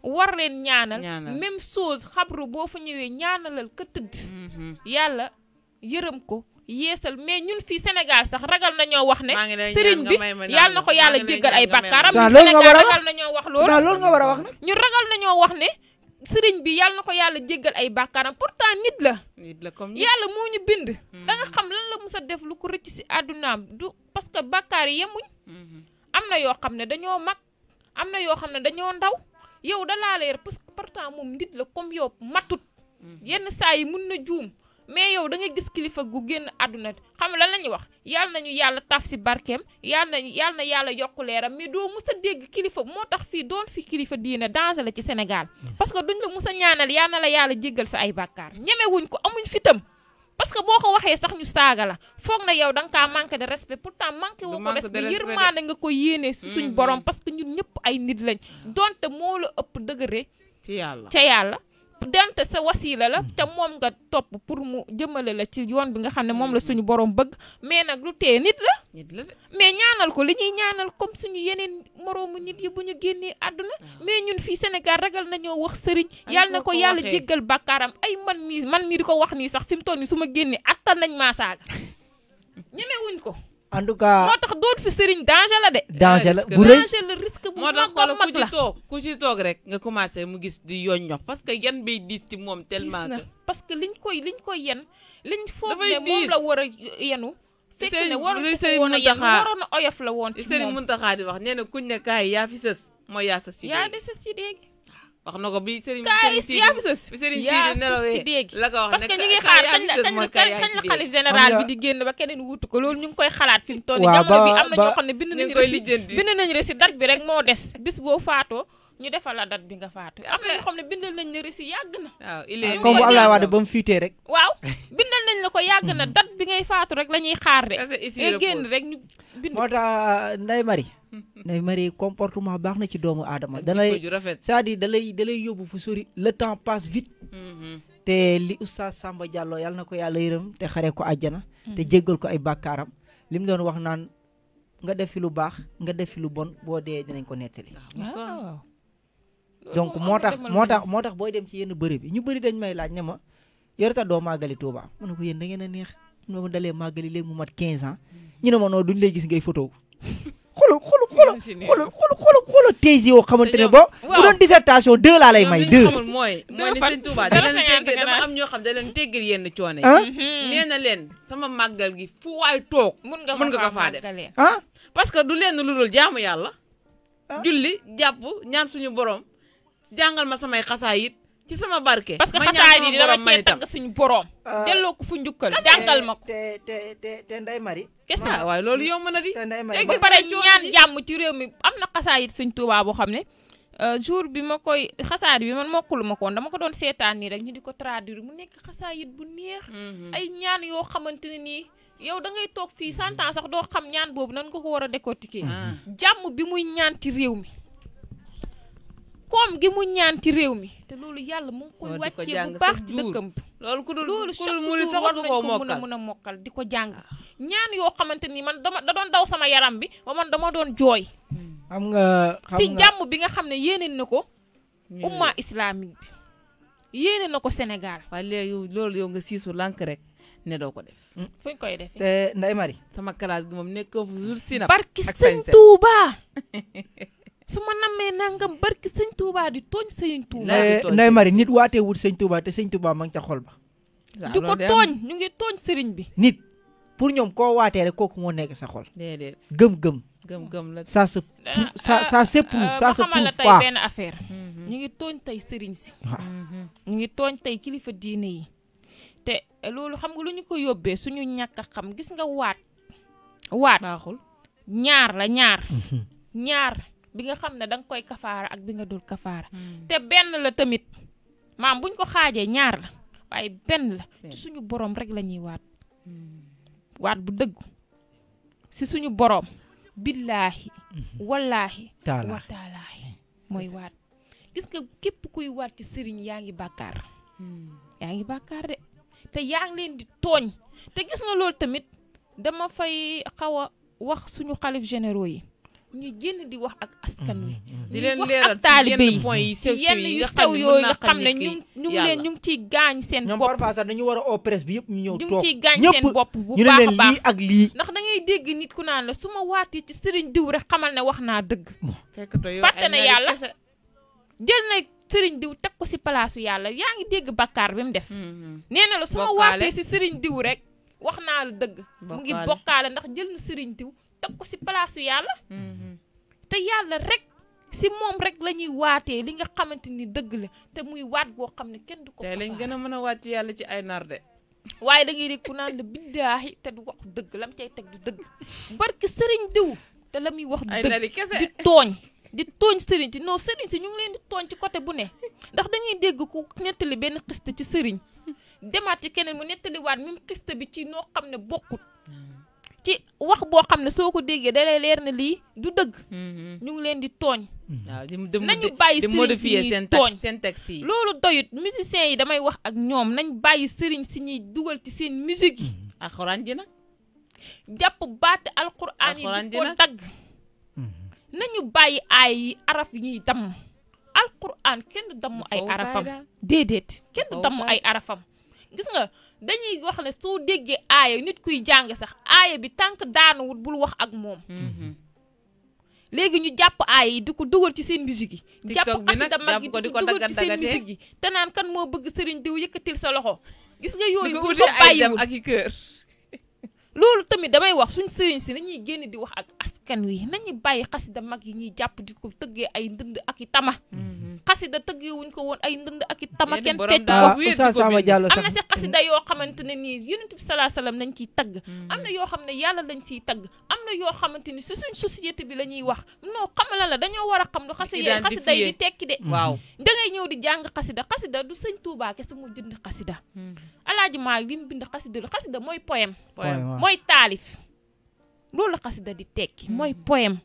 war leen ñaanal. même chose xabru boo fa ñëwee ñaanalal ka tëdd. Mm-hmm. yàlla yërëm ko. yéesal mais ñun fii Sénégal sax ragal nañoo wax ne. sëriñ bi yàlla na ko yàlla jéggal ay bàkkaaram. waaw loolu a wax ragal nañoo wax loolu. loolu nga war a wax nag. ñun ragal wax ne. sëriñ bi yàlla na ko yàlla jéggal ay bàkkaaram nit la. nit la yàlla moo ñu bind. Hmm. da nga xam lan la musa def lu ko rëcc si àddunaam du parce que bàkkaar yi yemuñ. Hmm. am na yoo xam ne dañoo mag am na yoo xam ne dañoo ndaw yow da laa leer parce que pourtant moom nit la comme yow matut. Hmm. yenn saa yi mun na juum mais yow da nga gis kilifa gu génn àdduna xam lan la ñuy wax yàlla nañu yàlla taf si barkeem yàlla yàlla na yàlla yokk leeram mais doo mus dégg kilifa moo tax fii doon fi kilifa diine danger la ci Sénégal. Mm. parce que duñ la mus a ñaanal yàlla la yàlla jéggal sa ay bàkkaar ñemewuñ ko amuñ fitam parce que boo ko waxee sax ñu saaga la foog na yow da nga kaa manqué de respect pourtant manqué woo ko respect yërmaane nga ko yéene si suñ borom mm-hmm. parce que ñun ñëpp ay nit lañ mm. donte moo la ëpp dëgëre. ci yàlla yàlla. dente sa wasiila la te moom nga topp pour mu jëmale la ci yoon bi nga xam ne moom la mm-hmm. suñu borom bëgg mais nag lu tee nit la mais ñaanal ko li ñuy ñaanal comme suñu yeneen moroomu nit yi bu ñu génnee àdduna mais ñun fii Sénégal ragal nañoo wax sëriñ yàlla ko yàlla jéggal bàkkaaram ay man mii man mii di ko wax nii sax fi mu toll nii su ma génnee attan nañ maa saaga ñemewuñ ko en tout moo tax doon fi sëriñ danger la de. danger la bu rëy danger la moo tax ku ci toog ku toog rek nga commencé mu gis di yoññox parce que yan bay diis ci moom tellement que. parce que liñ koy liñ koy yen. liñ foog ne moom la war yenu. fekk ne waroon ko woon a yenu waroon oyof la woon. ci moom Sëriñ Muntaxa di wax nee na kuñ ne kaay yaa fi sës mooy yaa sës yi wax na ko bi Serigne Serigne Serigne la ko wax parce que ñu ngi xaar kañ la kañ la xalif général bi di génn ba keneen wutu ko loolu ñu ngi koy xalaat fi mu toll nii jamono bi am na ñoo xam ne bind nañu resi bind nañu bi rek moo des bis boo faatoo ñu defal la bi nga faatu am na ñoo xam ne bindal nañ la resi yàgg na waaw comme a Abdoulaye Wade ba mu fiitee rek waaw bindal nañ la ko yàgg na mm-hmm. date bi ngay faatu rek la ñuy xaar de génn rek ñu bind moo tax Ndeye Marie Ndeye Marie comportement baax na ci doomu aadama. dalay cest di dire dalay dalay yóbbu fu sori le temps passe vite. Mm-hmm. te li oustaz Samba Diallo yàlla na ko yàlla yërëm te xaree ko àjjana. Mm-hmm. te jéggal ko ay bàkkaaram li mu doon wax naan nga def fi lu baax nga def fi lu bon boo dee dinañ ko nettali. Ah, ah. donc moo tax moo tax moo tax booy dem ci yenn bëri yi ñu bëri dañ may laaj ne ma yorata doo màggali Touba mu ne ko yéen da ngeen neex. ma dalee màggali léegi mu mat 15 ans mm-hmm. ñu ne ma noonu duñ lay gis ngay xoolal xoolal xoolal xoolal ji woo xamante ne ba. bu doon dissertation deux laa lay may deux. xamul mooy mooy ni sëñ Touba da leen tégg dafa am ñoo xam da leen téggal yenn yi. Ah. Mhm. nee na leen sama màggal gi fu waay toog. mun nga ko faa def ah. parce que du leen lu dul jaamu yàlla. Ah. julli jàpp ñaan suñu borom jàngal ma samay xasaayit ci sama barke. parce que xasaar yi dama cee tagg suñu borom. Ah. delloo ko fu njukkal jàngal ma ko. te te te te Ndeye Marie. kese ah waaye loolu yow yomb na di. te Ndeye Marie ba pare ñaan jàmm ci réew mi am na xasaar yi suñ Tuubaa boo xam ne. Euh, jour bi ma koy xasaar bi man mokkulu ma koon dama ko doon seetaan nii rek ñu di ko traduire mu nekk xasaar yi bu neex. Mhm. ay ñaan yoo xamante ne nii. yow da toog fii cent ans sax doo xam ñaan boobu nan nga ko war a décortiquer. Mhm. jàmm bi muy ñaan ci réew mi. koom gi mu ñaan ci réew mi te loolu yàlla mu ngi koy wàccee bu baax ci dëkkam bi loolu ku loolu chaque jour war nañ ko mën a mën a mokkal di ko jàng ah. ñaan yoo xamante ni man dama da doon daw sama yaram bi ba man dama doon jooy xam nga si jàmm bi nga xam ne yéene na ko umma islamique bi yéene na ko senegal waaye loolu yow nga siisu lànk rek ne doo ko def hmm. fu ñu koy defee te Ndeye Marie sama classe gi moom nekk toujours sinap barki sëñ Tuuba su ma nammee nangam barki sëñ tuubaa di tooñ sëñ Touba. Eh, Ndeye nit waatee sëñ Touba te ma ngi ca xol ba. di ko tooñ ñu ngi tooñ sëriñ bi. nit pour ñoom koo waatee rek kooku moo nekk sa xol. gëm-gëm. gëm-gëm la ça se ah, ça ça ah, s'éprouve ça se ah, tey benn affaire. Mhm. ñu ngi tooñ tey sëriñ si. Mhm. ñu ngi tooñ tey kilifa diini yi. te eh, loolu xam nga lu ñu ko yóbbee suñu ñàkk a xam gis nga waat. waat ñaar la ñaar. Mhm. ñaar. bi nga xam ne danga koy kafaara ak bi nga dul kafaara. Hmm. te benn la tamit maam buñ ko xaajee ñaar la waaye benn la. ci suñu borom rek la ñuy waat. Hmm. waat bu dëggu si suñu boroom billaahi hmm. wallaahi. wa mooy waat. gis nga képp kuy waat ci sëriñ yaa ngi bàkkaar. yaa ngi bàkkaar de te yaa ngi leen di tooñ. te gis nga lool tamit dama fay xaw a wax suñu xalif généraux yi. ñu génn di wax ak askan wi. Mm-hmm, mm-hmm. di leen leeral ci yenn points yi sew yenn yu sew yooyu nga xam ne ñu ñu ngi leen ñu ngi ciy gaañ seen bopp. ñoom parfois sax dañu war a au presse yëpp ñu ñëw toog ñu ngi ciy gaañ seen bopp bu baax a baax ak lii. ndax da ngay dégg nit ku naan la su ma waatee ci sëriñ diw rek xamal ne wax naa dëgg. fàtte na yàlla jël na sëriñ diw teg ko si palaasu yàlla yaa ngi dégg bakkaar bi mu def. Mm-hmm. nee la su ma waatee si sëriñ diw rek wax naa la dëgg. mu ngi bokkaale ndax jël na sëriñ diw teg ko si palaasu yàlla. Mm-hmm. te yàlla rek si moom rek la ñuy waatee li nga xamante ni dëgg la te muy waat goo xam ne kenn du ko. tey lañ gën a mën a waat ci yàlla ci ay nar de. waaye da ngay dégg ku naan la billaahi te du wax dëgg lam cay teg du dëgg barki sëriñ diw te la muy wax du dëgg di tooñ di tooñ sëriñ si non sëriñ si ñu ngi ci côté bu ne ndax dégg ku nettali benn xiste ci sëriñ demaat ci keneen mu nettaliwaat même xiste bi ci noo xam ne bokkut ci wax boo xam ne soo ko déggee da leer na lii du dëgg. Mm-hmm. ñu ngi leen di tooñ. nañu bàyyi sëriñ si ñuy tooñ loolu doyut musiciens yi damay wax ak ñoom nañ bàyyi sëriñ si ñuy dugal ci seen musique yi. Mm-hmm. alxuraan ji nag. jàpp baati alxuraan yi di ko dagg. Mm-hmm. nañu bàyyi aay yi araf yi ñuy damm. alxuraan kenn du damm ay arafam déedéet kenn du damm ay arafam gis nga. dañuy wax ne soo déggee aaya nit kuy jàng sax aaya bi tànk daanuwut bul wax ak moom mhm. léegi ñu jàpp aaya yi di ko dugal ci seen musique yi jàpp asida mag yi di ko dugal ci seen musique yi te naan kan moo bëgg sëriñ diw yëkkatil sa loxo gis nga yooyu bu ko bàyyiwul ak i kër loolu tamit damay wax suñ sëriñ si nañuy génn di wax ak askan wi nañu bàyyi xasida mag yi ñuy jàpp di ko tëggee ay ndënd ak i tama mm-hmm. xasida tëggee wuñ ko woon ay ndënd ak i tama kenn fecc ko ah, am na si xasida yoo xamante ne nii yonent bi salaa salaam lañ ciy tagg mm-hmm. am yoo xam ne yàlla lañ si tagg am na yoo xamante ni si suñ société bi la ñuy wax non xamala la dañoo war a xam lu xasida xasida yi di tekki de waaw da ngay ñëw di jàng xasida xasida du sëñ Tuubaa kese mu jënd xasida mm-hmm. alaaji Maalik li mu bind xasida la xasida mooy poème. mooy taalif loolu la xasida di tekki hmm. mooy poème.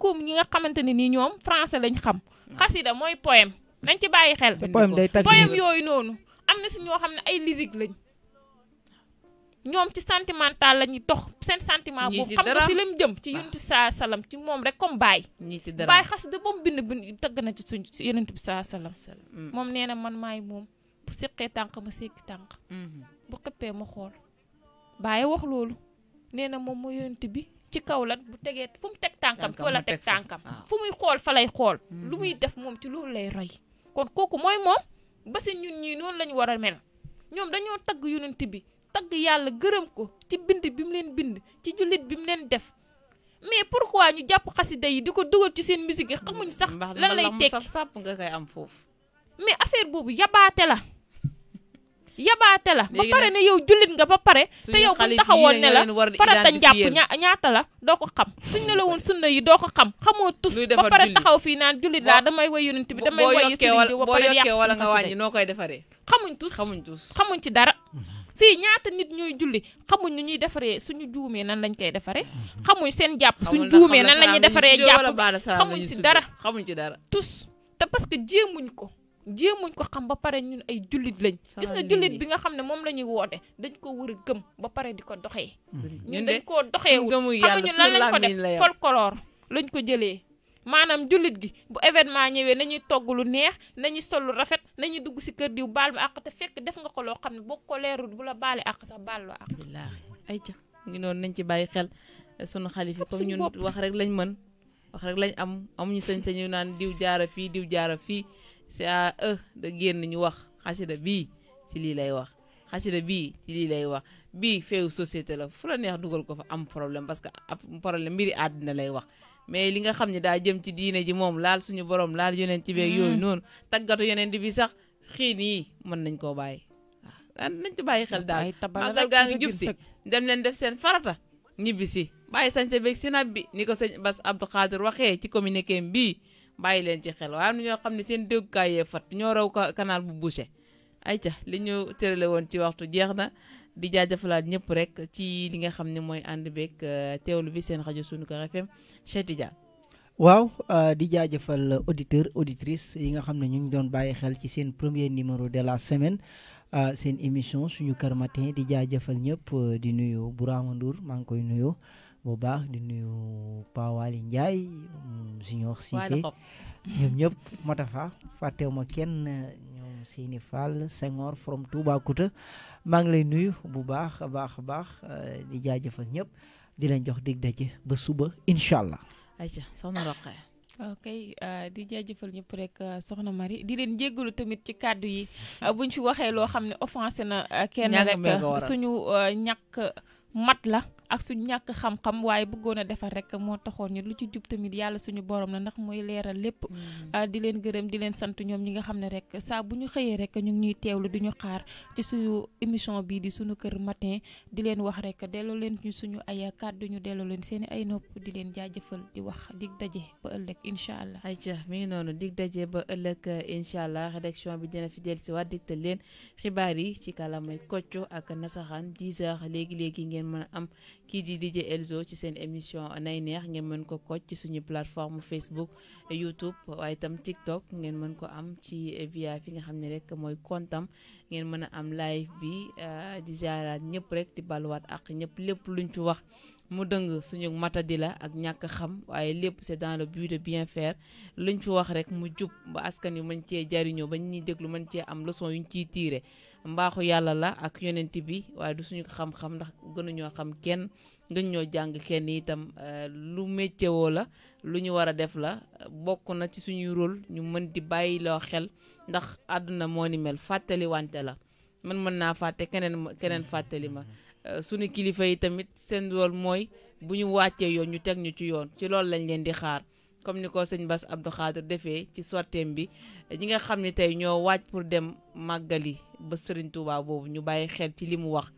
comme ñi nga xamante ni nii ñoom français lañ xam. Hmm. xasida mooy poème nañ ci bàyyi xel. poème yooyu noonu am na si ñoo xam ne ay lyrique lañ. ñoom ci sentimental la ñuy dox seen sentiment boobu xam nga si lim jëm ci yonent bi saa salaam ci moom rek comme Baye. Baye xasida ba mu bind bind tëgg na ci suñ si yonent bi saa salaam. Hmm. moom nee na man maay moom. bu seqee tànk ma seqi tànk. Mm-hmm. bu xëppee ma xool. bàyyi wax loolu nee na moom moo yonent bi ci kaw lan bu tegee fu mu teg tànkam ci wala teg tànkam ah. fu muy xool fa lay xool. Mm-hmm. lu muy def moom ci loolu lay roy. kon kooku mooy moom ba si ñun ñi noonu lañu ñu war a mel ñoom dañoo tagg yonent bi tag yàlla gërëm ko ci bind bi mu leen bind ci jullit bi mu leen def. mais pour waa ñu jàpp xasida yi di ko dugal ci seen musique yi xamuñ sax lan lay tekki nga koy am foofu mais yabaate la ba pare ne yow jullit nga ba pare te yow bu taxawoon ne la farata njàpp ñaata la doo ko xam suñ ne la woon yi doo ko xam xamoo tus ba pare taxaw fii naan jullit laa damay way yonent bi damay way sëriñ bi ba pare yàq wala nga wàññi noo koy defaree xamuñ tus xamuñ tus ci dara mm-hmm. fii ñaata nit ñuy julli xamuñ nu ñuy defaree suñu juumee nan lañ koy defare mm-hmm. xamuñ seen jàpp suñ juumee nan la ñuy defaree jàpp xamuñ ci dara xamuñ ci dara tus te parce que jéemuñ ko jéemuñ ko xam ba pare ñun ay jullit lañ gis nga jullit bi nga xam ne moom la ñuy woote dañ ko war a gëm ba pare di ko doxee mm-hmm. ñun dañ koo doxeewul xamuñu lan lañ ko def folklore lañ ko jëlee maanaam jullit gi bu événement ñëwee nañuy togg lu neex nañuy sol lu rafet nañuy dugg si kër diw baal ma àq te fekk def nga ko loo xam ne boo ko leerul bu la baale àq sax baal la àq ay ca ngi noonu nañ ci bàyyi xel eh, sunu xalifi comme ñun wax rek lañ mën wax rek lañ am amuñu sañ-sañu naan diw jaara fii diw jaara fii c'est à eux de génn ñu wax xasida bii ci lii lay wax xasida bii ci lii bii feewu société la fu la neex dugal ko fa am problème parce que ab problème mbiri àddina lay wax mais li nga xam ne daa jëm ci diine ji moom laal ñu borom laal yeneen ci beeg yooyu mm. noonu taggatu yeneen di bi sax xiin yi mën nañ koo bàyyi waaw nañ ci bàyyi xel daal màggal gaa ngi jub si dem leen def seen farata ñibbi si bàyyi sañse beeg si nab ni ko sëñ Bass Abdou Khadir waxee ci communiqué bii bàyyi leen ci xel waaye am ñoo xam ne seen déggukaay fat ñoo raw canal bu bouché ayca li ñu tërale woon ci waxtu jeex na di jaajëfalaat ñëpp rek ci li nga xam ne mooy ànd beeg euh, teewlu bi seen rajo suñu Kër FM Cheikh Tidiane waaw euh, di jaajëfal auditeur auditrice yi nga xam ne ñu ngi doon bàyyi xel ci seen premier numéro de la semaine euh, seen émission suñu kër matin di jaajëfal ñëpp di nuyu Bourama Ndour maa ngi koy nuyu bu baax di nuyu Pawali Ndiaye moom Junior Cissé ñoom ñëpp Matafa fàttewuma kenn ñoom seeni Fall Senghor from Toubacouta maa ngi lay nuyu bu baax a baax a baax eh, di jaajëfal ñëpp di leen jox dig ba suba incha allah. ayca soxna Roqe. Eh, di jaajëfal ñëpp rek eh, soxna Marie di leen jéggalu tamit ci kàddu yi buñ fi waxee loo xam ne offensé na kenn rek suñu ñàkk mat la ak suñu ñàkk xam-xam waaye bëggoon a defar rek moo taxoon ñu lu ci jub tamit yàlla suñu borom la ndax mooy leeral lépp mm. ah, di leen gërëm di leen sant ñoom ñi nga xam ne rek saa bu ñu xëyee rek ñu ngi ñuy teewlu du ñu xaar ci suñu émission bii di suñu kër matin di leen wax rek delloo leen ñu suñu ay kàddu ñu delloo leen seen ay nopp di leen jaajëfal di wax dig daje ba ëllëg incha allah. ayca mi ngi noonu dig daje ba ëllëg incha allah rédaction bi dina fi dellusiwaat digtal leen xibaar yi ci kàllaamay kocc ak nasaxaan 10 léegi léegi ngeen mën kii di DJ Elzo ci seen émission nay neex ngeen mën ko koj ci suñu plateforme Facebook YouTube waaye itam TikTok ngeen mën ko am ci eh, via fi nga xam ne rek mooy kontam ngeen mën a am live bi eh, di ziaraat ñëpp rek di baluwaat ak ñëpp lépp luñ fi wax mu dëng suñu matadi la ak ñàkk xam waaye lépp c'est dans le but de bien faire luñ fi wax rek mu jub ba askan yu mën cee jariñoo ba ñuy déglu mën cee am leçon yuñ ciy tiire mbaaxu yàlla la ak yonent bi waaye du suñu xam-xam ndax gënuñoo xam kenn gën ñoo jàng kenn itam euh, lu méccewoo la lu ñu war a def la bokk na ci suñuy rôle ñu mën di bàyyi loo xel ndax àdduna moo ni mel fàttali wante la man mën naa fàtte keneen keneen fàttali ma euh, suñu kilifa yi tamit seen rôle mooy bu ñu wàccee yoon ñu teg ñu ci yoon ci loolu lañ leen di xaar comme ni ko sëñ bas Abdou Khadir defee ci sortem bi ñi nga xam ne tey ñoo waaj pour dem màggali ba Serigne Touba boobu ñu bàyyi xel ci li mu wax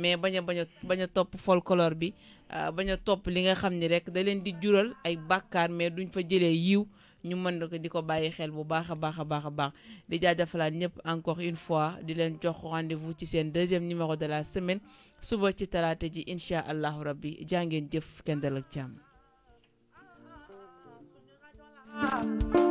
mais bañ a bañ a bañ a topp folklore bi euh, bañ a topp li nga xam ni rek da leen di jural ay bàkkaar mais duñ fa jëlee yiw ñu mën ko di ko bàyyi xel bu baax a baax a baax a baax di jaajëfalaat ñëpp encore une fois di leen jox rendez-vous ci seen deuxième numéro de la semaine suba ci talaata ji incha allahu rabbi jàngeen jëf kendal ak jàmm Ah.